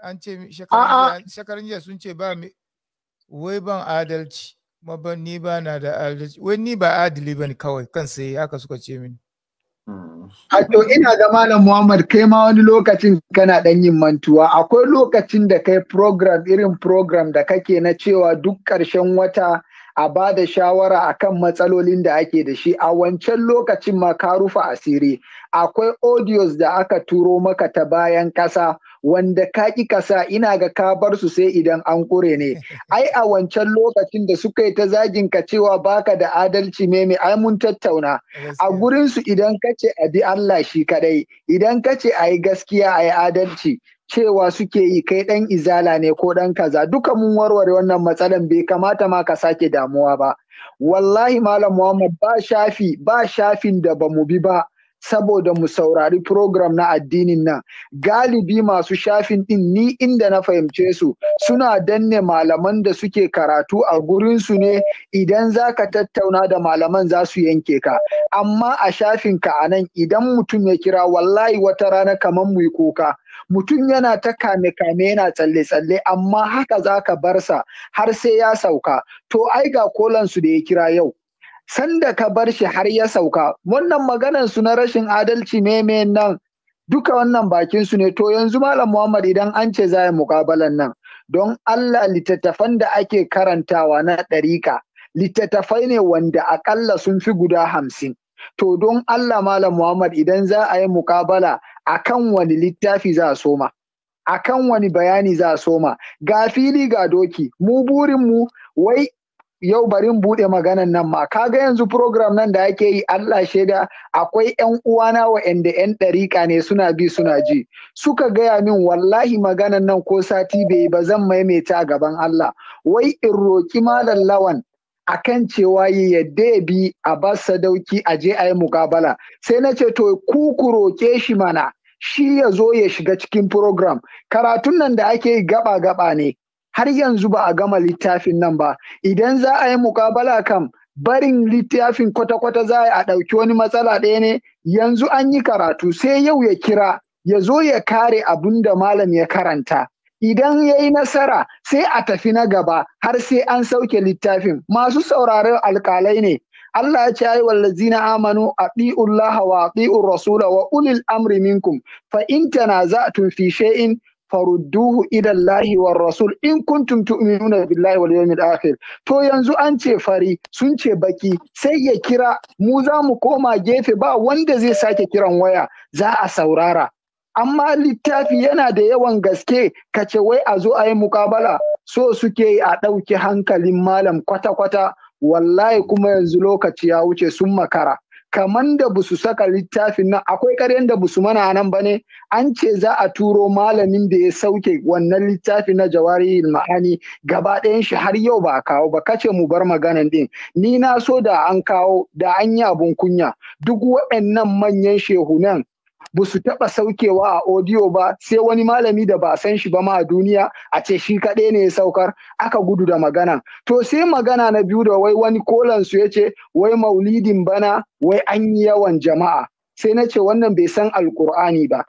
an ce shekarun jiya sun ce ba mai. wai ban adalci ma ban ni ba na da adalci wai ni ba adali ne kawai kan sai haka suka ce mini Hato ina ga Malam Muhammad kai ma wani lokacin kana ɗan yin mantuwa akwai lokacin da kai program irin program da kake na cewa duk ƙarshen wata a ba da shawara akan matsalolin da ake da shi a wancan lokacin ma ka rufe asiri akwai audios da aka turo maka ta bayan ƙasa wanda ka ƙi kasa ina ga ka bar su sai idan an ƙure ne ai a wancan lokacin da suka yi ta zagin ka cewa baka da adalci me me ai mun tattauna a gurinsu idan ka ce a bi Allah shi kadai idan ka ce a yi gaskiya a yi adalci cewa suke yi kai ɗan izala ne ko ɗan kaza duka mun warware wannan matsalan bai kamata ma ka sake damuwa ba wallahi malam Muhammad ba shafi ba shafin da ba mu bi ba saboda mu saurari program na addinin nan galibi masu shafin din ni inda na fahimce su suna danne malaman da suke karatu a gurinsu ne idan za ka tattauna da malaman za su yanke ka amma a shafin ka a nan idan mutum ya kira wallahi wata rana kamar mu kuka mutum yana ta kame-kame yana tsalle-tsalle amma haka za ka barsa har sai ya sauka to ai ga kolansu da ya kira yau sanda ka bar shi har ya sauka wannan maganan su na rashin adalci ne me nan duka wannan bakin su ne to yanzu malam Muhammad idan an ce za mukabalan nan don Allah littattafan da ake karantawa na ɗarika littattafai ne wanda akalla sun fi guda hamsin to don Allah malam Muhammad idan za a yi mukabala akan wani littafi za a soma akan wani bayani za a soma ga fili ga doki mu burin mu wai yau bari in buɗe maganan nan ma kaga yanzu program nan da ake yi Allah shaida akwai ƴan uwana inda ƴan ɗariƙa ne suna bi suna ji suka gaya min wallahi maganan nan ko sati bai ba zan maimaita gaban Allah wai in roki malam lawan akan cewa ya yadda ya bi a bar sadauki a je a yi mukabala sai na ce to ku ku roke shi mana shi ya zo ya shiga cikin program karatun nan da ake yi gaba gaba ne har yanzu ba a gama littafin nan ba idan za a yi mukabala kan barin littafin kwata-kwata za a ɗauki wani matsala ɗaya ne yanzu an yi karatu sai yau ya kira ya zo ya kare abin da malam ya karanta idan ya yi nasara sai a tafi na gaba har sai an sauke littafin masu sauraron alkalai ne Allah ya ce ai wallazina amanu atiullaha wa atiur rasula wa ulil amri minkum fa in tanaza'tum fi shay'in farudduhu idan wa rasul in kuntum tu'minuna billahi wal yawmil akhir to yanzu an ce fari sun ce baki sai ya kira mu za mu koma gefe ba wanda zai sake kiran waya za a saurara amma littafi yana da yawan gaske kace wai a zo a yi mukabala so suke a ɗauki hankalin malam kwata-kwata wallahi kuma yanzu lokaci ya wuce sun makara kaman da busu saka littafin nan akwai karyan da busu mana nan ba ne an ce za a turo malamin da ya sauke wannan littafin na jawari ma'ani gaba ɗayan shi har yau ba a kawo ba kace mu bar maganan din ni na so da an kawo da an yi abun kunya duk waɗannan manyan shehunan ba su taɓa saukewa a audio ba sai wani malami da ba san shi ba ma a duniya a ce shi kaɗai ne ya saukar aka gudu da magana to sai magana na biyu da wai wani kolan su ya ce wai maulidin bana wai an yi yawan jama'a sai na ce wannan bai san alkur'ani ba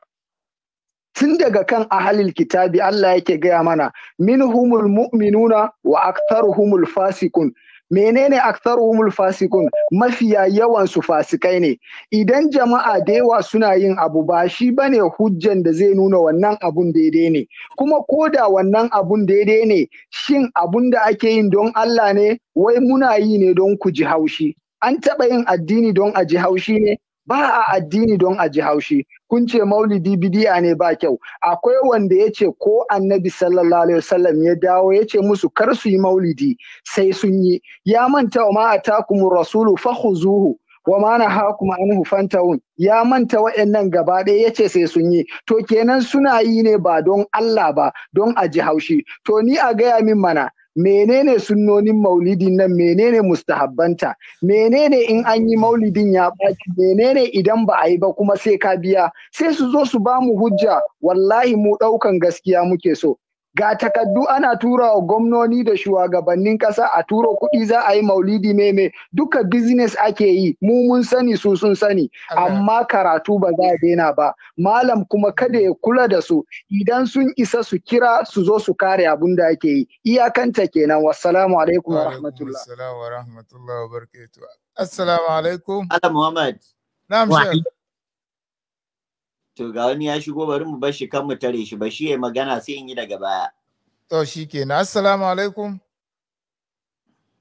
tun daga kan ahalil kitabi Allah yake gaya mana min humul mu'minuna wa humul fasikun menene aktar umul fasikun mafiya yawan su fasikai ne idan jama'a da yawa suna yin abu ba shi bane hujjan da zai nuna wannan abun daidai ne kuma ko da wannan abun daidai ne shin abun da ake yin don Allah ne wai muna yi ne don ku ji haushi an taɓa yin addini don a ji haushi ne ba a addini don a ji haushi kun ce maulidi bidi'a ne ba kyau akwai wanda ya ce ko annabi sallallahu alaihi wasallam ya dawo ya ce musu kar su yi maulidi sai sun yi ya manta wa ma kuma rasulu zuhu wa ma nahakum anhu fantahun ya manta wa'annan gaba ɗaya ya ce sai sun yi to kenan suna yi ne ba don Allah ba don a ji haushi to ni a gaya min mana menene sunnonin maulidin nan menene mustahabbanta menene in an yi maulidin ya baki menene idan ba a yi ba kuma sai ka biya sai su zo su ba mu hujja wallahi mu ɗaukan gaskiya muke so ga takaddu ana tura wa gwamnoni da shugabannin ƙasa a turo kuɗi za a yi maulidi meme duka business ake yi mu mun sani su sun sani amma karatu ba za a daina ba malam kuma kada ya kula da su idan sun isa su kira su zo su kare abun da ake yi iyakanta kenan wassalamu alaikum wa rahmatullah assalamu alaikum ala muhammad na'am To ga wani ya shigo bari mu bar shi kan mu tare shi ba shi yayi magana sai in yi daga baya. To shi kenan. Assalamu alaikum.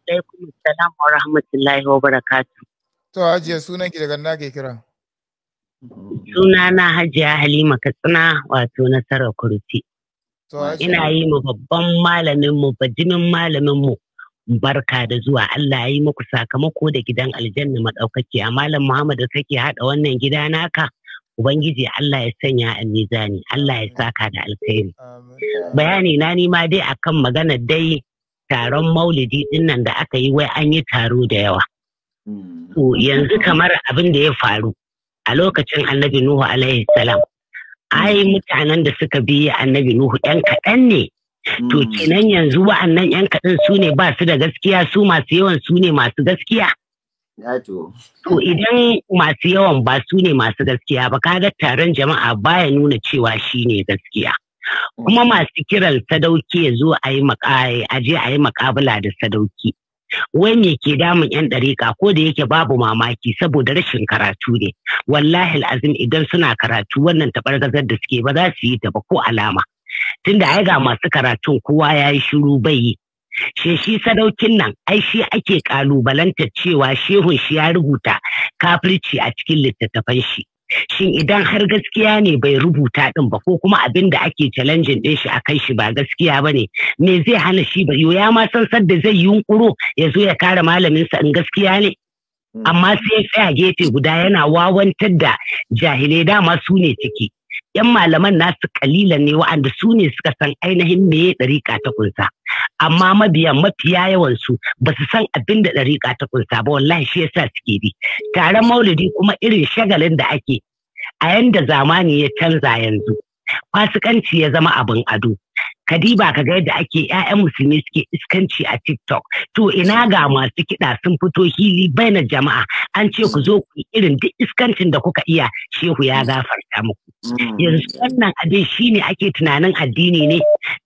Alaikum assalam wa rahmatullahi wa barakatuh. To hajiya sunan ki daga nake kira. Suna na hajiya Halima Katsina wato nasarar kurti. Ina yi mu babban malamin mu bajimin malamin mu barka da zuwa Allah ya yi muku sakamako da gidan aljanna maɗaukaki a malam Muhammadu kake haɗa wannan gida naka. Ubangiji Allah ya sanya a mizani, Allah ya saka da alkhairi. Bayani na nima dai akan magana dai taron maulidi din da aka yi wai an yi taro da yawa. To yanzu kamar abin da ya faru a lokacin annabi Nuhu alaihi salam. Ai mutanen da suka bi annabi Nuhu ɗan kaɗan ne. To hmm. kenan yanzu wa'annan ƴan kaɗan su ne ba su da gaskiya su masu yawan su ne masu gaskiya. To idan masu yawan ba su ne masu gaskiya ba kaga taron jama'a baya nuna cewa shi ne gaskiya. Kuma mm. masu kiran sadauki ya zo a yi a yi makabula da sadauki. Wai me ke damun 'yan ɗarika ko da yake babu mamaki saboda rashin karatu ne. Wallahi azim idan suna karatu wannan taɓargazar da suke ba za su yi ta ba ko alama. Tunda ai ga masu karatun kowa ya yi shiru bai yi. shi shi sadaukin nan ai shi ake kalubalantar cewa shehun shi ya rubuta kafirci a cikin littattafan shi shin idan har gaskiya ne bai rubuta din ba ko kuma abin da ake challenging din shi akan shi ba gaskiya ba ne me zai hana shi ba ya ma san da zai yunkuro ya zo ya kare sa in gaskiya ne hmm. amma sai ya tsaya gefe guda yana wawantar da jahilai dama su ne ciki yan malaman nasu kalilan ne waɗanda su ne suka san ainihin meye ɗariƙa ta kunsa amma mabiyan mafiya yawan su ba su san abin da ɗariƙa ta kunsa ba wallahi shi yasa suke bi taron maulidi kuma irin shagalin da ake a yanda zamani ya canza yanzu fasikanci ya zama abin ado kadiba ka ga yadda ake 'ya'yan musulmi suke iskanci a tiktok to ina ga masu kiɗa sun fito hili baina jama'a an ce ku zo ku irin duk iskancin da kuka iya shehu ya gafarta muku mm. yanzu wannan abin ne ake tunanin addini ne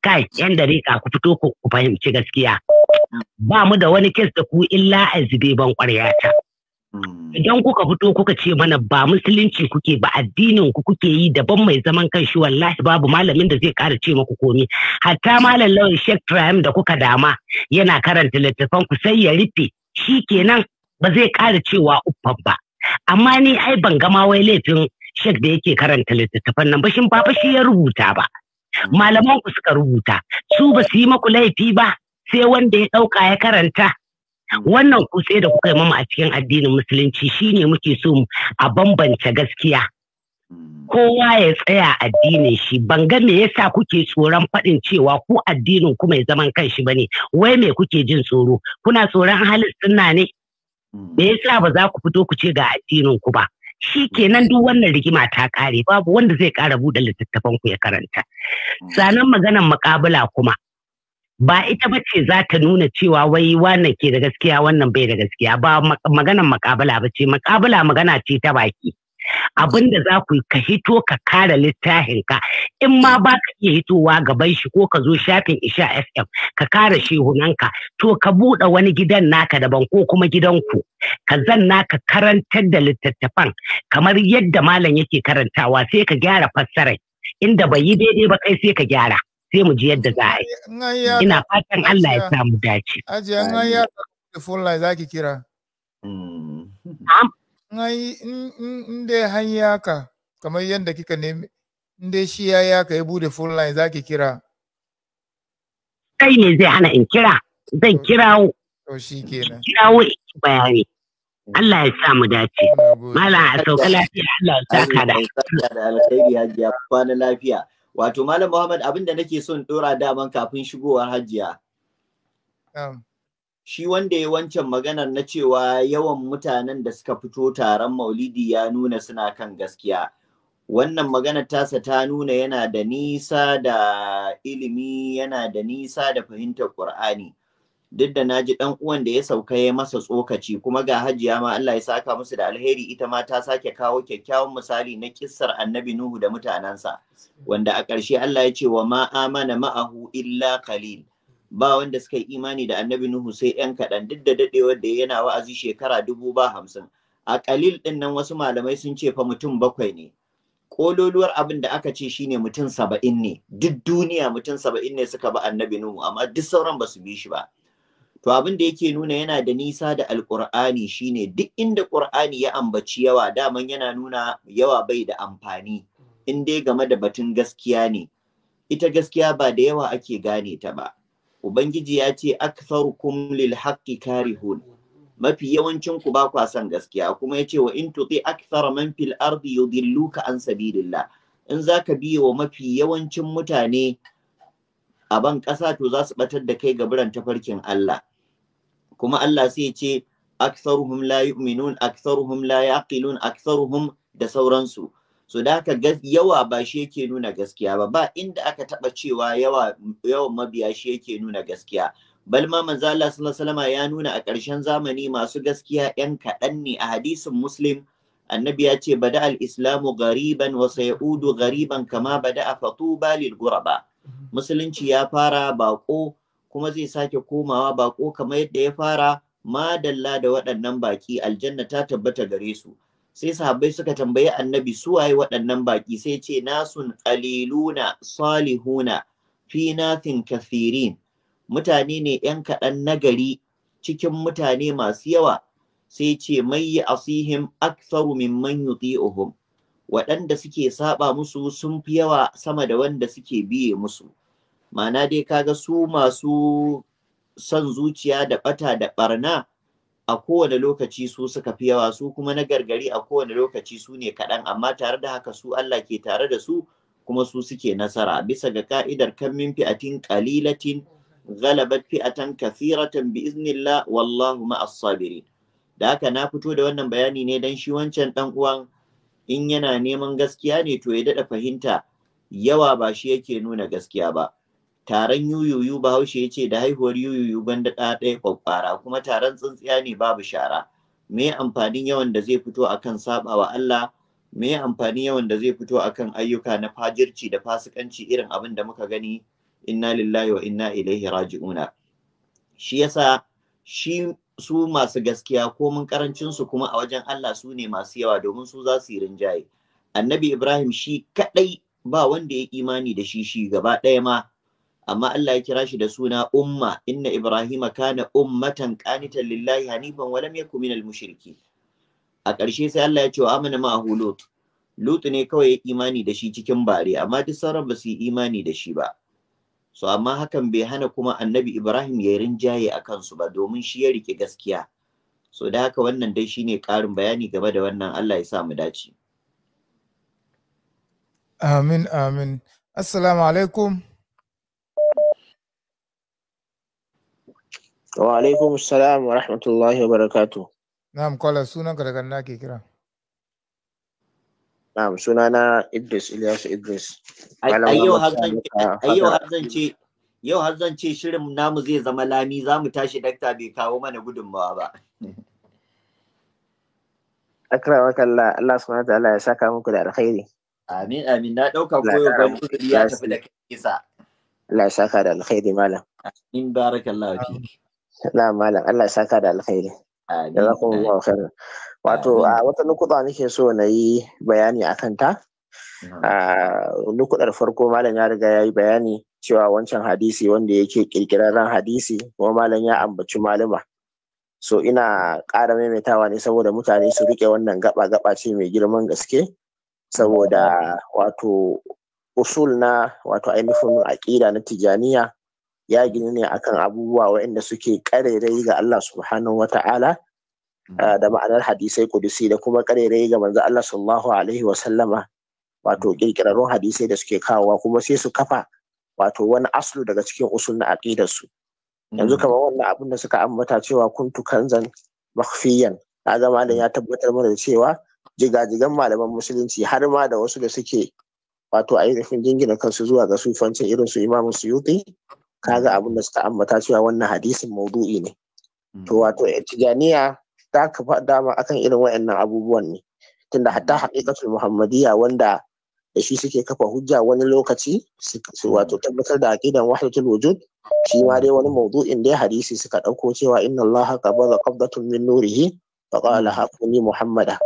kai yan dariƙa ku fito ku fahimci gaskiya mm. ba mu da wani kes da ku illa a zube ban ƙwarya ta Mm. Idan kuka fito kuka ce mana ba musulunci kuke ba addinin ku kuke yi daban mai zaman kanshi wallahi babu malamin da zai kara ce maku komi. Hatta malam lawan Sheikh Ibrahim da kuka dama yana karanta littattafan ku sai ya rufe shi kenan ba zai ƙara cewa uffan ba. Amma ni ai ban gama wai laifin Sheikh da yake karanta littattafan nan ba shin ba shi ya rubuta ba. Malaman ku suka rubuta su ba su yi maku laifi ba sai wanda ya ɗauka ya karanta wannan kutse da kuka mamu a cikin addinin musulunci shine muke so a bambance gaskiya kowa ya tsaya addinin shi ban ga me yasa kuke tsoron faɗin cewa ku addinin ku mai zaman kanshi bane wai me kuke jin tsoro kuna tsoron halin sunna ne me yasa ba za ku fito ku ce ga addinin ku ba shi kenan duk wannan rigima ta kare babu wanda zai kara buɗe littattafan ku ya karanta sanan maganan mukabala kuma ba ita ba ce za ta nuna cewa wai wannan ke da gaskiya wannan bai da gaskiya ba maganan makabala ba ce makabala magana ce ta baki abin da za ku ka hito ka kare ka in ma ba ka iya hitowa gaban shi ko ka zo shafin isha fm ka kare shehunanka to ka buɗe wani gidan naka daban ko kuma gidanku ka zanna ka karantar da littattafan kamar yadda malam yake karantawa sai ka gyara fassarai inda bai yi daidai ba kai sai ka gyara sai mu ji yadda za a yi ina fatan Allah ya samu dace Aji, an ya da full line zaki kira ngai in dai hanya ka kamar yadda kika nemi in dai shi ya ya ya bude full line zaki kira kai ne zai hana in kira zan kirawo to shi kenan kirawo bayani Allah ya samu dace Mala a sauka lafiya Allah ya saka da alkhairi hajiya kwana lafiya Wato Malam Muhammad abin da nake son ɗora daman kafin shigowar hajiya. Shi wanda ya wancan maganar na cewa yawan mutanen da suka fito taron maulidi ya nuna suna kan gaskiya. Wannan maganar tasa ta nuna yana da nisa da ilimi yana da nisa da fahimtar Ƙur'ani. duk da naji dan uwan da ya sauka ya masa tsokaci kuma ga hajiya ma Allah ya saka musu da alheri ita ma ta sake kawo kyakkyawan misali na kissar annabi Nuhu da mutanansa wanda a ƙarshe Allah ya ce wa ma amana ma'ahu illa qalil ba wanda suka yi imani da annabi Nuhu sai yan kaɗan duk da dadewar da yana wa'azi shekara dubu ba hamsin a qalil din nan wasu malamai sun ce fa mutum bakwai ne kololuwar abin da aka ce shine mutum saba'in ne duk duniya mutum saba'in ne suka ba annabi Nuhu amma duk sauran ba su bi shi ba to abin da yake nuna yana da nisa da alkur'ani shine duk inda qur'ani ya ambaci yawa daman yana nuna yawa bai da amfani in dai game da batun gaskiya ne ita gaskiya ba da yawa ake gane ta ba ubangiji ya ce aktharukum lil haqqi karihun mafi yawancin ku ba kwa son gaskiya kuma ya ce wa in tuti akthar man fil ardi yudilluka an sabilillah in zaka biyo wa mafi yawancin mutane a ban ƙasa to za su batar da kai ga biran tafarkin Allah kuma Allah sai ce aktharuhum la yu'minun aktharuhum la yaqilun aktharuhum da sauransu so da haka yawa ba shi yake nuna gaskiya ba ba inda aka taba cewa yawa yawan mabiya shi yake nuna gaskiya bal ma manzo Allah sallallahu alaihi ya nuna a ƙarshen zamani masu gaskiya yan kaɗan ne a hadisin muslim annabi ya ce bada al-islamu gariban wa sayaudu gariban kama bada a fatuba lil guraba musulunci ya fara bako kuma zai sake komawa bako kamar yadda ya fara madalla da waɗannan baki aljanna ta tabbata gare su sai sahabbai suka tambayi annabi su waye waɗannan baki sai ce nasun qaliluna salihuna fi nathin kathirin mutane ne yan kaɗan nagari cikin mutane masu yawa sai ce mai yi asihim aktharu man yuti'uhum waɗanda suke saba musu sun fi yawa sama da wanda suke biye musu ma'ana dai kaga su masu son zuciya da bata da barna a kowane lokaci su suka fi yawa su kuma na gargari a kowane lokaci su ne kaɗan amma tare da haka su Allah ke tare da su kuma su suke nasara bisa ga ka'idar kan min fi'atin qalilatin ghalabat fi'atan kathiratan bi iznillah wallahu ma'as sabirin da haka na fito da wannan bayani ne dan shi wancan dan uwan in yana neman gaskiya ne to ya dada fahimta yawa ba shi yake nuna gaskiya ba taron yuyuyu bahaushe ya ce da haihuwar yuyuyu ban da ɗaya kwakwara kuma taron tsintsiya ne babu shara me amfanin yawan da zai fito akan saba wa Allah me amfanin yawan da zai fito akan ayyuka na fajirci da fasikanci irin abin da muka gani inna lillahi wa inna ilaihi raji'una shi yasa shi su masu gaskiya ko mun karancin su kuma a wajen Allah su ne masu yawa domin su za su yi rinjaye annabi Ibrahim shi kadai ba wanda ya imani da shi shi gaba ɗaya ma amma Allah ya kira shi da suna umma inna ibrahima kana ummatan qanitan lillahi hanifan wa lam yakun minal mushriki a ƙarshe sai Allah ya ce wa amana ma hulut lut ne kawai ya imani da shi cikin bare amma duk sauran ba su yi imani da shi ba so amma hakan bai hana kuma annabi ibrahim ya rinjaye a kansu ba domin shi ya rike gaskiya so da haka wannan dai shine ƙarin bayani game da wannan Allah ya sa mu dace amin amin assalamu alaikum Wa alaikum salam wa rahmatullahi wa barakatuh. Na'am kwallon sunan ka daga ake kira. Na'am sunana Idris Ilyasu Idris. Ayyau har zan ce yau har zan ce shirin namu zai zama lami za mu tashi dakta bai kawo mana gudunmawa ba. Akrawa kalla Allah subhanahu ta'ala ya saka muku da alkhairi. Amin amin na ɗauka koyo ban ya tafi da kisa. Allah ya saka da alkhairi malam. Amin barakallahu fiki. na malam Allah ya saka da alkhairi jazakumullahu wato a wata nukuda nake so na yi bayani akan ta a nukudar farko malam ya riga ya yi bayani cewa wancan hadisi wanda yake kirkirarren hadisi kuma malam ya ambaci malama so ina ƙara maimaitawa ne saboda mutane su rike wannan gaba gaba ce mai girman gaske saboda wato usul na wato ainihin aƙida na tijaniya ya gini ne akan abubuwa waɗanda suke ƙarerai ga Allah subhanahu wa ta'ala mm. ah, da ma'anar hadisai kudusi da kuma ƙarerai ga manzo Allah sallallahu alaihi wa sallama wato kirkirarrun hadisai da suke kawowa kuma sai su kafa wato wani aslu daga cikin usul na aqidar su mm. yanzu kamar wannan abin da suka ambata cewa kuntu kanzan makhfiyan kaga malam ya tabbatar mana da cewa jigajigan malaman musulunci har ma da wasu da suke wato ainihin jingina kansu zuwa ga sufancin irin su imamu suyuti Ka ga abin da suka ambata cewa wannan hadisin maudu'i ne mm. to wato tijaniya ta kafa dama akan irin wayannan abubuwan ne tunda hatta haqiqatul muhammadiyya wanda da shi suke kafa hujja wani lokaci su mm. wato tabbatar da aqidan wahdatul wujud shi ma dai wani maudu'in dai hadisi suka dauko cewa inna allaha qabada qabdatun min nurihi fa qala mm. hakuni muhammada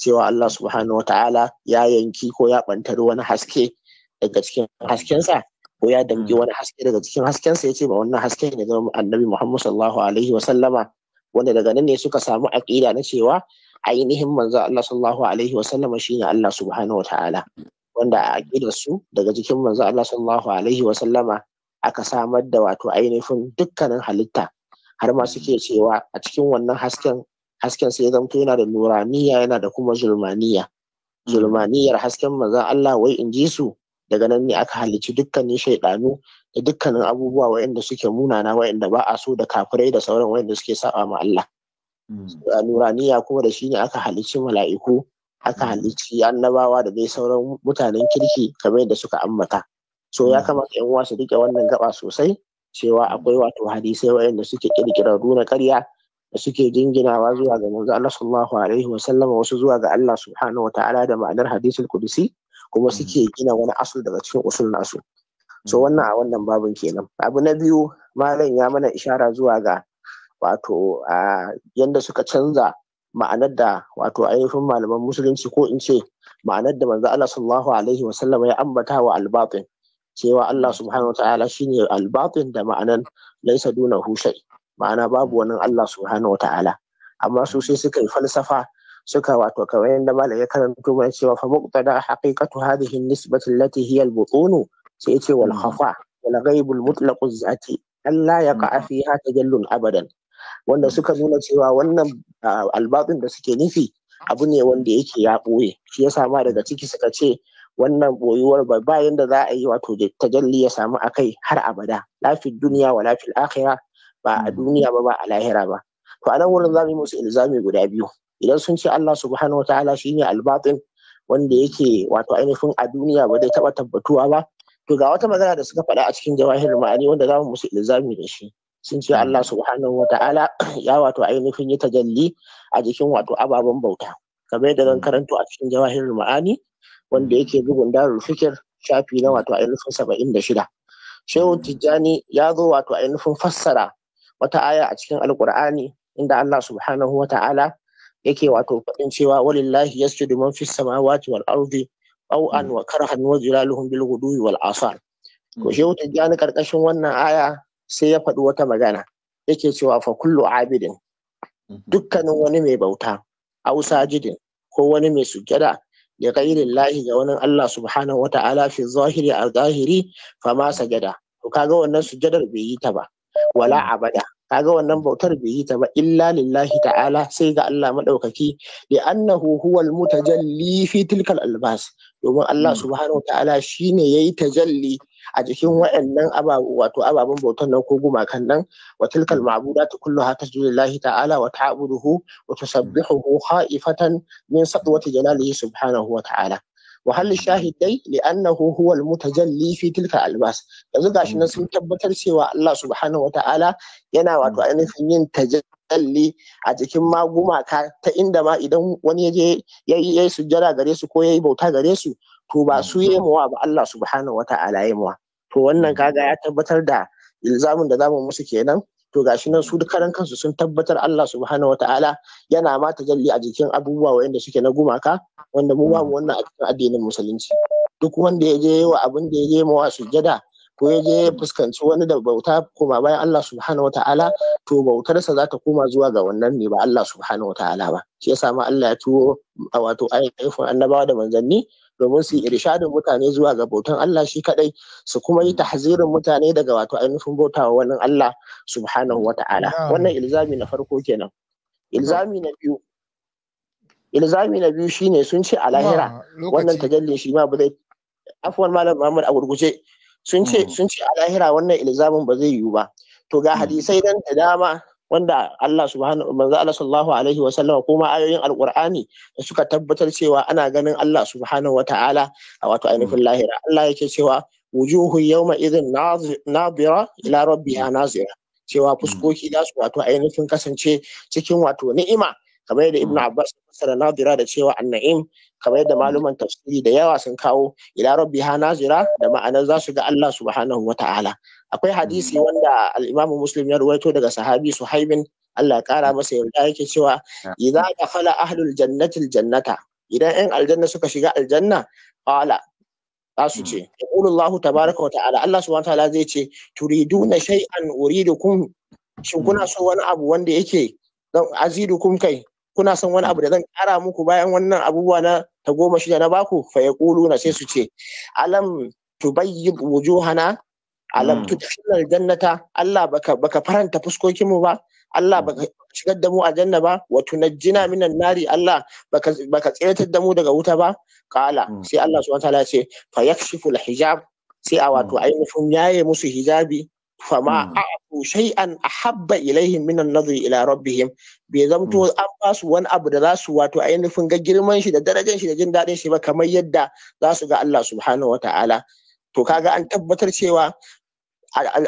cewa Allah subhanahu wa ta'ala ya yanki ko ya bantari wani haske daga cikin haskensa ko ya damƙi mm. wani haske daga cikin haskensa ya ce ba wannan haske ne zama annabi Muhammad sallallahu alaihi wa sallama wanda daga nan ne suka samu aƙida na cewa ainihin manzo Allah sallallahu alaihi wa sallama shine Allah subhanahu wa ta'ala wanda a aƙidar su daga jikin manzo Allah sallallahu alaihi wa sallama aka samar da wato ainihin dukkanin halitta har ma suke mm. cewa a cikin wannan hasken hasken sai ya zamto yana da nuraniya yana da kuma zulmaniya mm. zulmaniyar hasken manzo Allah wai in ji su daga nan ne aka halicci dukkanin shaidanu da dukkanin abubuwa waɗanda suke munana waɗanda ba a so da kafirai da sauran waɗanda suke saba ma Allah hmm. A nuraniya kuma da shi ne aka halicci mala'iku aka hmm. halicci annabawa da dai sauran mutanen kirki kamar yadda suka ambata so ya hmm. kamata yan uwa su rike wannan gaba sosai cewa akwai wato hadisai wayanda suke kirkirar na ƙarya da suke jinginawa zuwa ga manzo Allah sallallahu alaihi wa sallama wasu zuwa ga Allah subhanahu wa ta'ala da ma'anar hadisul kudusi kuma mm. suke gina wani asul daga cikin usul nasu so mm. wannan a wannan babin kenan abu na biyu malam ya mana ishara zuwa ga wato yadda suka canza ma'anar da wato ainihin malaman musulunci ko in ce ma'anar da manzo Allah sallallahu alaihi wa sallam ya ambata wa albatin cewa Allah subhanahu wa ta'ala shine albatin da ma'anan laisa duna hushai ma'ana babu wani Allah subhanahu wa ta'ala amma su sai suka yi falsafa suka wato kamar yadda malam ya karanto mana cewa fa muqtada haqiqatu hadhihi an-nisbati allati hiya al-butun sai yace wal mm. khafa wal ghaib al-mutlaq zati Allah ya qa'a mm. fiha tajallun abadan wanda mm. suka nuna cewa wannan albatun da suke nufi abu ne wanda yake ya ɓoye shi yasa ma daga ciki suka ce wannan boyuwar ba bayan da za a yi wato tajalli ya samu akai har abada lafil duniya wa lafil akhira ba a duniya ba ba a lahira ba to a nan wurin zamu yi musu ilzami guda biyu idan sun ce Allah subhanahu wataala shine albatin wanda yake wato ainihin a duniya ba zai taba tabbatuwa ba to ga wata magana da suka faɗa a cikin jawahir ma'ani wanda za mu musu ilzami da shi sun ce mm. Allah subhanahu wataala ya wato ainihin yi tajalli a jikin wato ababen bauta kamar yadda zan mm. karanto a cikin jawahir ma'ani wanda yake bugun darul fikir shafi na wato ainihin saba'in da shida shehu mm. tijjani ya zo wato ainihin fassara wata aya a cikin alkur'ani inda Allah subhanahu wa ta'ala yake wato faɗin cewa walillahi yasjudu man fis samawati wal ardi an mm. wa karahan wa jilaluhum bil ghudwi wal asar yaushe mm. shehu tijjani karkashin wannan aya sai ya faɗi wata magana yake cewa fa kullu abidin mm-hmm. dukkanin wani mai bauta aw sajidin ko wani mai sujjada da gairin lahi ga wani Allah subhanahu wata'ala fi zahiri al zahiri fa ma sajada to kaga wannan sujadar bai yi ta ba wala mm. abada kaga wannan bautar bai yi ta ba illa lillahi ta'ala sai ga Allah madaukaki li annahu huwal mutajalli fi tilkal albas domin Allah hmm. subhanahu wa ta'ala shine yayi tajalli a jikin waɗannan wato ababen bautar nan ko gumakan nan wa tilkal ma'budatu kulluha tasjudu lillahi ta'ala wa ta'buduhu wa tusabbihuhu kha'ifatan min sadwati jalalihi subhanahu wa ta'ala wahal shahidai li'annahu huwa al-mutajalli fi tilka albas yanzu gashi nan sun tabbatar cewa Allah subhanahu wata'ala yana wato ainihin yin tajalli a jikin magumaka ta inda ma idan wani yaje yayi yayi sujjada gare su ko yayi bauta gare su to ba su mawa ba Allah subhanahu wata'ala yemuwa to wannan kaga ya tabbatar da ilzamin da zamu musu kenan to gashi nan su karan kansu sun tabbatar Allah subhanahu wataala yana ma tajalli a jikin abubuwa wanda suke na gumaka wanda mu babu wannan a cikin addinin musulunci duk wanda ya je wa abin da ya je mawa sujjada ko ya je fuskanci wani da bauta koma bayan Allah subhanahu wataala to bautarsa za ta koma zuwa ga wannan ne ba Allah subhanahu wataala ba shi yasa ma Allah ya tuwo wato ayyukan annabawa da manzanni domin su yi irshadin mutane zuwa ga bautan Allah shi kadai su kuma yi tahzirin mutane daga wato ainihin bautawa wannan Allah subhanahu wa ta'ala. wannan ilzami na farko kenan ilzami na biyu ilzami na biyu shine sun ce a lahira wannan tajallin shi ma ba zai afwan malam Muhammad a gurguje sun ce sun ce a lahira wannan ilzamin ba zai yiwu ba to ga hmm. hadisai dan da dama wanda Allah subhanahu manzo Allah sallallahu alaihi wa sallama kuma ayoyin alqur'ani da suka tabbatar cewa ana ganin Allah subhanahu wa ta'ala a wato ainihin hmm. lahira Allah yake cewa wujuhu yawma idhin nadira ila rabbiha hmm. nazira cewa hmm. fuskoki za su wato ainihin kasance cikin wato ni'ima kamar da Ibn Abbas fassara nadira da cewa an'im kamar yadda maluman tafsiri da yawa sun kawo ila rabbi ha nazira da ma'anar za su ga Allah subhanahu wa ta'ala akwai hadisi hmm. wanda al-imamu muslim ya ruwaito daga sahabi suhaibin Allah ya kara masa yarda yake cewa idza dakhala ahlul jannati jannata idan yan aljanna suka shiga aljanna qala za su ce hmm. yaqulu tabaraka wa ta'ala Allah subhanahu wa ta'ala zai ce turiduna shay'an uridukum shin kuna hmm. so wani abu wanda yake azidukum kai kuna son wani abu da zan kara muku bayan wannan abubuwa na ta goma shida na baku fa ya na sai su ce alam tubayyid wujuhana alam hmm. tudkhilna aljannata Allah baka baka faranta fuskokin mu ba Allah baka shigar da mu aljanna ba wa tunajjina minan nari Allah baka baka tsiratar da mu daga wuta ba kala hmm. sai Allah subhanahu wataala ya ce fa yakshifu alhijab sai a wato hmm. ainihin yaye musu hijabi fama a'tu shay'an ahabba ilaihim min an-nadri ila rabbihim bai zamto an basu wani abu da za su wato ainihin ga girman shi da darajar shi da jin daɗin shi ba kamar yadda za su ga Allah subhanahu wata'ala to kaga an tabbatar cewa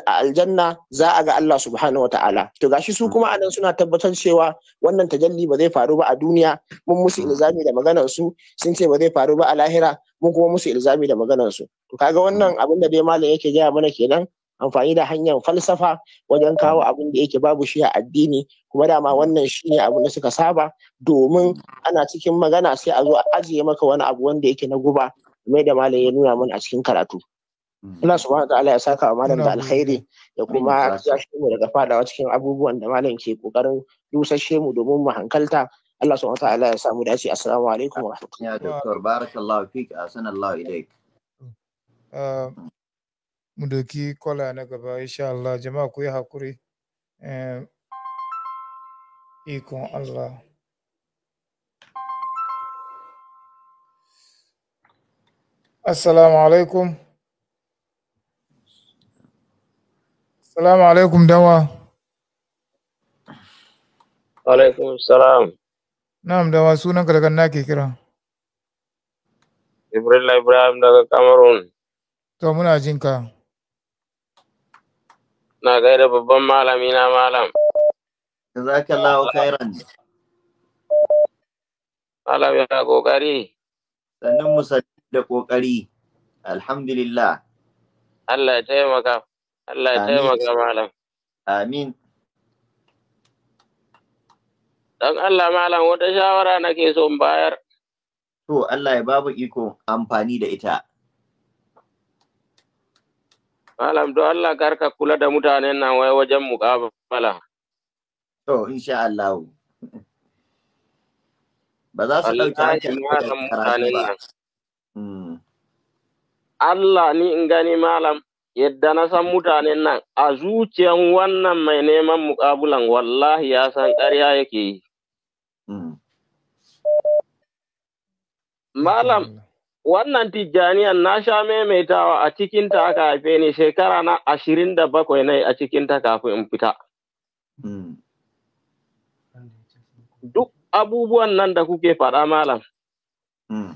aljanna za a ga Allah subhanahu wata'ala to gashi su kuma anan suna tabbatar cewa wannan tajalli ba zai faru ba a duniya mun musu ilzami da maganar su sun ce ba zai faru ba a lahira mun kuma musu ilzami da maganar su ka ga wannan abin da dai malam yake gaya mana kenan amfani da hanyar falsafa wajen kawo abin da yake babu shi a addini kuma dama wannan shi ne abin da suka saba domin ana cikin magana sai a zo a ajiye maka wani abu wanda yake na guba mai da malam ya nuna mun a cikin karatu mm. Allah subhanahu ta'ala ya saka wa malam da alkhairi da kuma ya shi mu daga fadawa cikin abubuwan da malam ke kokarin dusashe mu domin mu hankalta Allah subhanahu ta'ala ya samu dace assalamu alaikum wa rahmatullahi wa barakallahu fik ahsanallahu ilaik uh, mu doki kwala na gaba insha Allah jama'a ku yi hakuri eh, ikon Allah Assalamu alaikum Assalamu alaikum dawa Alaikum salam Na'am dawa sunan ka daga nake kira Ibrahim Ibrahim daga Cameroon To muna jinka na gaida babban malami na malam jazakallahu khairan malam ya kokari sannan musalli da kokari alhamdulillah Allah ya taimaka Allah ya taimaka malam amin dan Allah malam wata shawara nake so in bayar to Allah ya babu iko amfani da ita Malam don Allah karka kula da mutanen nan wai wajen muƙabala. To, insha Allah. Ba za su ɗauki hankalin mutanen nan. Hmm. Allah ni in gani malam yadda na san mutanen nan a zuciyan wannan mai neman muƙabulan wallahi ya san ƙarya yake yi. Hmm. Malam, Wannan tijjaniyar na sha maimaitawa a cikinta aka haife ni shekara na ashirin da bakwai na a cikinta kafin in fita. Hmm. Duk abubuwan nan da kuke faɗa malam. Hmm.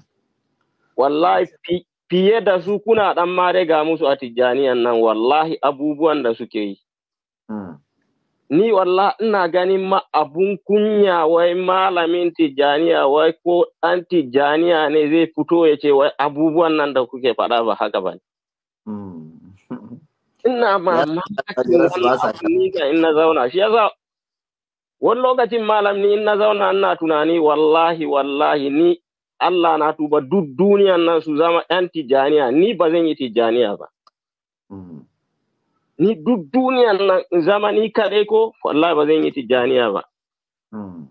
Wallahi fiye da su kuna ɗan mare ga musu a tijjaniyar nan wallahi abubuwan da suke yi. Hmm. ni walla ina ganin ma abun kunya wai malamin tijaniya wai ko ɗan tijaniya ne zai fito ya ce wai abubuwan nan da kuke faɗa ba haka ba hmm. ina mamakin wani ina zauna shi wani lokacin malam ni in na zauna ina tunani wallahi wallahi ni Allah na tuba duk duniyan nan su zama 'yan tijaniya ni ba zan yi tijaniya ba. Hmm. ni duk duniyan nan zama ni kaɗai ko wallahi ba zan yi tijjaniya ba hmm.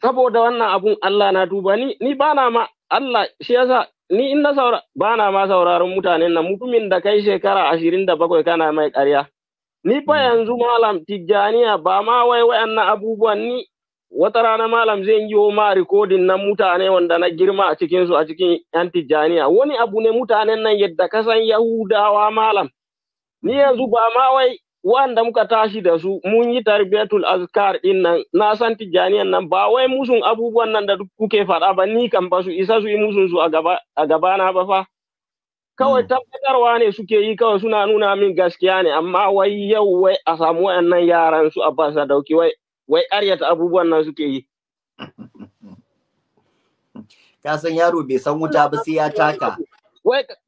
saboda wannan abun Allah na duba ni ni ba na ma Allah shi yasa ni in na saura ba na ma sauraron mutanen nan mutumin da kai shekara ashirin da bakwai kana mai ƙarya ni ba hmm. yanzu malam tijjaniya ba ma wai wayannan abubuwan ni wata rana malam zai yi wa ma rikodin na mutane wanda na girma a cikinsu a cikin yan tijjaniya wani abu ne mutanen nan yadda ka san yahudawa malam ni yanzu ba ma wai wanda muka tashi da su mun yi tarbiyatul azkar din nan na san tijjaniyan nan ba wai musun abubuwan nan da kuke faɗa ba ni kan ba su isa su yi musun su a gabana ba fa kawai hmm. tabbatarwa ne suke yi kawai suna nuna min gaskiya ne amma wai yau wai a samu wayannan yaran su a basa dauki wai wai ƙaryata abubuwan nan suke yi ka san yaro bai san wuta ba sai ya taka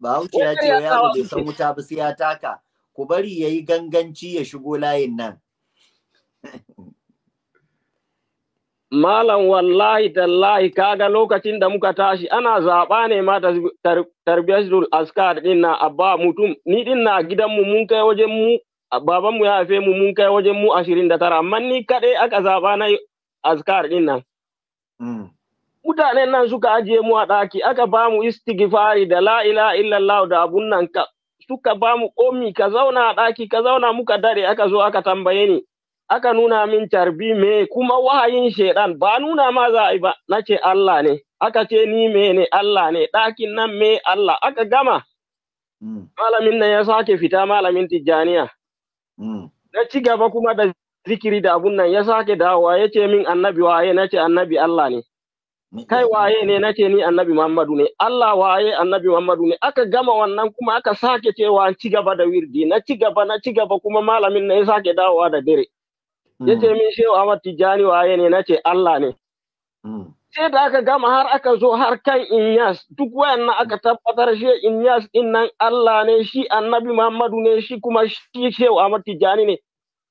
ba hauce ya ce yaro bai san wuta ba sai ya taka ku bari ya yi ganganci ya shigo layin nan Malam wallahi tallahi kaga lokacin da muka tashi ana zaɓa ne ma tarbiyatul askar ɗin na abba mutum ni ɗin na gidanmu mun kai wajen mu baban mu ya haife mu mun kai wajen mu ashirin da tara amma ni kaɗai aka zaɓa na azkar ɗin nan. Mm. Mutanen nan suka ajiye mu a ɗaki aka ba mu istighfari da la ila illallah da abun nan ka suka ba mu komi ka zauna a ɗaki ka zauna muka dare aka zo aka tambaye ni aka nuna min carbi me kuma wahayin shaidan ba nuna ma za ba na ce Allah ne aka ce ni me ne Allah ne ɗakin nan me Allah aka gama. Mm. Malamin nan ya sake fita malamin tijjaniya. Mm. na ci gaba kuma da zikiri da abun nan ya sake dawowa ya ce min annabi waye na ce annabi Allah ne kai waye ne na ce ni annabi Muhammadu ne Allah waye annabi Muhammadu ne aka gama wannan kuma aka sake cewa an ci gaba da wirdi na ci gaba na ci gaba kuma malamin na ya sake dawowa da dare mm. ya ce min shehu Ahmad Tijani waye ne na ce Allah ne mm. sai da aka gama har aka zo har kan Inyas duk wayannan aka tabbatar shi Inyas din nan Allah ne shi Annabi Muhammadu ne shi kuma shi Shehu Ahmad Tijani ne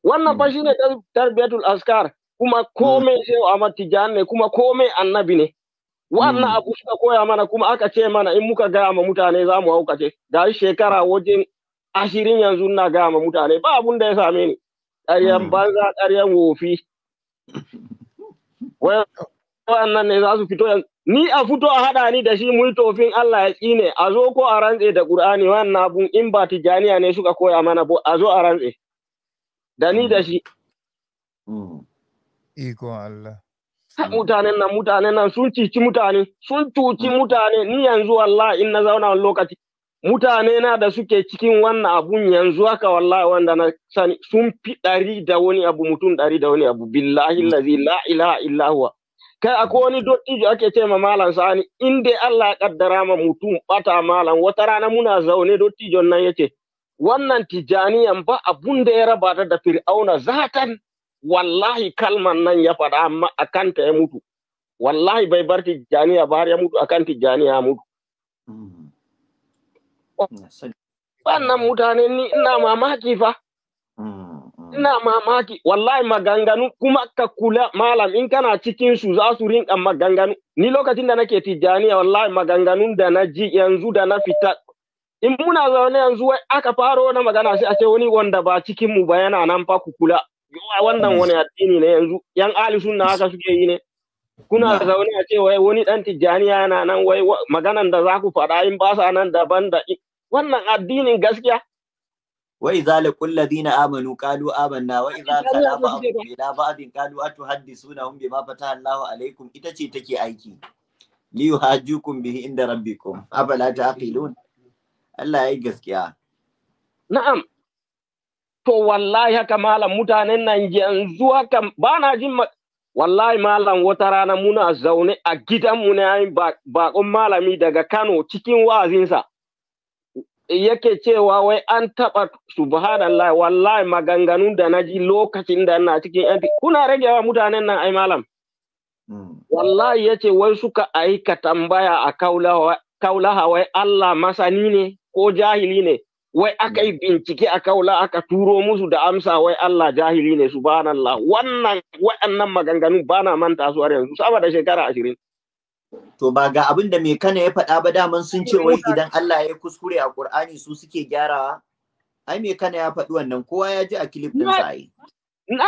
wannan fa hmm. shine tarbiyatul askar kuma komai hmm. Shehu Ahmad Tijani ne kuma komai Annabi ne wannan hmm. abu suka koya mana kuma aka ce mana in muka ga ma mutane za mu haukace ga shekara wajen ashirin yanzu na ga ma mutane ba abun da ya same ni ƙaryan banza ƙaryan wofi wannan ne za su fito yanzu ni a fito a haɗa ni da shi mu tofin Allah ya tsine a zo ko a rantse da Qur'ani wannan abun in ba tijaniya ne suka koya mana bo a zo a rantse da ni da shi mm. iko Allah mutanen nan mutanen nan sun cici mutane sun cuci mutane ni yanzu wallahi in na zauna wani lokaci mutane na da suke cikin wannan abun yanzu haka wallahi wanda na sani sun fi ɗari da wani abu mutum ɗari da wani abu billahi lazi la ilaha illa huwa kai akwai wani dottijo ake ce ma malam sani in dai Allah ya kaddara ma mutum bata malam wata rana muna zaune dottijon nan yace wannan tijaniyan ba abun da ya raba da fir'auna zatan wallahi kalman nan ya faɗa amma akan ta ya mutu wallahi bai bar tijaniya ba har ya mutu akan tijaniya mutu mm. wannan mutane ni ina mamaki fa mm. ina mamaki wallahi maganganu kuma ka kula malam in kana cikin su za su rinka maganganu ni lokacin da nake tijjaniya wallahi maganganun da na ji yanzu da na fita in muna zaune yanzu wai aka faro na magana sai a ce wani wanda ba cikin mu ba yana nan fa ku kula yawa wannan wani addini ne yanzu yan ali sunna haka suke yi ne kuna zaune a ce wai wani dan tijjaniya yana nan wai maganan da za ku faɗa in ba sa nan daban da wannan addinin gaskiya wa idza kulla ladina amanu qalu amanna wa idza tala ba'dhum ila ba'dhin qalu atuhaddisunahum bima fataha Allahu alaikum ita ce take aiki li yuhajjukum bihi inda rabbikum yi taqilun Allah gaskiya na'am to wallahi haka malam mutanen nan yanzu haka ba na jin wallahi malam wata rana muna zaune a gidanmu ne bakon malami daga Kano cikin wa'azinsa yake cewa wai an taɓa subhanallah wallahi maganganun da na ji lokacin da na cikin yan kuna rage wa mutanen nan ai malam hmm. wallahi yace wai suka aika tambaya a kaulaha wai Allah masani ne ko jahili ne wai aka yi bincike a kaula aka turo musu da amsa wai Allah jahili ne subhanallah wannan waɗannan maganganu bana manta su yanzu sama da shekara ashirin To ba ga abin da mai kana ya faɗa ba daman sun ce wai idan Allah ya kuskure a Qur'ani su suke gyarawa. Ai mai kana ya faɗi wannan kowa ya ji a clip din sai. Na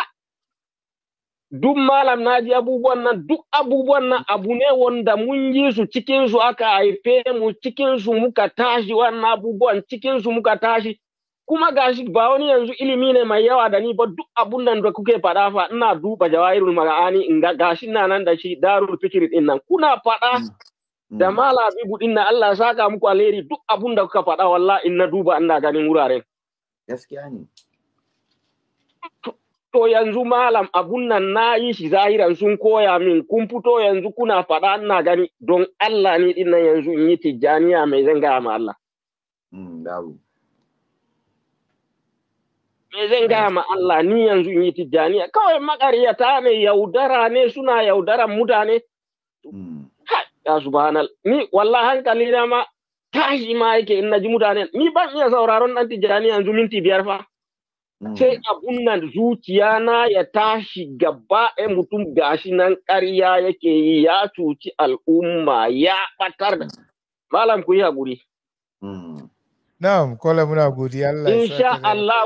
duk malam na ji abubuwan nan duk abubuwan nan abu ne wanda mun yi su cikin su aka haife mu cikin su muka tashi wannan abubuwan cikin su muka tashi kuma gashi ba wani yanzu ilimi ne mai yawa da ni ba duk abun nan da kuke faɗa fa ina duba jawahirul magani in ga gashi na nan da shi darul fikri din nan kuna faɗa mm. Mm. da malabi budin nan Allah saka muku alheri duk abun da kuka faɗa wallahi in na duba ina ganin wuraren gaskiya ne to yanzu malam abun nan na yi shi zahiran sun koya min kun fito yanzu kuna faɗa ina gani don Allah ne din nan yanzu in yi tijjaniya mai zanga ma Allah. Mm, me zan gaya ma Allah ni yanzu in yi tijjaniya kawai makaryata ne yaudara ne suna yaudaran mutane hmm. ya subhanal ni wallahi hankali na ma tashi ma yake in naji mutane ni ban iya sauraron dan tijjani yanzu minti biyar fa hmm. sai abun nan zuciya na ya tashi gaba ɗaya mutum gashi nan ƙarya yake yi ya cuci al'umma ya ɓatar da hmm. malam ku yi haƙuri. Na'am, kola muna godiya Allah. Insha Allah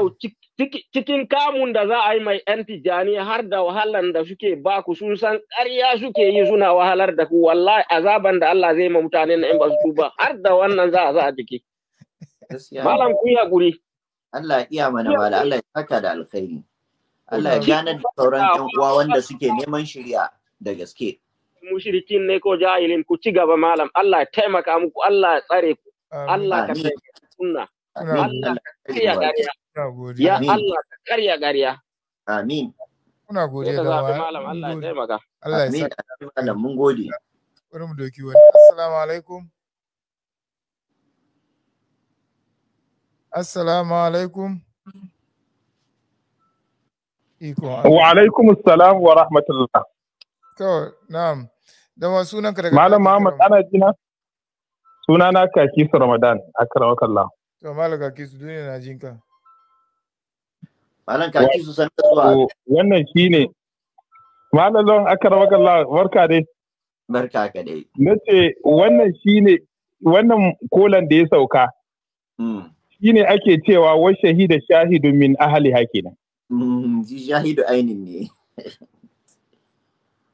cikin kamun da za a yi mai ‘yan tijjani har da wahalan da suke ba ku sun san ƙarya suke yi suna wahalar da ku wallahi azaban da Allah zai ma mutane na in ba su tuba har da wannan za a za a jiki. Malam ku ya guri. Allah iya mana mala Allah ya saka da alkhairi. Allah ya gane da sauran ƴan uwa wanda suke neman shirya da gaske. Mushrikin ne ko jahilin ku ci gaba malam Allah ya taimaka muku Allah ya tsare ku Allah ka taimaka sunna Allah ka tsare ku. Ya Allah ka karya ƙarya. Amin. Muna godiya wa. Allah ya taimaka. Allah ya Malam mun gode. Bari alaikum. Wa alaikum assalam wa rahmatullah. Malam Muhammad ana jina. Sunana Kakisu Ramadan, akramakallah. To, duniya na jinka. Malam kaki su sanar zuwa. Wannan shi ne. Malam Lawan aka raba kalla barka dai. Barka ka dai. nace wannan shi ne wannan kolan da ya sauka. Hmm. Shi ne ake cewa wa shahida shahidu min ahali hakina. Hmm, shi shahidu ainin ne.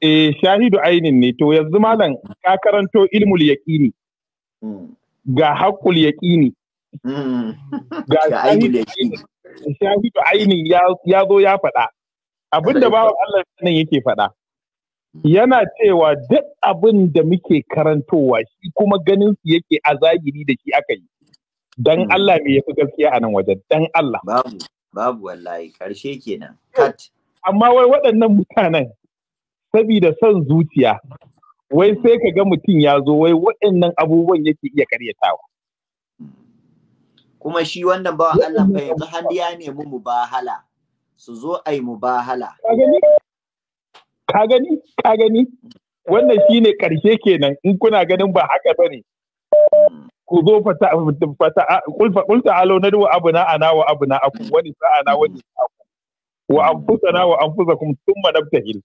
Eh shahidu ainin ne to yanzu malam ka karanto ilmul yaqini. Hmm. Ga haƙƙul yaqini. Ga ainin yaqini. shahidu ainihin ya zo ya faɗa abin da bawa Allah nan yake faɗa yana cewa duk abin da muke karantowa shi kuma ganin su yake a zagiri da shi aka yi dan hmm. Allah me yafi gaskiya a nan wajen dan Allah babu babu wallahi karshe kenan nan. Eh, amma wai waɗannan mutanen sabida son zuciya wai sai ka ga mutum ya zo wai waɗannan abubuwan yake iya karyatawa kuma shi wannan bawan Allah fa yanzu har ya nemi mubahala su zo ai mubahala ka gani ka gani ka gani wannan shine karshe kenan in kuna ganin ba haka bane ku zo fata fata kulfa kulta alo na duwa abuna ana wa abuna aku wani sa'a na wani aku wa na wa sun thumma nabtahil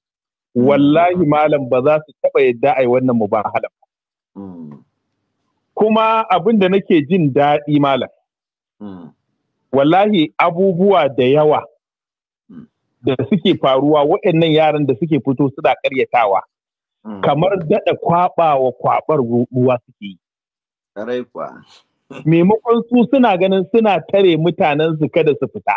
wallahi malam ba za su taba yadda ai wannan mubahala hmm. kuma abin da nake jin daɗi malam wallahi abubuwa da yawa hmm. da suke faruwa waɗannan yaran da suke fito suna karyatawa hmm. kamar daɗa kwaɓa wa kwaɓar ruwa suke yi. Maimakon su suna ganin suna tare mutanen su kada su fita.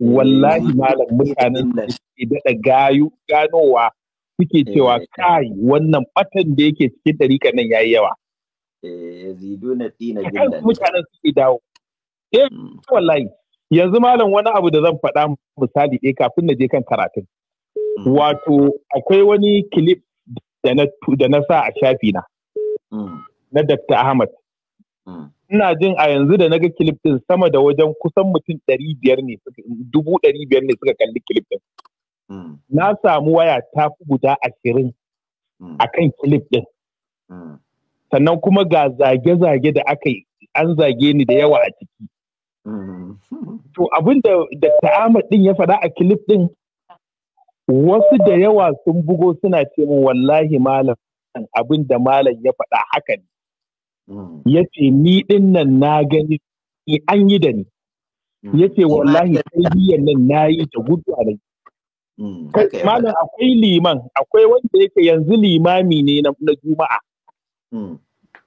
Wallahi hmm. malam mutanen da suke daɗa gayu ganowa suke cewa eh. kai wannan batan da yake cikin ɗarika nan yayi yawa. Eh, mutanen suke dawo. eh wallahi yanzu malam wani abu da zan faɗa misali ɗaya kafin na je kan karatun mm. wato akwai wani clip da na sa a shafi na mm. na Dr. Ahmad mm. ina jin a yanzu da naga clip din sama da wajen kusan mutum ɗari biyar ne dubu ɗari biyar ne suka kalli clip din na samu waya ta fi guda ashirin a kan clip din sannan kuma ga zage-zage da aka yi an zage ni da yawa a ciki To abin da Dr. Ahmad din ya faɗa a kilif din wasu da yawa sun bugo suna ce min wallahi malam abin da malam ya faɗa haka ne. Hmm. Ya ce ni din nan na gani an yi da ni. Hmm. Ya ce wallahi biyan nan na yi da gudu a hmm, Malam akwai liman akwai wanda yake yanzu limami ne na juma'a.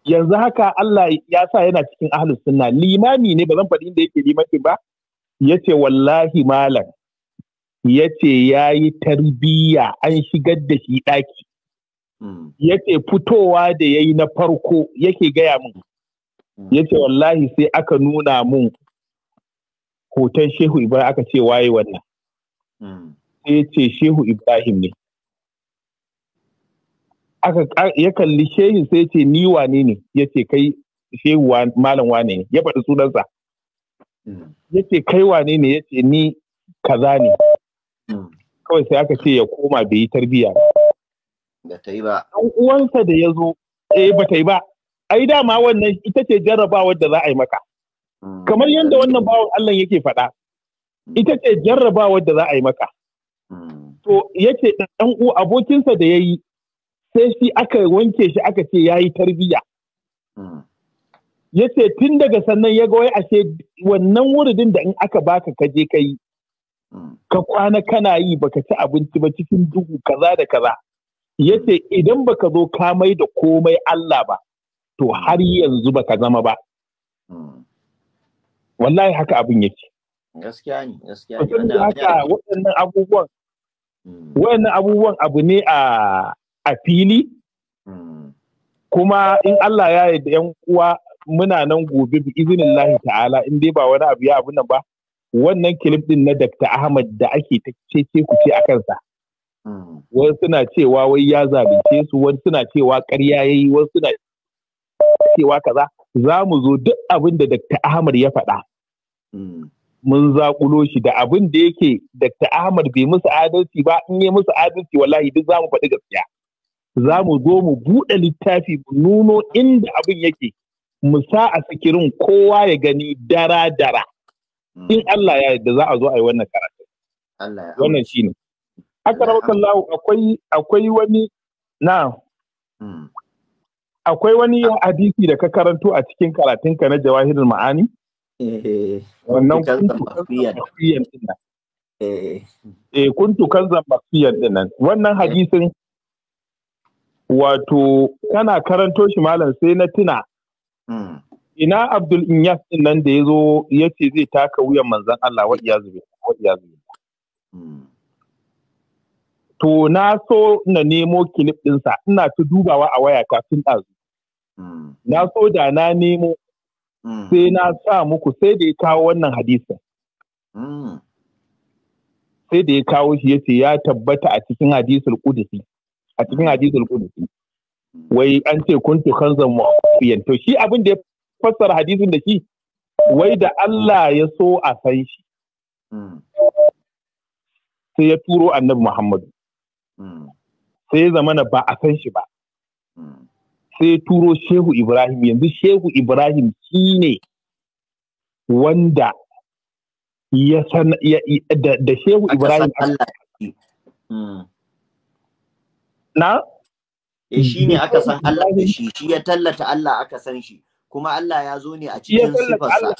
yanzu haka Allah ya sa yana cikin ahlus sunna limami ne ba zan faɗi inda yake limami ba yace wallahi malam yace yayi tarbiyya an shigar da shi ɗaki hmm. yace fitowa da yayi na farko yake gaya min hmm. yace wallahi sai aka nuna mun hoton Shehu Ibrahim aka ce waye wannan hmm. sai ce Shehu Ibrahim ne aka ya kalli shehin sai ya ce ni wane ne ya ce kai shehu malam wane ne ya faɗi sunansa ya ce kai wane ne ya ce ni kaza ne kawai sai aka ce ya koma bai yi tarbiyya ba ta yi ba ɗan uwansa da ya zo eh ba ta yi ba ai dama wannan ita ce jarrabawa da za a yi maka kamar yadda wannan bawan Allah yake faɗa ita ce jarrabawa da za a yi maka hmm. to yace ɗan uwa abokinsa da ya yi. sai shi aka wanke shi aka ce ya yi tarbiyya. Hmm. Ya ce tun daga sannan ya ga wai ashe wannan wuridin da in aka baka ka je ka yi. Hmm. Ka kwana kana yi baka ci abinci ba cikin duhu kaza da kaza. Ya ce idan baka zo ka mai da komai Allah ba, to har hmm. yanzu baka zama ba. Wallahi haka abin yake. Gaskiya ne, gaskiya ne. abubuwan, abubuwan abu ne a a fili hmm. kuma in Allah ya yarda yan uwa muna nan gobe bi izinin lahi ta'ala in dai ba wani abu ya abu nan ba wannan kilif din na Dr. Ahmad da ake ta cece ku ce a kansa. Hmm. Wasu suna cewa wai ya zalunce su, wasu suna cewa ƙarya ya yi, wasu suna cewa kaza. Za mu zo duk abin da Dr. Ahmad ya faɗa. Hmm. Mun zaƙulo shi da abin da yake Dr. Ahmad bai musu adalci ba, in yi musu adalci wallahi duk za mu faɗi gaskiya. za mu zo mu buɗe littafi mu nuno inda abin yake mu sa a sikirin kowa ya gani dara dara hmm. in Allah ya yarda za a zo a yi wannan karatu wannan ne. aka rawakallahu akwai akwai wani na hmm. akwai wani hadisi da ka karanto a cikin karatunka na jawahirin ma'ani eh, wannan kuntu kan zambafiyar din eh. Eh, wannan hadisin wato kana karanto shi malam sai na tuna hmm. ina abdul inyas din nan da ya zo ya ce zai taka wuyan manzan Allah wa zube wa zube hmm. to na so na nemo kilif ɗinsa ina ta dubawa a waya kafin ɗazu hmm. na so da na nemo sai na sa muku sai da ya kawo wannan hadisin sai da ya kawo shi ya ce ya tabbata a cikin hadisul kudusi a cikin hadisul kudusi wai an ce kuntu kanzan mu'afiyan to shi abin da ya fassara hadisin da shi wai da Allah ya so a san shi sai ya turo annabi Muhammadu sai ya zamana ba a san shi ba sai ya turo Shehu Ibrahim yanzu Shehu Ibrahim shi ne wanda ya san da Shehu Ibrahim na eh shine aka san Allah da shi shi ya tallata Allah aka san shi kuma Allah ya zo ne a cikin sifarsa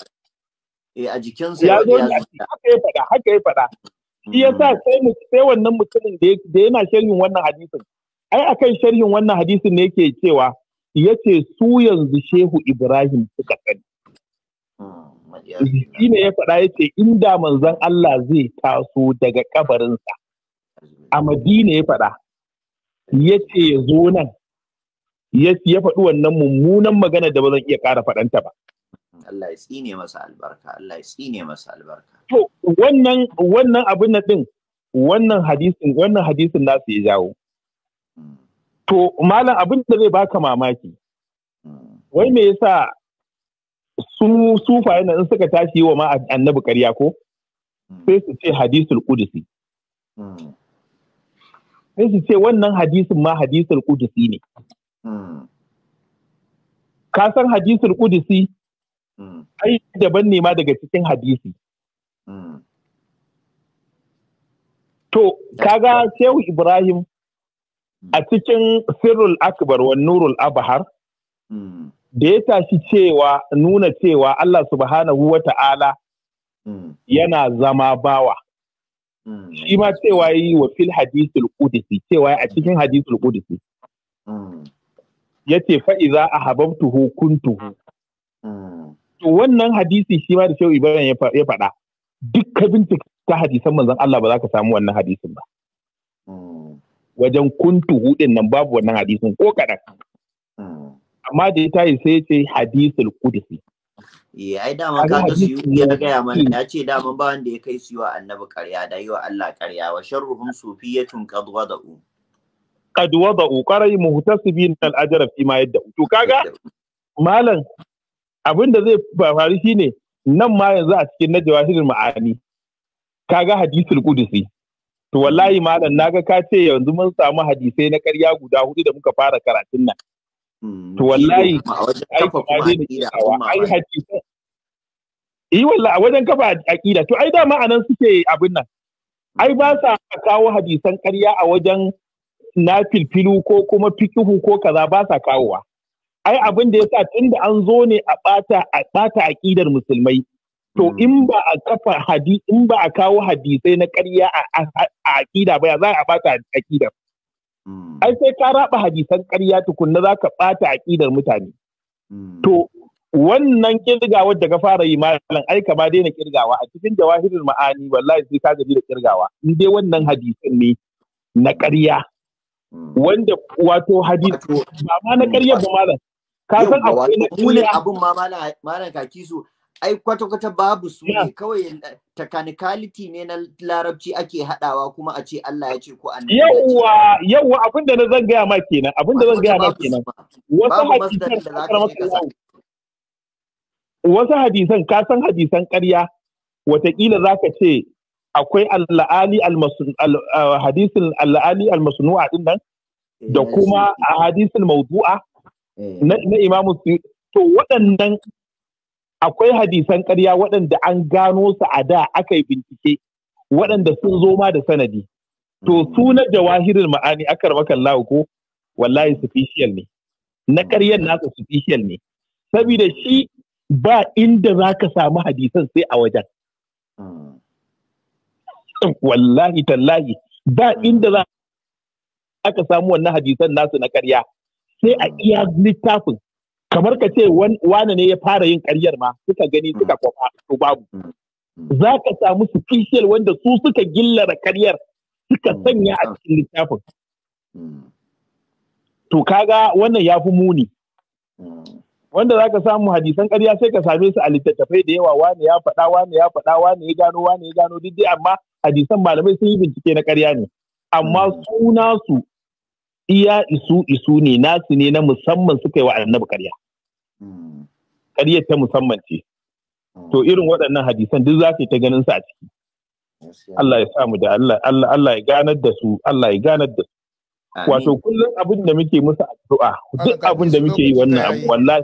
eh a jikin sa ya zo haka ya faɗa haka ya faɗa shi sa sai mu sai wannan mutumin da yana sharhin wannan hadisin ai akan sharhin wannan hadisin ne yake cewa yace su yanzu Shehu Ibrahim suka sani hmm, shi ne ya faɗa ya ce inda manzon Allah zai taso daga kabarinsa a Madina ya faɗa ya ce ya zo nan ya faɗi wannan mummunan magana da ba zan iya ƙara faɗanta ba. Allah ya tsine masa albarka, Allah ya tsine masa albarka. To wannan wannan abin na ɗin wannan hadisin wannan hadisin su ya jawo. Hmm. To malam abin da zai baka mamaki. Hmm. Wai me yasa su sufa yana in suka tashi wa ma annabi ƙarya ko? Hmm. Sai su ce hadisul kudusi. sai su ce wannan hadisin ma hadisul kudusi ne hmm. ka san hadisul kudusi hmm. ai daban ne ma daga cikin hadisi hmm. to ka ga shehu ibrahim a cikin sirrul akbar wa nurul abahar da ya tashi cewa nuna cewa Allah subhanahu wa ta'ala yana zama bawa Mm. shi ma cewa yi wa fil hadisul qudsi cewa a cikin hadisul kudisi mm. yace fa iza ahabbtuhu kuntuhu mm. to wannan hadisi shi ma da Shehu Ibrahim ya faɗa duk ka bincika hadisan manzon Allah ba za ka samu wannan hadisin ba wajen kuntuhu din nan babu wannan hadisin ko kaɗan amma da ya tayi sai ce hadisul qudsi Eh, ai dama ka ga su ya gaya mana ya ce dama ba wanda ya kai su wa annabi karya da yi wa Allah karya wa sharruhum sufiyatun qad wada'u mu wada'u qarai muhtasibin al ajra fi ma yadda to kaga malam abin da zai faru shine nan ma yanzu a cikin najawahirul ma'ani kaga hadisul qudusi to wallahi malam naga ka ce yanzu mun samu hadisai na karya guda hudu da muka fara karatun nan Hmm, to wallahi ai hadisan yi walla a wajen kafa aƙida to ai dama anan suke abin nan ai ba sa kawo hadisan ƙarya a wajen na filfilu ko kuma fikihu ko kaza ba sa kawowa ai abin da yasa tunda an zo ne a ɓata a bata aƙidar musulmai to hmm. in ba a kafa hadi in ba a kawo hadisai na ƙarya a aƙida ba ya za a ɓata aƙidar Mm. ai sai ka raba hadisan ƙarya tukunna za ka ɓata aƙidar mutane. Mm. To wannan ƙirgawa da ka fara yi malam ai ka ma daina ƙirgawa. a cikin jawahirin ma'ani wallahi sai ka gaji da ƙirgawa. in dai wannan hadisan ne na ƙarya mm. wanda wato hadisi ba ma na ƙarya ba malam ka san akwai na abin ma malam kaki ai kwata-kwata babu su ne kawai technicality ne na larabci ake hadawa kuma a ce Allah ya ce ko annabi yawa abin da na zan gaya ma kenan da zan gaya ma kenan wasu hadisan wasu hadisan ka san hadisan ƙarya watakila zaka ce akwai al'ali uh, hadisin al'ali al-masnu'a din nan da eh, kuma a hadisin mawdu'a eh. na imamu to waɗannan akwai hadisan ƙarya waɗanda an gano su a da aka yi bincike waɗanda sun zo ma da sanadi to hmm. su na jawahirin ma'ani akar makallahu ko wallahi superficial ne na ƙaryar nasa superficial ne saboda shi ba inda za ka samu hadisan sai a wajen hmm. wallahi tallahi ba inda za ka samu wannan hadisan nasu na ƙarya sai a iya littafin kamar ka ce wane ne ya fara yin karyar ma suka gani suka mm. kwafa su babu mm. Mm. za ka samu special wanda su suka gillara karyar suka sanya a ah. cikin littafin to kaga wannan ya fi muni wanda za ka samu hadisan karya sai ka same su a littattafai da yawa wane ya faɗa wane ya faɗa wane ya gano wane ya gano duk dai amma hadisan malamai sun yi bincike na karya ne amma suna su iya isu isu ne nasu ne na musamman suka yi wa annabi karya ƙaryar ta musamman ce mm. to irin waɗannan hadisan duk za ta ganin su a ciki Allah ya samu da Allah Allah Allah ya ganar da su Allah ya ganar da su wato kullum abin da muke musu addu'a duk abin da muke yi wannan abu wallahi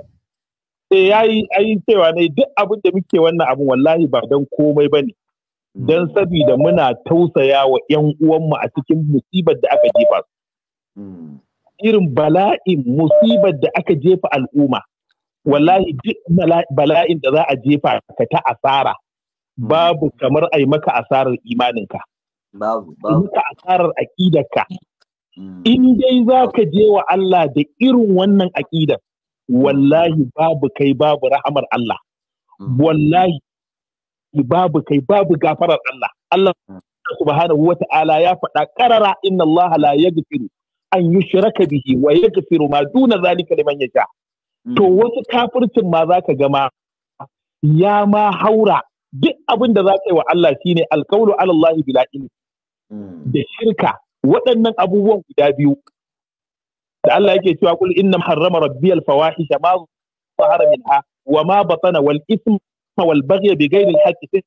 sai eh, yi ayi cewa ne duk abin da muke wannan abu wallahi ba don komai ba ne. Mm. don sabida muna tausaya wa 'yan uwanmu a cikin musibar da aka jefa su. Mm. Irin bala'in musibar da aka jefa al'umma. wallahi duk bala'in da za a jefa ka ta asara hmm. babu kamar a yi maka asarar imaninka babu babu maka asarar ka. Hmm. in dai za ka je wa Allah da irin wannan aƙidar wallahi babu kai babu rahamar Allah hmm. wallahi babu kai babu gafarar Allah Allah subhanahu wa ta'ala ya faɗa ƙarara inna Allah la yaghfiru an yushraka bihi wa yaghfiru ma duna zalika liman yasha To mm. wasu kafircin ma za ka gama ya ma haura duk abin da za ka yi wa Allah shine alkaulu alallahi bila ilmi mm. da shirka waɗannan abubuwan guda biyu da Allah yake cewa kul inna harrama rabbiyal fawahisha ma zahara minha wa ma batana wal ism wal baghy bi ghairi al haqq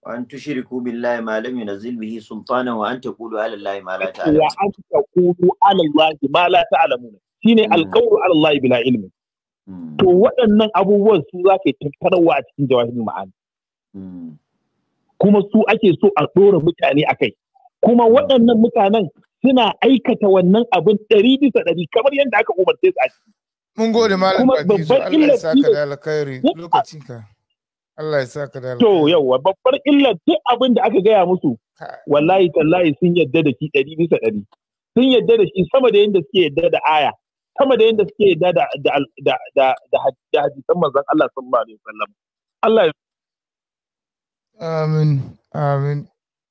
وأن تشركوا بالله ما لم ينزل به سلطانا وأن تقولوا على الله ما لا wa an تقولوا على الله ما لا تعلمون shine hmm. alqawlu ala Allah bila ilmi hmm. to waɗannan abubuwan su za ka tattarwa a cikin jawahirul ma'ani hmm. kuma su ake so a ɗora mutane a kai kuma waɗannan mutanen suna aikata wannan abin ɗari bisa ɗari kamar yadda aka umarce su a ciki mun gode malam kuma babbar illar da alkhairi Allah ya da To yawa babbar illar duk abin da aka gaya musu wallahi tallahi sun yadda da shi ɗari bisa ɗari. Sun yadda da shi sama da yadda suke yadda da aya sama da yadda suke da da da da da hadisan manzon Allah sallallahu alaihi wasallam Allah ya amin amin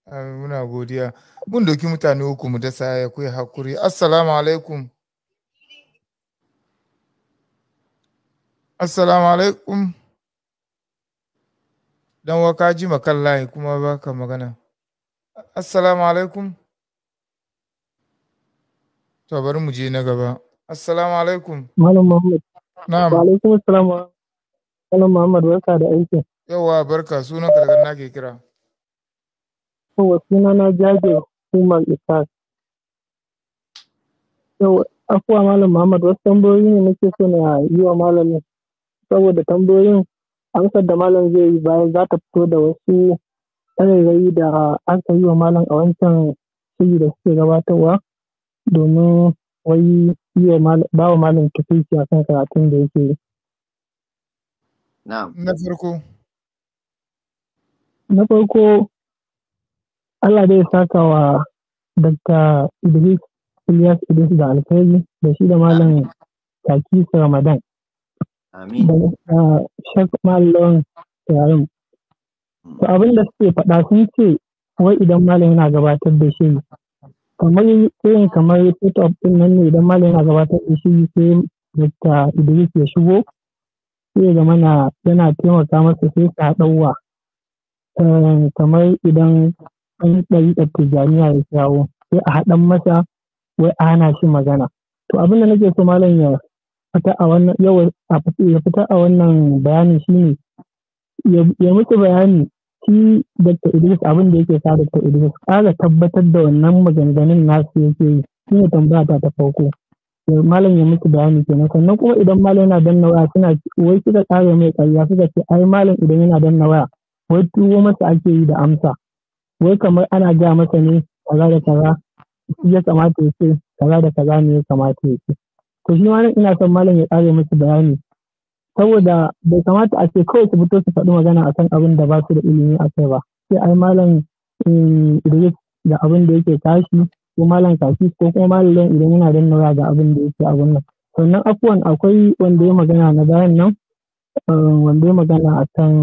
amin muna godiya mun doki mutane uku mu dasa ya kuyi hakuri assalamu alaikum assalamu alaikum dan waka ji makallahi kuma baka magana assalamu alaikum to bari mu je na gaba Assalamu alaikum. Malam Muhammad. Na'am. Wa alaikum assalam. Malam Muhammad barka da aiki. Yawa barka sunan ka daga ke kira. Yawa suna na jaje Umar Isaac. Yawa afuwa Malam Muhammad wasu tambayoyi ne nake so na yi wa malamin saboda tambayoyin amsar da malam zai yi bayan za ta fito da wasu tsarairayi da aka yi wa malam a wancan shiri da suke gabatarwa domin wai ba wa malam tukuici a kan karatun da yake yi. Na farko. Na farko, Allah zai saka wa Dr. Idris Ilyas Idris da alkhairi da shi da malam Takisa Ramadan. Amin. Da Shek Malon Yarim. abin da suke faɗa sun ce wai idan malam yana gabatar da shi kamar irin kamar setup ɗin nan ne idan malam yana gabatar da shi sai Dr. Idris ya shigo sai ga mana yana taimaka masa sai ka ɗauwa eh, kamar idan an ɗari jami'a ya shawo sai a haɗan masa wai a hana shi magana to abin nake so malam ya fita a wannan yau ya fita a wannan bayanin shine ya musu bayani i Dr. Idris abin da yake sa Dr. Idris ƙara tabbatar da wannan maganganun nasu yake yi shi ne tambaya ta ta farko malam ya musu bayani kenan sannan kuma idan malam yana danna waya suna wai kika kare mai ƙarya suka ce ai malam idan yana danna waya wai tuwo masa ake yi da amsa wai kamar ana ga masa ne kaza da kaza ya kamata ya ce kaza da kaza ne ya kamata ya ce to shi ina son malam ya kare musu bayani saboda bai kamata a ce kawai su fito su faɗi magana akan abin da ba su da ilimi a kai ba sai ai malam eh, Idris da abin da yake tashi ko malam kashi ko kuma malam idan yana da nawa ga abin da yake abin nan sannan afuwan akwai wanda ya magana na bayan nan eh, wanda ya magana akan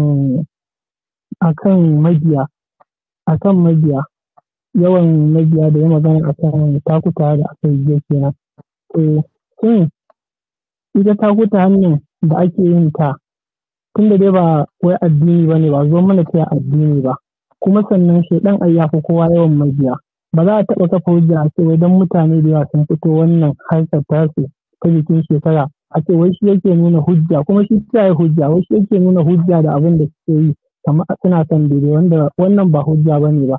akan mabiya akan mabiya yawan mabiya da ya magana akan takuta da aka yi kenan to eh, shin ita takuta hannun da ake yin ta tunda dai ba wai addini ba ne ba zo mana ta addini ba kuma sannan shaidan ai ya fi kowa yawan majiya ba za a taɓa kafa hujja a ce wai don mutane da yawa sun fito wannan harkar tasu ta jikin shekara a ce wai shi yake nuna hujja kuma shi ta yi hujja wai shi yake nuna hujja da abin da suke yi kamar suna son daidai wanda wannan ba hujja ba ne ba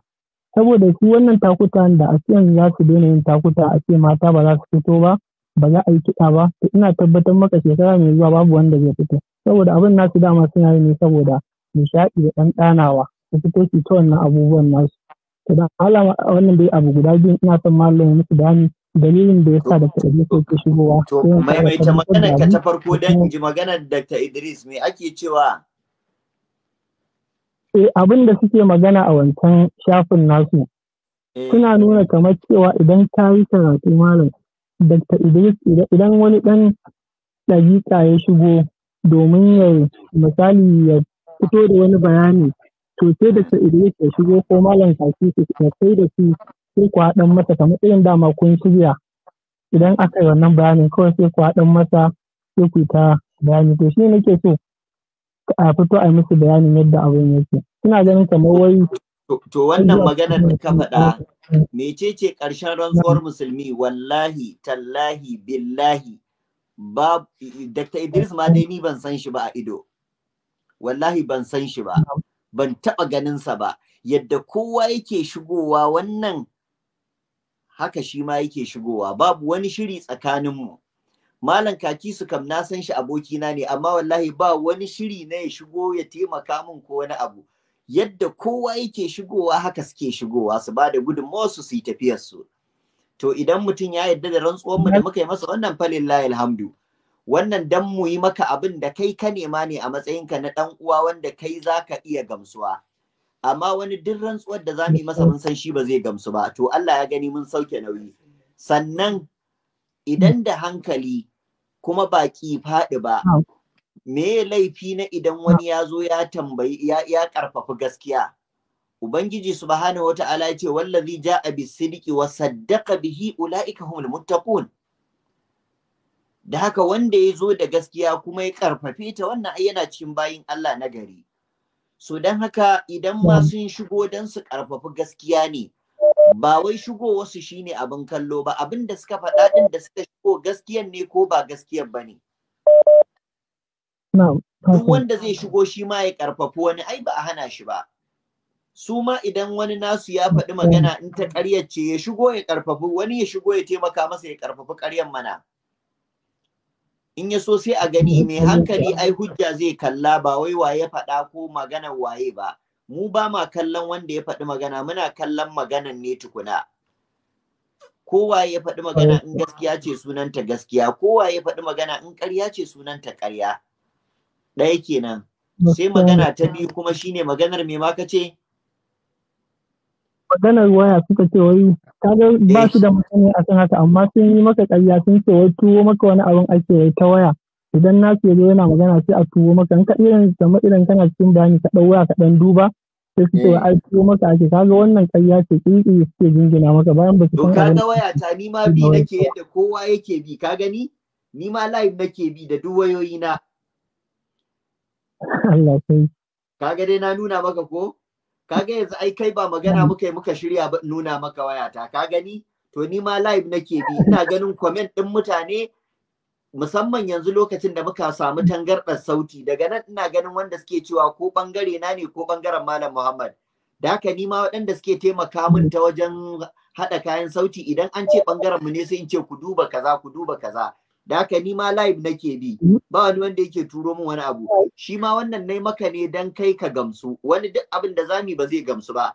saboda shi wannan takutan da a ce yanzu za su daina yin takuta a ce mata ba za su fito ba ba za a yi kiɗa ba to ina tabbatar maka shekara mai zuwa babu wanda zai fito saboda abin nasu dama suna yi ne saboda nishaɗi da ɗanɗanawa su fito su ta wannan abubuwan nasu to da hala wannan dai abu guda biyu ina son malamin musu bayani dalilin da ya sa da kuɗi ko ke shigowa. To ta magana ka ta farko dan in ji maganar Dr. Idris me ake cewa? Eh abin da suke magana a wancan shafin nasu eh. suna nuna kamar cewa idan ka yi karatu malam Dr. Idris idan wani ɗan ɗabi'a ya shigo domin ya misali ya fito da wani bayani to sai da Dr. Idris ya shigo ko Malam Kaki ya kai da su sai ku haɗan masa kamar irin dama kun shirya idan aka yi wannan bayanin kawai sai ku haɗan masa sai ku ta bayani to shi nake so a fito a yi musu bayanin yadda abin yake. Ina ganin kamar wai To wannan maganar da ka faɗa mecece ƙarshen rantsuwar musulmi wallahi tallahi billahi ba Dr. Idris ma dai ni ban san shi ba a ido wallahi ban san shi ba ban taɓa ganinsa ba yadda kowa yake shigowa wannan haka shi ma yake shigowa babu wani shiri tsakaninmu Malam kaki su kam na san shi abokina ne amma wallahi ba wani shiri na ya shigo ya taimaka min ko wani abu yadda kowa yake shigowa haka suke shigowa su ba da masu su yi tafiyar to idan mutum ya yarda da rantsuwar mu da muka yi masa wannan falillahi alhamdu wannan dan mu yi maka abin da kai ka nema ne a matsayinka na ɗan uwa wanda kai za ka iya gamsuwa amma wani duk rantsuwar da za mu yi masa mun san shi ba zai gamsu ba to Allah ya gani mun sauke nauyi sannan idan da hankali kuma ba ki faɗi ba me laifi na idan wani ya zo ya tambayi ya, ya karfafi gaskiya ubangiji subhanahu wata'ala ya ce wallazi ja'a bisidqi wa saddaqa bihi ulaika humul muttaqun da haka wanda ya zo da gaskiya kuma ya karfafe ta wannan ai yana cikin bayin Allah na gari so dan haka idan ma hmm. sun shigo dan su karfafi gaskiya ne ba wai shigo wasu shine abin kallo ba abin da suka faɗa din da suka shigo gaskiyan ne ko ba gaskiyar ba ne duk wanda zai shigo shi ma ya karfafi wani ai ba a hana shi ba su ma idan wani nasu ya faɗi magana in ta ƙaryar ce ya shigo ya karfafi wani ya shigo ya taimaka masa ya karfafi ƙaryar mana in ya so sai a gani mai hankali ai hujja zai kalla ba wai waye faɗa ko maganar waye ba mu ba ma kallon wanda ya faɗi magana muna kallon maganan ne tukuna kowa ya faɗi magana in gaskiya ce sunanta gaskiya kowa ya faɗi magana in ƙarya ce sunanta ƙarya ɗaya kenan sai magana ta biyu kuma shine maganar me ma kace maganar waya suka ce wai kaga ba eh. su da mutane kan haka amma sun yi maka ƙarya sun ce wai tuwo maka wani abin ake wai ta waya idan na ce yana magana sai a tuwo maka in ka irin kamar irin kana cikin bayani ka ɗau waya ka ɗan duba sai su ce wai eh. tuwo maka ake kaga wannan ƙarya ce ƙirƙiri suke jingina maka bayan ba su san ka ga waya ta ni ma bi nake yadda kowa yake bi ka gani ni ma live nake bi da duk wayoyi na Allah kai. Kaga dai na nuna maka ko? Kaga yanzu ai kai ba magana muka yi muka shirya ba nuna maka wayata. Ka gani? To ni ma live nake bi ina ganin comment din mutane musamman yanzu lokacin da muka samu tangarɗar sauti daga nan ina ganin wanda suke cewa ko bangare na ne ko bangaren Malam Muhammad. Da haka ni ma waɗanda suke taimaka min ta wajen haɗa kayan sauti idan an ce bangaren mu ne sai in ce ku duba kaza ku duba kaza. da haka ni ma live nake bi mm-hmm. ba wani wanda yake turo min wani abu shi ma wannan nai maka ne dan kai ka gamsu wani duk abin da zami ba zai gamsu ba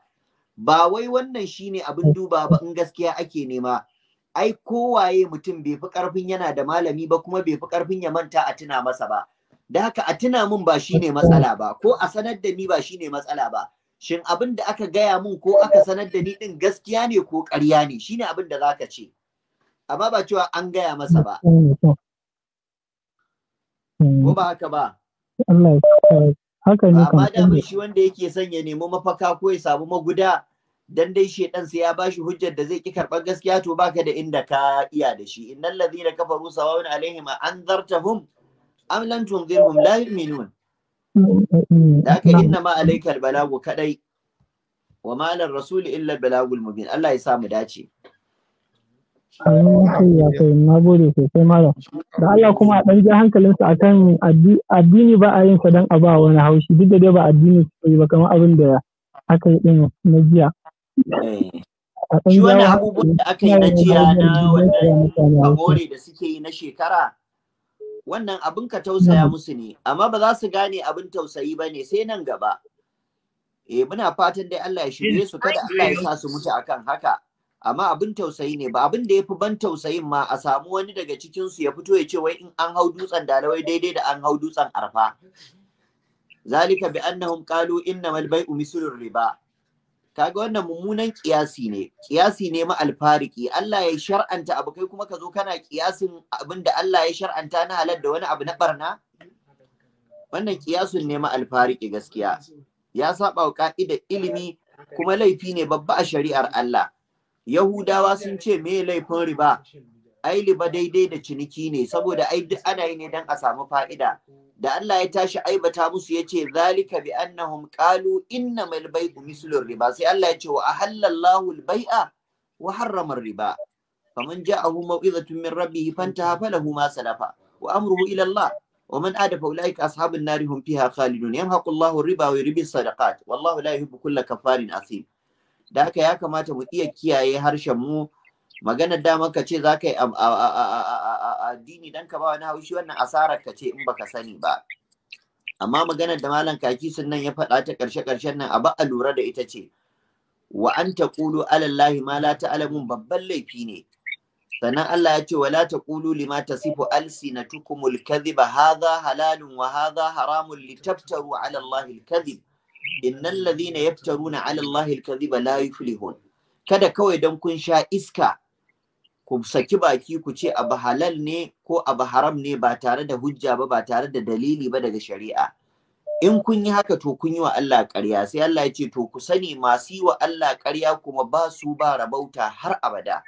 ba wai wannan shine abin duba ba in gaskiya ake nema ai kowaye mutum bai fi karfin yana da malami ba kuma bai fi karfin ya manta a tuna masa ba da haka a tuna min ba shine matsala ba ko a sanar da ni ba shine matsala ba shin abin da aka gaya min ko aka sanar da ni din gaskiya ne ko ƙarya ne shine abin da zaka ce amma ba cewa an gaya masa ba ko ba haka ba Allah haka ne amma da shi wanda yake son ya nemi mafaka ko ya samu maguda dan dai shedan sai ya bashi hujjar da zai ki karban gaskiya to baka da inda ka iya da shi innal ladhina kafaru sawa'un alaihim anzartahum am lam tunzirhum la yu'minun da ka inna ma alaikal balagu kadai wa ma rasuli illa balagul mubin Allah ya sa mu dace Amin ya kai na gode sosai malam. Da Allah kuma a ɗan ja hankalinsa akan addini ba a yin sa don a ba wani haushi duk da dai ba addini su yi ba kamar abin da aka yi ɗin na jiya. Shi wani abubuwan da aka yi na jiya na wannan agore da suke yi na shekara wannan abin ka tausaya musu ne amma ba za su gane abin tausayi ba ne sai nan gaba. Eh muna fatan dai Allah ya shirye su kada Allah ya sa su mutu akan haka. amma abin tausayi ne ba abin da ya fi ban tausayin ma a samu wani daga cikinsu ya fito ya ce wai in an hau dutsen dalawai daidai da an hau dutsen arfa zalika bi annahum qalu mal bai'u mislu riba kaga wannan mummunan kiyasi ne kiyasi ne ma alfariki Allah ya shar'anta abu kai kuma ka zo kana kiyasin abin da Allah ya shar'anta na halal da wani abu na barna wannan kiyasun ne ma alfariki gaskiya ya saba wa ka'idar ilimi kuma laifi ne babba a shari'ar Allah Yahudawa sun ce me laifin riba, ai riba daidai da ciniki ne, saboda ai duk ana yi ne don a samu fa'ida. Da Allah ya tashi aibata musu ya ce, Zalika bi annahum qalu inna mai bai'u mislur riba, sai Allah ya ce wa ahallallahu al-bai'a wa harramar riba. Faman ja'ahu mau'izatun min rabbihi fantaha lahu ma salafa wa amruhu ila Allah. ومن عاد فاولئك اصحاب النار fiha فيها خالدون يمحق الله الربا ويربي الصدقات والله لا يحب كل كفار اثيم da haka ya kamata mu iya kiyaye harshen mu maganar dama ka ce za ka yi addini dan ka ba wani haushi wannan asarar ka ce in baka sani ba amma maganar da malam kaki sun nan ya faɗa ta ƙarshe ƙarshen nan abu a lura da ita ce wa an ta kulu alallahi ma la alamun babban laifi ne sannan Allah ya ce wa ta kulu lima tukumul alsinatukumul kadhiba hadha halalun wa haza haramun litaftaru ala allahi alkadhib inna alladhina yaftaruna 'ala Allahi al-kadhiba la yuflihun kada kawai dan kun sha iska ku saki baki ku ce abu halal ne ko abu haram ne ba tare da hujja ba ba tare da dalili ba daga shari'a in kun yi haka to kun yi wa Allah ƙarya sai Allah ya ce to ku sani masu yi wa Allah ƙarya kuma ba su ba rabauta har abada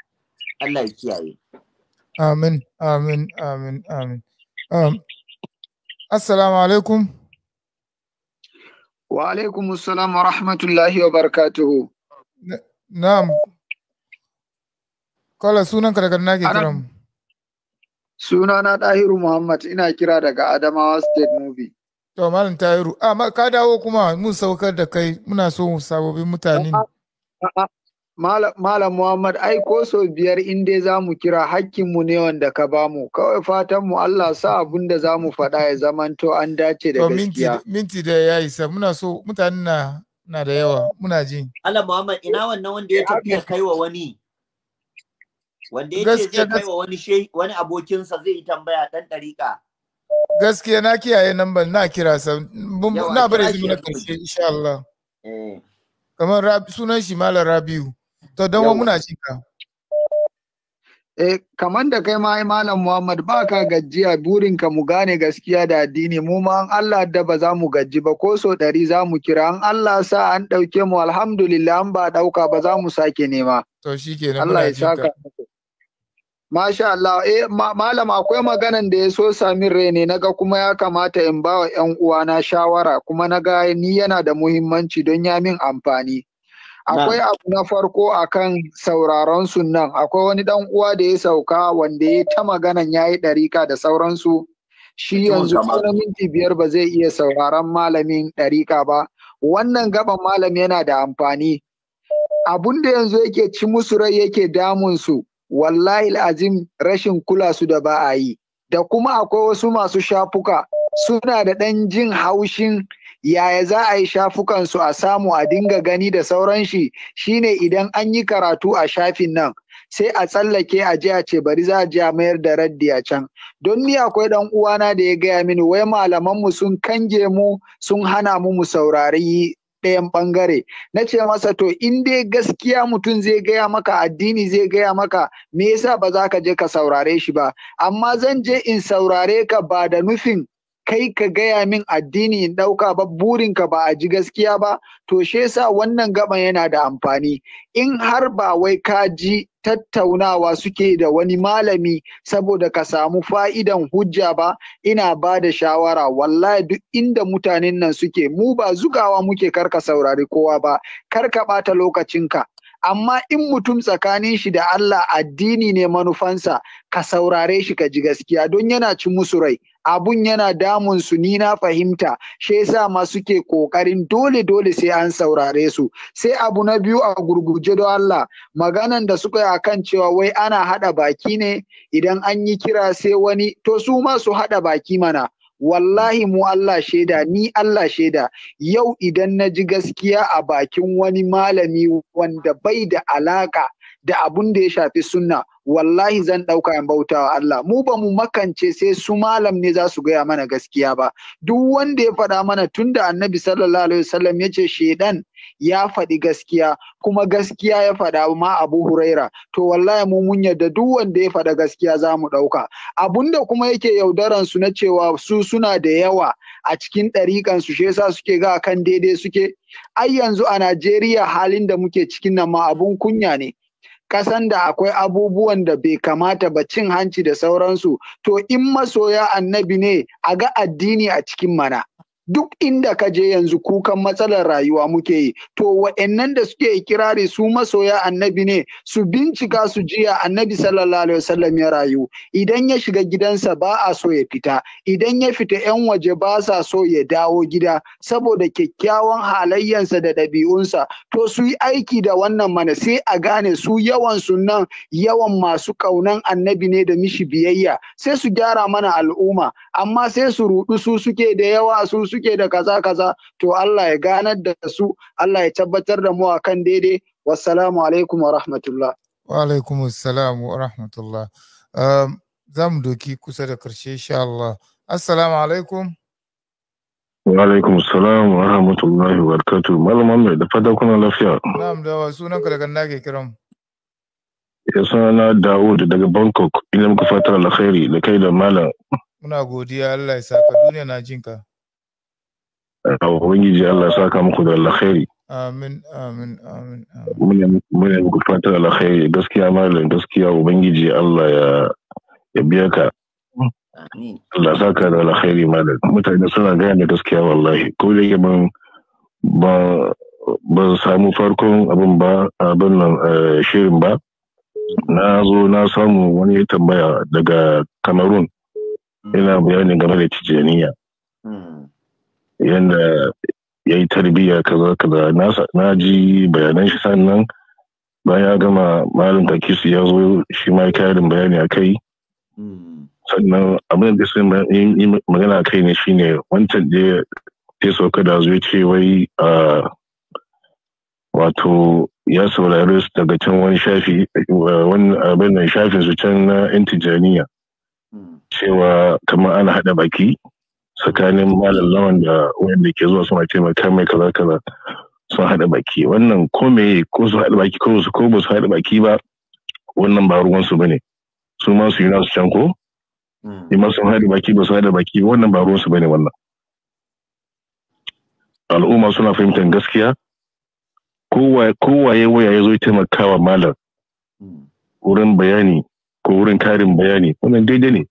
Allah ya kiyaye amin amin amin amin um, assalamu alaikum wa alaikum assalam wa rahmatullahi wa barakatuhu na'am kola sunanka na ke Suna sunana ɗahiru muhammad ina kira daga adamawa state movie to malam tahiru a ka dawo kuma mun saukar da kai muna so sabobin mutane Malam Muhammad ai ko so biyar in dai za mu kira hakkinmu ne wanda ka bamu kawai fatanmu Allah sa abin da za mu faɗa ya zamanto an dace da gaskiya. Minti da ya isa muna so mutane na na da yawa muna ji. Allah Muhammad ina wannan wanda ya tafi ya kai wa wani wanda ya ce zai kai wa wani wani abokinsa zai yi tambaya dan ɗariƙa. Gaskiya na kiyaye namban na kira sa na bari zuwa na ƙarshe insha Allah. Eh. Kamar sunan shi Malam Rabiu. To don muna cika. ka. Eh, kamar da kai ma Malam Muhammad ba ka gajiya burinka mu gane gaskiya da addini mu ma an Allah da ba za mu gaji ba ko so ɗari za mu kira an Allah sa an ɗauke mu alhamdulillah an ba ɗauka ba za mu sake nema. To shi ke Allah ya saka. Masha Allah, eh, malam akwai maganan da ya so samin rai ne naga kuma ya kamata in ba wa ‘yan uwana shawara kuma naga ni yana da muhimmanci don ya min amfani. akwai abu na farko akan sauraron sunan akwai wani dan uwa da ya sauka wanda ya ta maganan ya yi ɗarika da sauransu shi yanzu sauran minti biyar ba zai iya sauraron malamin ɗarika ba wannan gaban malam yana da amfani abun da yanzu yake ci musu rai yake damunsu wallahi azim rashin kula su da ba a yi da kuma akwai wasu masu shafuka suna da ɗan jin haushin yaya za a yi shafukansu a samu a dinga gani da sauran shi shine idan an yi karatu a shafin nan sai a tsallake a je a ce bari za a je a mayar da raddi a can don ni akwai dan uwana da ya gaya mini wai malaman mu sun kange mu sun hana mu mu saurari ɗayan ɓangare na ce masa to in dai gaskiya mutum zai gaya maka addini zai gaya maka me yasa ba za ka je ka saurare shi ba amma zan je in saurare ka ba da nufin kai ka gaya min addini in ɗauka ba burinka ba a ji gaskiya ba to shi sa wannan gaban yana da amfani in har ba wai ka ji tattaunawa suke da wani malami saboda ka samu fa'idan hujja ba ina ba da shawara wallahi duk inda mutanen nan suke mu ba zugawa muke karka saurari kowa ba karka ɓata lokacinka amma in mutum tsakanin shi da Allah addini ne manufansa ka saurare shi ka ji gaskiya don yana ci musu rai abun yana damun su ni na fahimta shi yasa ma suke kokarin dole dole sai an saurare su sai abu na biyu a gurguje don Allah maganan da suka yi akan cewa wai ana hada baki ne idan an yi kira sai wani to su ma su hada baki mana wallahi mu Allah shaida ni Allah shaida yau idan na ji gaskiya a bakin wani malami wanda bai da alaka da abun da ya shafi sunna wallahi zan ɗauka in bauta wa Allah mu ba mu makance sai su malam ne za su gaya mana gaskiya ba duk wanda ya faɗa mana tunda annabi sallallahu alaihi wasallam ya ce shedan ya faɗi gaskiya kuma gaskiya ya faɗa ma abu huraira to wallahi mu mun yarda duk wanda ya faɗa gaskiya za mu ɗauka abunda kuma yake yaudaran su na cewa su suna da yawa a cikin ɗarikan su shi yasa suke ga kan daidai suke ai yanzu a Najeriya halin da muke cikin nan ma abun kunya ne Kasan da akwai abubuwan da bai kamata ba cin hanci da sauransu to in masoya annabi ne a ga addini a cikin mana duk inda ka je yanzu kukan matsalar rayuwa muke yi to wa'annan da suke ikirari su masoya annabi ne su bincika su jiya annabi sallallahu alaihi wasallam ya rayu idan ya shiga gidansa ba a so ya fita idan ya fita yan waje ba sa so ya dawo gida saboda kyakkyawan halayyansa da ɗabi'unsa to su yi aiki da wannan mana sai a gane su yawan sunan yawan masu kaunan annabi ne da mishi biyayya sai su gyara mana al'umma amma sai su ruɗu su suke da yawa su suke da kaza kaza to Allah ya ganar da su Allah ya tabbatar da mu kan daidai wassalamu alaikum wa rahmatullah wa alaikum assalam wa rahmatullah um, za mu doki kusa da karshe insha Allah assalamu alaikum wa alaikum assalam wa rahmatullahi wa barakatuh malaman mai da fata kuna lafiya na'am da sunan ka daga nake kiran ya sunana Dawud daga Bangkok ina muku fatar alkhairi da kai da malam muna godiya Allah ya saka duniya na jinka Eh, ubangiji Allah ya saka muku da alkhairi amin amin amin muna muku fatan alkhairi gaskiya malam gaskiya ubangiji Allah ya ya biya ka Allah ya saka da alkhairi malam mutane suna gaya gane gaskiya wallahi ko da yake ban ba ba samu farkon abin ba abin nan eh, shirin ba na zo na samu wani tambaya daga Cameroon ina bayani game da Tijjaniya hmm. yadda ya yi tarbiyya kaza kaza na ji bayanan shi sannan bayan ya gama malam takisu ya zo shi ma karin bayani a kai hmm. sannan abin da sun magana kai ne shine wancan da ya sauka da zuwa ce wai wato ya saurari su daga can wani shafi wani abin shafin su can na intijaniya hmm. cewa kamar ana haɗa baki tsakanin malam lawan da wanda ke zuwa suna taimaka mai kaza kaza sun haɗa baki wannan ko me ko su haɗa baki ko su ko ba su haɗa baki ba wannan ba ruwan su bane su ma su yi nasu can ko ni hmm. ma sun haɗa baki ba su haɗa baki wannan ba ruwan su bane wannan al'umma suna fahimtar gaskiya kowaye waya ya zo taimakawa malam hmm. wurin bayani ko wurin karin bayani wannan daidai ne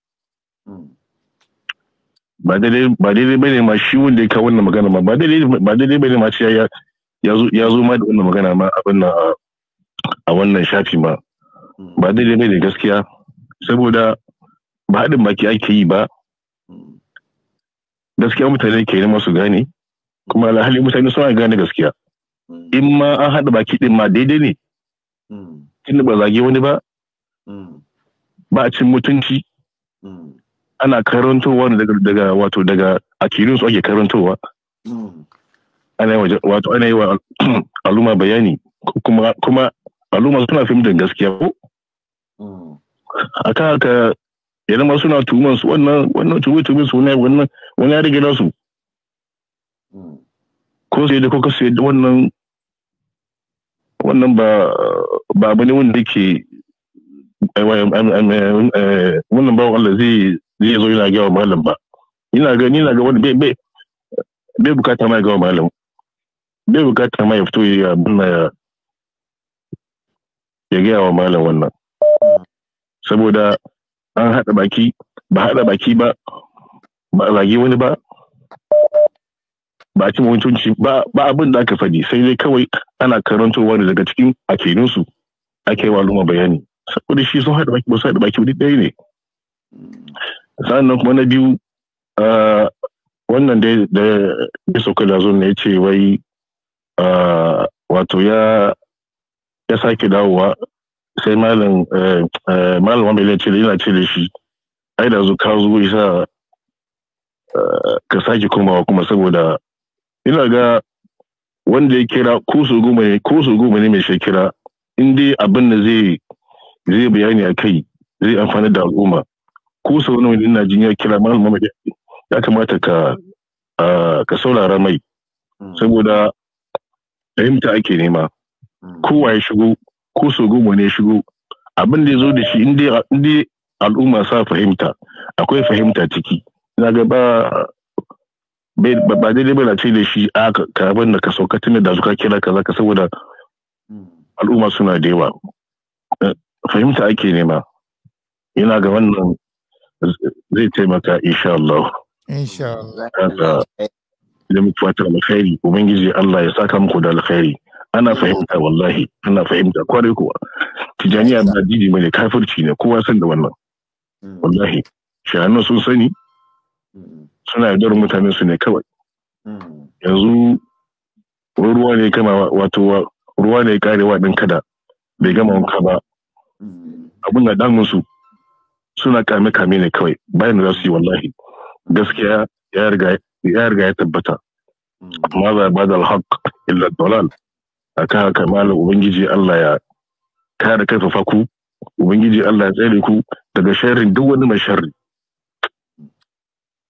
ba daidai ba daidai bane ma shi wanda ya kawo wannan magana ma ba daidai ba daidai bane ma shi ya ya zo ma da wannan magana ma abin nan a wannan shafi ma ba daidai bane gaskiya saboda ba haɗin baki ake yi ba gaskiya mutane ke nema su gane kuma alhali mutane suna gane gaskiya in ma an haɗa baki ɗin ma daidai ne tunda ba zage wani ba ba a cin mutunci ana karantowa daga wato daga a cikin su ake karantowa ana wato ana yi wa al'umma bayani kuma kuma al'umma suna fim da gaskiya ko aka haka ya zama suna tuhuman su wannan wannan tuhume tuhume su ne wannan wani ya riga su ko sai da ko sai da wannan wannan ba ba bane wanda yake eh, eh, eh, wannan bawan Allah zai zai zo yana gawa malam ba ina ga ni na ga wani bai bai bai bukata ma ya gawa malam bai bukata ma ya fito ya abin ya ya gaya wa malam wannan saboda an haɗa baki ba haɗa baki ba ba zage wani ba ba cin mutunci ba ba abin da aka faɗi sai dai kawai ana karantowa wani daga cikin akeninsu ake wa luma bayani saboda shi sun haɗa baki ba su haɗa baki wani ɗaya ne sannan kuma na biyu wannan dai da ya sauka da ne ce wai wato ya sake dawowa sai malam eh, eh, malam wanda ya ce yana ce da shi ai da zo ka zo isa ka sake komawa kuma saboda ina ga wanda ya kira ko su goma ne ko su goma ne mai shekira in dai abin da zai zai bayani a kai zai amfani da al'umma ko sau wani ne ina jin ya kira malam Muhammad ya kamata ka ka saurara mai hmm. saboda fahimta ake nema hmm. kowa ya shigo ko sau goma ne ya shigo abin da ya zo da shi inda al'umma sa fahimta akwai fahimta ciki na ga ba ba daidai bana ce da shi a karaban da ka sauka tun da zuka kira kaza ka saboda hmm. al'umma suna da yawa eh, fahimta ake nema yana ga wannan zai taimaka insha Allah insha Allah da muku fatan alkhairi ubangiji Allah ya saka muku da alkhairi ana fahimta wallahi ana fahimta kwarai kuwa tijaniya ba didi mai kafirci ne kowa san da wannan mm. wallahi shahannu sun sani mm. suna yaudar mutane su ne kawai mm. yanzu ruwa ne kama wato ruwa ne karewa ɗin kada bai gama wanka ba abin da damun su suna kame kame ne kawai bayan za su yi wallahi gaskiya ya riga ya tabbata amma za ba da alhaq illa dalal aka haka malam ubangiji Allah ya kare karfafa ku ubangiji Allah ya tsare ku daga sharrin duk wani mai sharri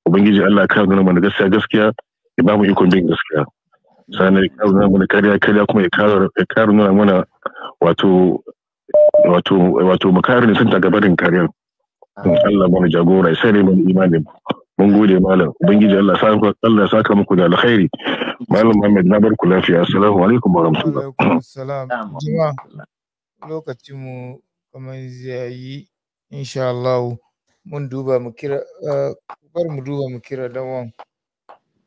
ubangiji Allah ya kare mana gaskiya gaskiya ya ba mu ikon bin gaskiya sannan ya kare mana kariya kariya kuma ya kare ya kare mana wato wato wato makarin sun ta gabarin kariya. don Allah mana jagora ya ne mana imanin mun gode malam ubangiji Allah sa ku Allah saka muku da alkhairi malam Muhammad na barku lafiya assalamu alaikum wa rahmatullahi wa lokacin mu kamar yayi insha Allah mun duba mu kira eh, bar mu duba mu kira dan wan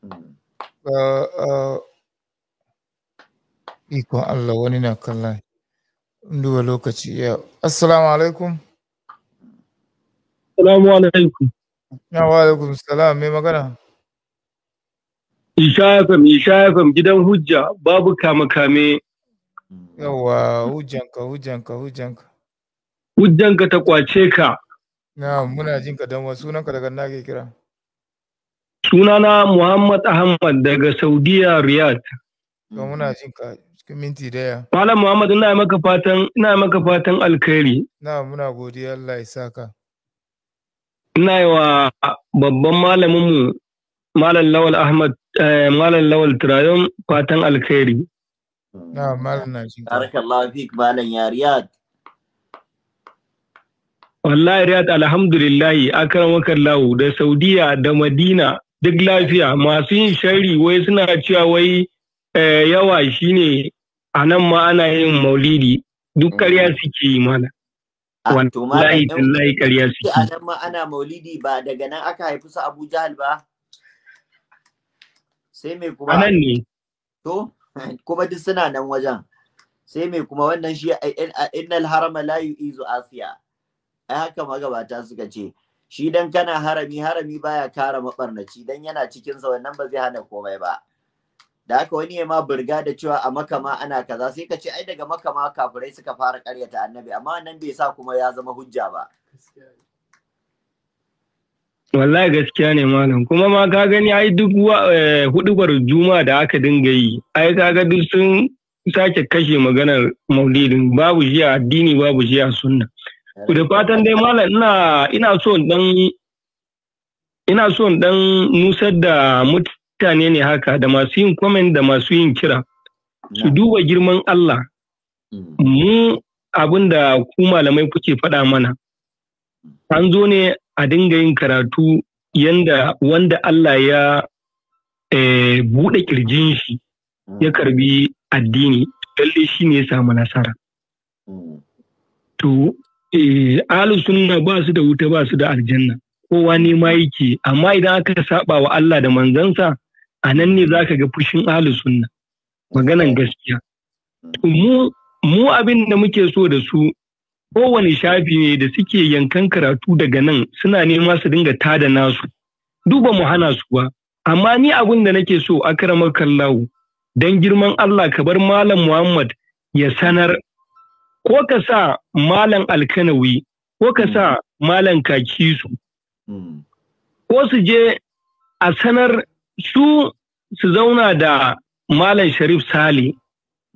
hmm. eh, eh, Iko Allah wani na kallon duba lokaci yau assalamu alaikum Assalamu alaikum. Wa alaikum salam mai magana. Isha FM, Isha FM gidan hujja babu kame-kame. Yawa hujjanka, hujjanka, hujjanka. Hujjanka ta kwace ka. Na muna jin ka dan wasu sunanka daga na ke kira. Sunana Muhammad Ahmad daga Saudiya Riyadh. Ga muna jin ka cikin minti daya. Malam Muhammad ina maka fatan ina maka fatan alkhairi. Na muna godiya Allah ya saka. ina yi wa babban malaminmu malam lawal ahmad eh, malam lawal turayon fatan alkhairi na malam na shi barakallahu lafiq malam ya riyad wallahi riyad akramaka lawu da saudiya da madina duk lafiya masu yin shari wai suna cewa wai eh, yawa shine a nan ma ana yin maulidi duk karya suke yi mana Ah, wallahi tallahi ƙarya suke a nan ma ana maulidi ba daga nan aka haifi su Abu Jahal ba sai me kuma anan ne to kuma duk suna nan wajen sai me kuma wannan shi innal harama la yu'izu asiya ai haka magabata suka ce shi dan kana harami harami baya kare mabarnaci dan yana cikin sa wannan ba zai hana komai ba da haka wani ya ma burga da cewa a makama ana kaza sai ka ce ai daga makama kafirai suka fara karyata annabi amma nan bai sa kuma ya zama hujja ba wallahi gaskiya ne malam kuma ma ka gani ai duk eh, hudubar juma da aka dinga yi ai kaga duk sun sake kashe maganar maulidin babu shi a addini babu shi a sunna ku da fatan dai malam ina ina so dan ina so dan nusar da mutu. mutane ne haka da masu yin kwamen da masu yin kira su duba girman Allah hmm. mu abin da ku malamai kuke faɗa mana an zo ne a dinga yin karatu yanda wanda Allah ya eh, buɗe kirjin shi hmm. ya karbi addini lalle shi ne ya samu nasara hmm. to eh, sunna ba su da wuta ba su da aljanna kowa nema yake amma idan aka saba wa Allah da manzansa a nan ne za ka ga fushin ahli sunna maganan gaskiya mu mu abin da muke so da su kowane shafi ne da suke yankan karatu daga nan suna nema su dinga tada nasu duba mu hana su ba amma ni abin da nake so akramar kallahu dan girman Allah ka bar malam Muhammad ya sanar ko ka sa malam alkanawi ko ka sa malam kakisu hmm. ko su je a sanar su su zauna da Malam Sharif Sale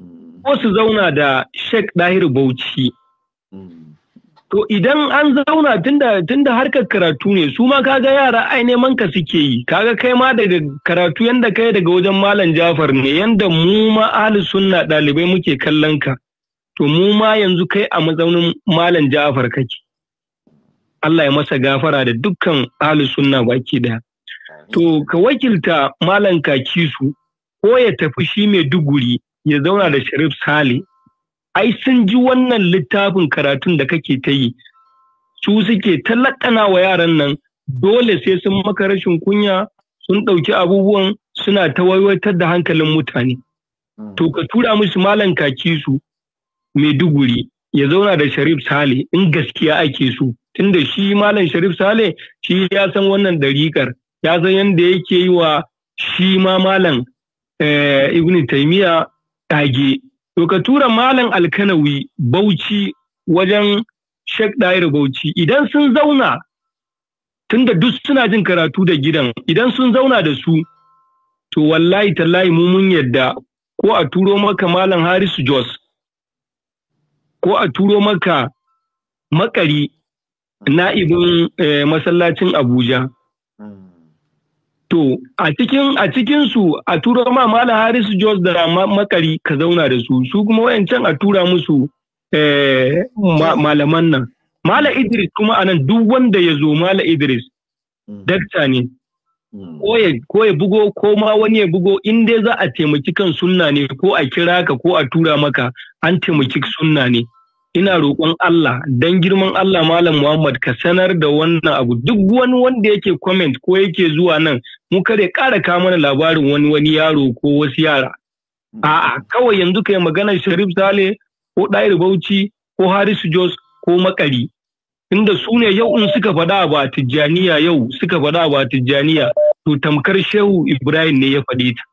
mm. ko su zauna da Sheikh Dahir Bauchi. Mm. To idan an zauna tunda tunda harkar karatu ne su ma kaga yara ai neman ka suke yi kaga kai ma daga karatu yanda kai daga wajen Malam Jafar ne yanda mu ma ahli sunna ɗalibai muke kallon ka to mu ma yanzu kai a mazaunin Malam Jafar kake. Allah ya masa gafara da dukkan ahli sunna baki daya. to ka wakilta malam kakisu ko ya tafi shi mai duguri ya zauna da sharif sale ai sun ji wannan littafin karatun da kake ta yi su suke talakana wa yaran nan dole sai sun maka rashin kunya sun ɗauki abubuwan suna ta waiwatar da hankalin mutane hmm. to ka tura musu malam kakisu mai duguri ya zauna da sharif sale in gaskiya ake so tunda shi malam sharif sale shi ya san wannan dariƙar ya san yadda yake yi wa shi ma malam eh, ibn taimiya ɗage to ka tura malam alkanawi bauchi wajen shek dair bauchi idan sun zauna tunda duk suna jin karatu da gidan idan sun zauna da su to wallahi tallahi mu mun yadda ko a turo maka malam harisu jos ko a turo maka makari na'ibin eh, masallacin abuja To, a cikin a cikin su a tura ma Malam Haris Jos da makari ka zauna da su, su kuma wayancan a tura musu eh, malaman nan. Malam Idris kuma anan duk wanda ya zo Malam Idris, hmm. dakta ne. Hmm. Ko ya bugo ko ma wani ya bugo in dai za a taimaki kan sunna ne ko a kira ka ko a tura maka an taimaki sunna ne. ina roƙon Allah dan girman Allah Malam Muhammad ka sanar da wannan abu duk wani wanda yake comment ko yake zuwa nan mu kare ƙara ka mana labarin wani wani yaro ko wasu yara a'a kawai yanzu ka kai maganar Sharif Sale ko Dairu Bauchi ko Harisu Jos ko Makari inda su ne yau in suka faɗa ba Tijjaniya yau suka faɗa ba Tijjaniya to tamkar Shehu Ibrahim ne ya faɗi ta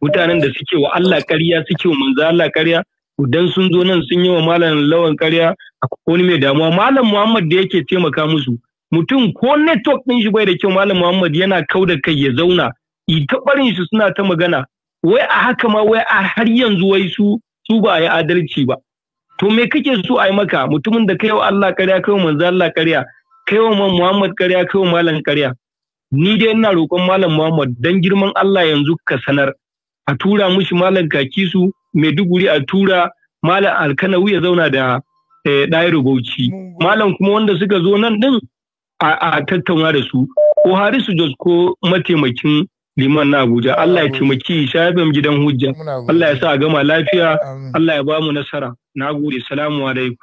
mutanen da suke wa Allah ƙarya suke wa manzo Allah ƙarya dan sun zo nan sun yi wa malam lawan karya wani mai damuwa malam muhammad da yake taimaka musu mutum ko network din shi bai da kyau malam muhammad yana kau da kai ya zauna ita barin shi suna ta magana wai a haka ma wai a har yanzu wai su su ba yi adalci ba to me kake so a yi maka mutumin da kai wa Allah karya kai wa manzo Allah karya kai wa muhammad karya kai wa malam karya ni dai ina roƙon malam muhammad dan girman Allah yanzu ka sanar a tura mushi malam kakisu maiduguri a tura malam Alkanawu ya zauna da ɗayar eh, bauchi malam kuma wanda suka zo nan din a tattauna da su ko harisu jos ko mataimakin liman na abuja allah ya taimaki shafin gidan hujja allah ya sa a gama lafiya allah ya ba mu nasara na gode salamu alaikum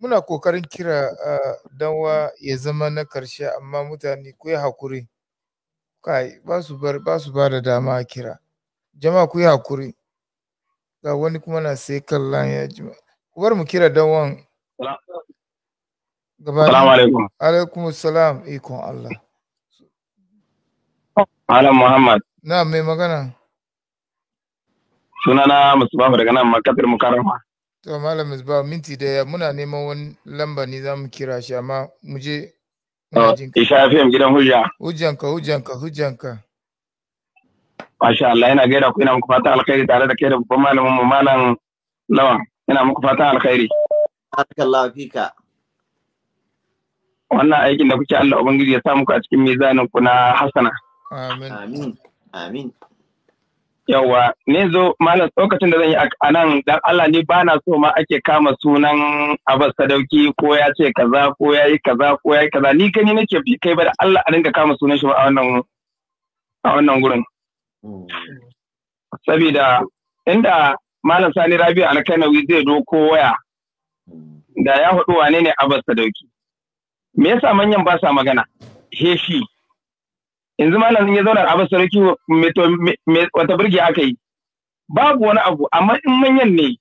muna kokarin kira danwa ya zama na karshe amma mutane ku yi hakuri kai ba su ba da dama kira jama'a ku yi hakuri ga wani kuma na sai kalla ya ji ku bar mu kira don wan Salamu alaikum. Alaikum salam ikon Allah. Malam Muhammad. Na mai magana. Sunana Musbahu daga nan Makatir Mukarrama. To Malam Musbahu minti daya muna neman wani lamba ne za mu kira shi amma mu je. Oh, Isha FM gidan hujja. Hujjanka hujjanka hujjanka. Masha Allah yana gaida ku ina muku fatan alkhairi tare da kai da babban malamin mu malam Lawan ina muku fatan alkhairi. Barakallahu fika. Wannan aikin da kuke Allah Ubangiji ya sa muku a cikin mizanin ku na hasana. Amin. Amin. Amin. Yawwa, ne zo malam lokacin da zan yi a nan dan Allah ne ba na so ma ake kama sunan Abbas Sadauki ko ya ce kaza ko ya yi kaza ko ya yi kaza ni gani nake bi kai ba da Allah a dinga kama sunan shi ba a wannan a wannan gurin. Sabida inda Malam Sani Rabi'u Alkanawi zai doko waya da ya haɗu wane ne Abbas Sadauki. Me yasa manyan ba sa magana? He shi. Yanzu malam ya zauna Abbas Sadauki wata birgi aka yi. Babu wani abu, amma in manyan ne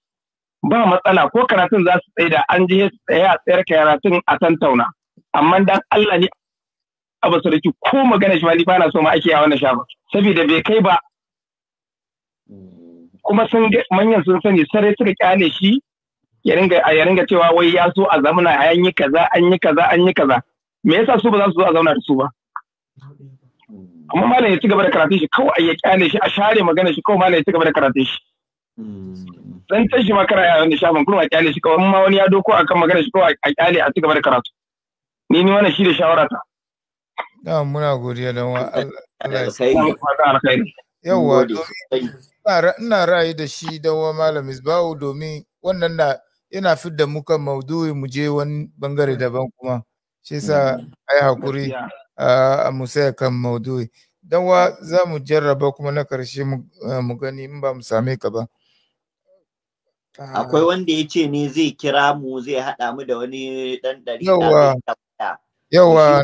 ba matsala ko karatun za su tsaye da an ji ya tsaye a tsayar karatun a tantauna. Amma dan Allah ne Abbas Sadauki ko magana shi ma ni ba na so ma ake yawon na sha saboda bai kai ba kuma sun manyan sun sani sarai suka kyale shi ya ringa cewa wai ya so a zamana an yi kaza an yi kaza an yi kaza me yasa su ba za su zo a zauna da su ba amma malam ya ci gaba da karatun shi kawai ya kyale shi a share magana shi kawai malam ya ci gaba da karatun shi dan tashi makara ya wani shafin kuma a kyale shi kawai amma wani ya doko akan magana shi kawai a kyale a ci gaba da karatu ni ni wannan shi da shawara ta da muna godiya dan wa Yawwa, ina ra'ayi da shi dan wa Malam isba'u domin wannan na yana fidda muka maudu'i mu je wani bangare daban kuma. Shi sa mm. ai hakuri a musaya kan maudu'i. Dan wa za mu jarraba kuma na karshe mu gani in ba mu same ka ba. Akwai wanda ya ce ne zai kira mu zai haɗa mu da wani ɗan ɗari. Yawwa. Yawwa.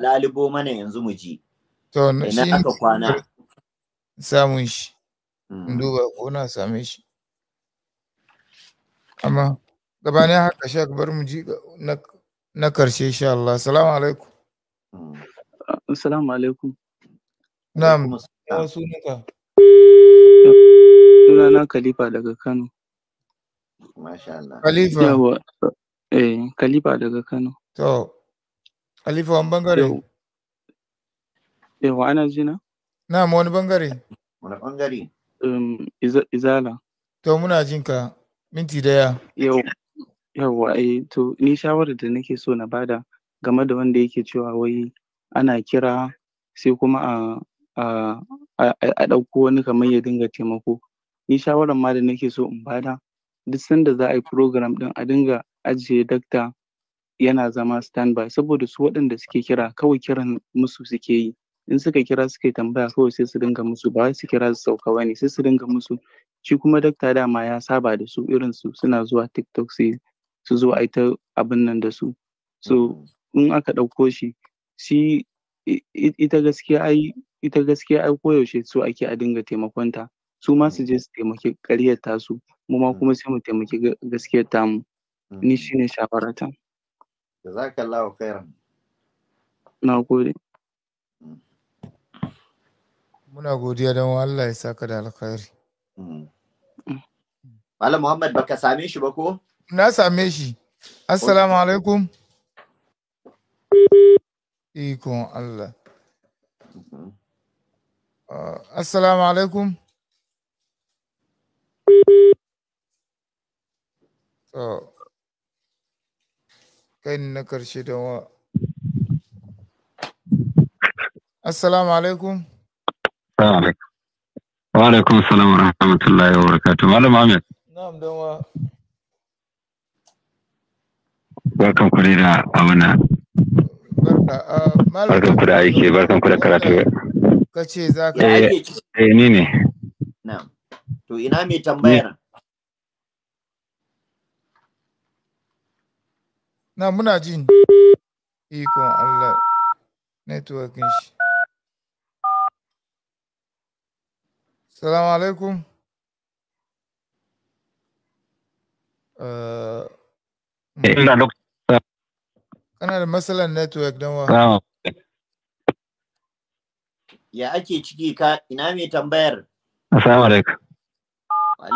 Lalibo mana yanzu mu ji. To shi aka kwana. Samun shi. Hmm. Duba ko na same shi. Amma gabanin haka sha bar mu ji na karshe shi Allah. Salamu alaikum. Hmm. Assalamu alaikum. Na'am. Ya sunanka. Sunana Khalifa daga Kano. Masha Allah. Khalifa. Eh, Khalifa daga Kano. To, Khalifa wani bangare. Yawa ana jina? Na wani bangare? Wani bangare? Um, izala. To muna jinka. minti daya. Yawa eh to ni shawarar da nake so na bada game da wanda yake cewa wai ana kira sai kuma a a ɗauko wani kamar ya dinga taimako. Ni shawarar ma da nake so in bada duk sanda za a yi program din, a dinga ajiye dakta yana zama standby saboda su waɗanda suke kira kawai kiran musu suke yi in suka kira suka yi tambaya kawai sai su dinga musu ba su kira su sauka ba ne sai su dinga musu shi kuma dakta dama ya saba da su irin su suna zuwa tiktok su su zo a ta abin nan da su so in aka ɗauko shi shi ita gaskiya ai ita gaskiya ai koyaushe so ake a dinga taimakonta su ma su je su taimaki ƙaryar su mu ma kuma sai mu taimaki gaskiyar ta mu ni mm. shine shawarata jazakallahu khairan na gode Muna godiya don Allah ya saka da alkhairi. Mm. Malam Muhammad baka same shi ba ko? Na same shi. Assalamu alaikum. Ikon Allah. Mm-hmm. Uh, assalamu alaikum. Kai na karshe don wa. Assalamu alaikum. Assalamu Wa alaikum salam wa rahmatullahi wa barakatuh. Malam Ahmed. Na'am dan wa. Barkan ku da abuna. Barkan ku da aiki, barkan ku da karatu. Kace za ka Eh, eh ni ne. Na'am. To ina mai tambayar? Na muna jin iko Allah networking shi. Salamu alaikum. Kana da matsalar network don wa. Ya ake ciki ka ina mai tambayar? Assalamu alaikum. Wa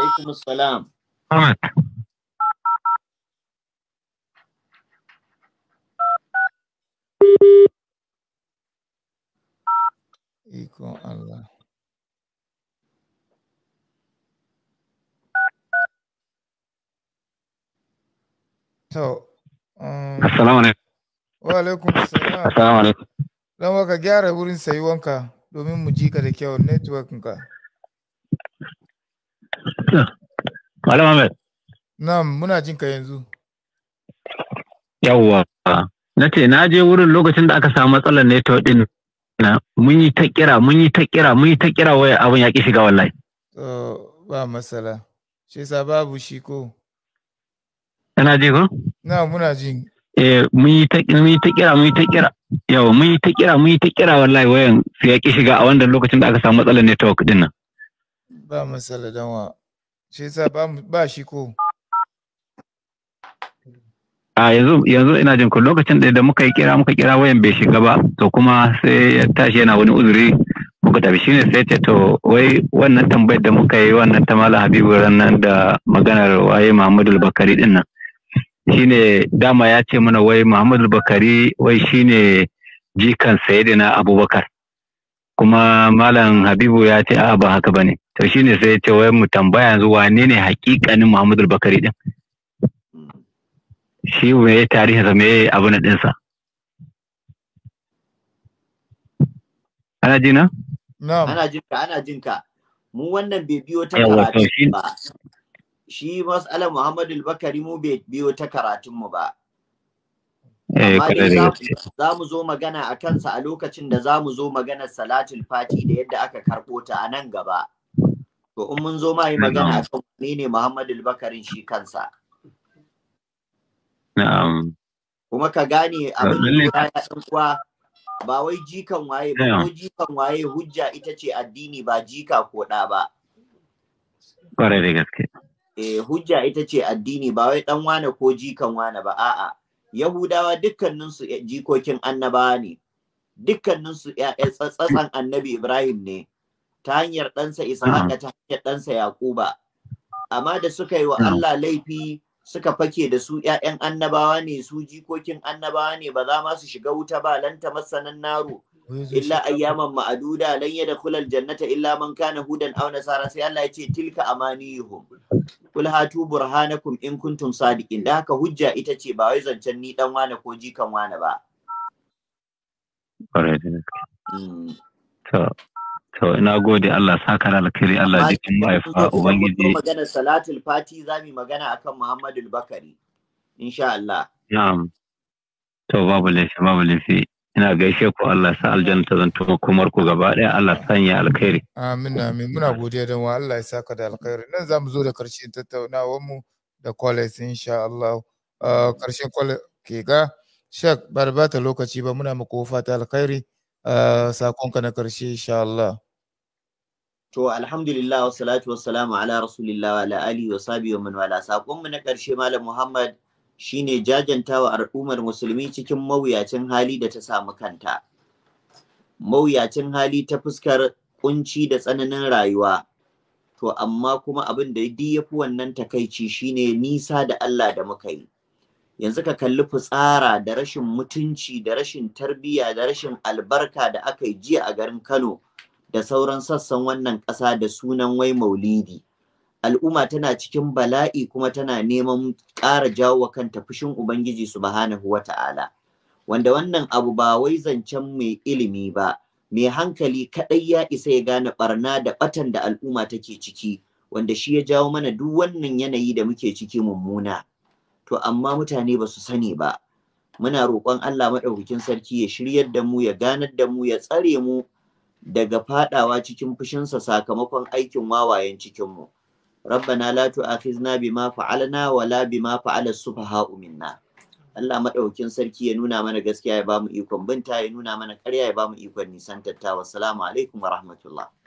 alaikum To. Um, Assalamu alaikum. Wa alaikum assalam. Assalamu alaikum. Dan waka gyara wurin sayuwanka domin mu ji da kyau networkin ka. Malam Ahmed. Na'am, muna jin ka yanzu. Yawwa. Na ce na je wurin lokacin da aka samu matsalar network din na mun yi ta kira mun yi ta kira mun yi ta kira waya abin ya ki shiga wallahi. ba masala. Shi babu shi ko. Kana ji ko? Na muna ji. Eh mun yi ta kira mun yi ta kira. Yau mun yi ta kira mun yi ta kira wallahi wayan su ya ki shiga a wannan lokacin da aka samu matsalar network din nan. Ba matsala dan wa. Shi yasa ba ba shi ko. A yanzu yanzu ina jin ku lokacin da muka yi kira muka kira wayan bai shiga ba to kuma sai ya tashi yana wani uzuri muka tafi shine sai ce to wai wannan tambayar da muka yi wannan ta Malam Habibu ran nan da maganar waye Muhammadu Bakari din nan. shine dama ya ce mana wai Muhammadu Bakari wai shine jikan Sayyidina Abubakar kuma Malam Habibu ya ce a'a ba haka bane to shine sai ya ce wai mu tambaya yanzu wane ne hakikanin Muhammadu Bakari din shi me tarihinsa me na dinsa Ana jina? Ana jinka, ana jinka. Mu wannan bai biyo ta karatu ba. shi matsalar Muhammadu Bakari mu bai biyo ta karatunmu ba. Eh, za mu zo magana a kansa a lokacin da za mu zo maganar salatul fati da yadda aka karɓo ta a nan gaba. To in mun zo ma yi magana a kan ne ne Muhammadu Bakarin shi kansa. Kuma ka gane abin da ya ɗan kuwa ba wai jikan waye ba ko jikan waye hujja ita ce addini ba jika ko ɗa ba. Ƙwarai da gaske. eh hujja ita ce addini ba wai dan wane ko jikan wane ba a'a Yahudawa dukkanin jikokin annabawa ne dukkanin su tsatsan annabi Ibrahim ne ta hanyar ɗansa Ishaqa ta hanyar ɗansa Yakuba amma da suka yi wa Allah laifi suka fake da su ‘ya'yan annabawa ne su jikokin annabawa ne ba za ma su shiga wuta ba lanta masanan naro illa ayyaman ma'aduda lan yadkhul jannata, illa man kana hudan aw nasara sai Allah ya ce tilka amaniyuhum kul hatu burhanakum in kuntum sadiqin da haka hujja ita ce ba wai zancen ni dan wani ko jikan wani ba hmm. To, ina gode Allah saka na alkhairi Allah jikin mahaifa Ubangiji. magana salatul fati za mu magana akan Muhammadu Bakari. Insha Allah. Na'am. To babu laifi babu laifi. ina gaishe ku Allah sa aljanna ta zanto kumar ku gaba ɗaya Allah sanya alkhairi amin amin muna godiya don wa Allah ya saka da alkhairi nan za mu zo da karshen tattaunawar mu da college insha Allah ah, karshen ke ga shek ba ta lokaci ba muna muku fata alkhairi ah, sakonka na karshe insha Allah To alhamdulillah wa salatu salamu ala rasulillah wa ala alihi wa sahbihi wa man wala sakon mu na karshe malam Muhammad shine wa al'ummar musulmi cikin mawuyacin hali da ta samu kanta mawuyacin hali ta fuskar kunci da tsananin rayuwa to amma kuma abin da duk ya fi wannan takaici shine nisa da Allah da muka yi yanzu ka kalli fitsara da rashin mutunci da rashin tarbiyya da rashin albarka da aka yi jiya a garin Kano da sauran sassan wannan ƙasa da sunan wai maulidi al'umma tana cikin bala'i kuma tana neman ƙara jawo wa kanta fushin ubangiji subhanahu wata'ala wanda wannan abu ba wai zancen mai ilimi ba mai hankali kaɗai ya isa ya gane ɓarna da ɓatan da al'umma take ciki wanda shi ya jawo mana duk wannan yanayi da muke ciki mummuna to amma mutane ba su sani ba muna roƙon Allah maɗaukakin sarki ya shiryar da mu ya ganar da mu ya tsare mu daga faɗawa cikin fushinsa sakamakon aikin wawayen cikinmu ربنا لا تؤاخذنا bima fa'alna wala bima فعل السفهاء منا Allah madaukin sarki ya nuna mana gaskiya ya bamu ikon binta ya nuna mana ƙarya ya bamu ikon nisan tattawa assalamu alaikum wa rahmatullah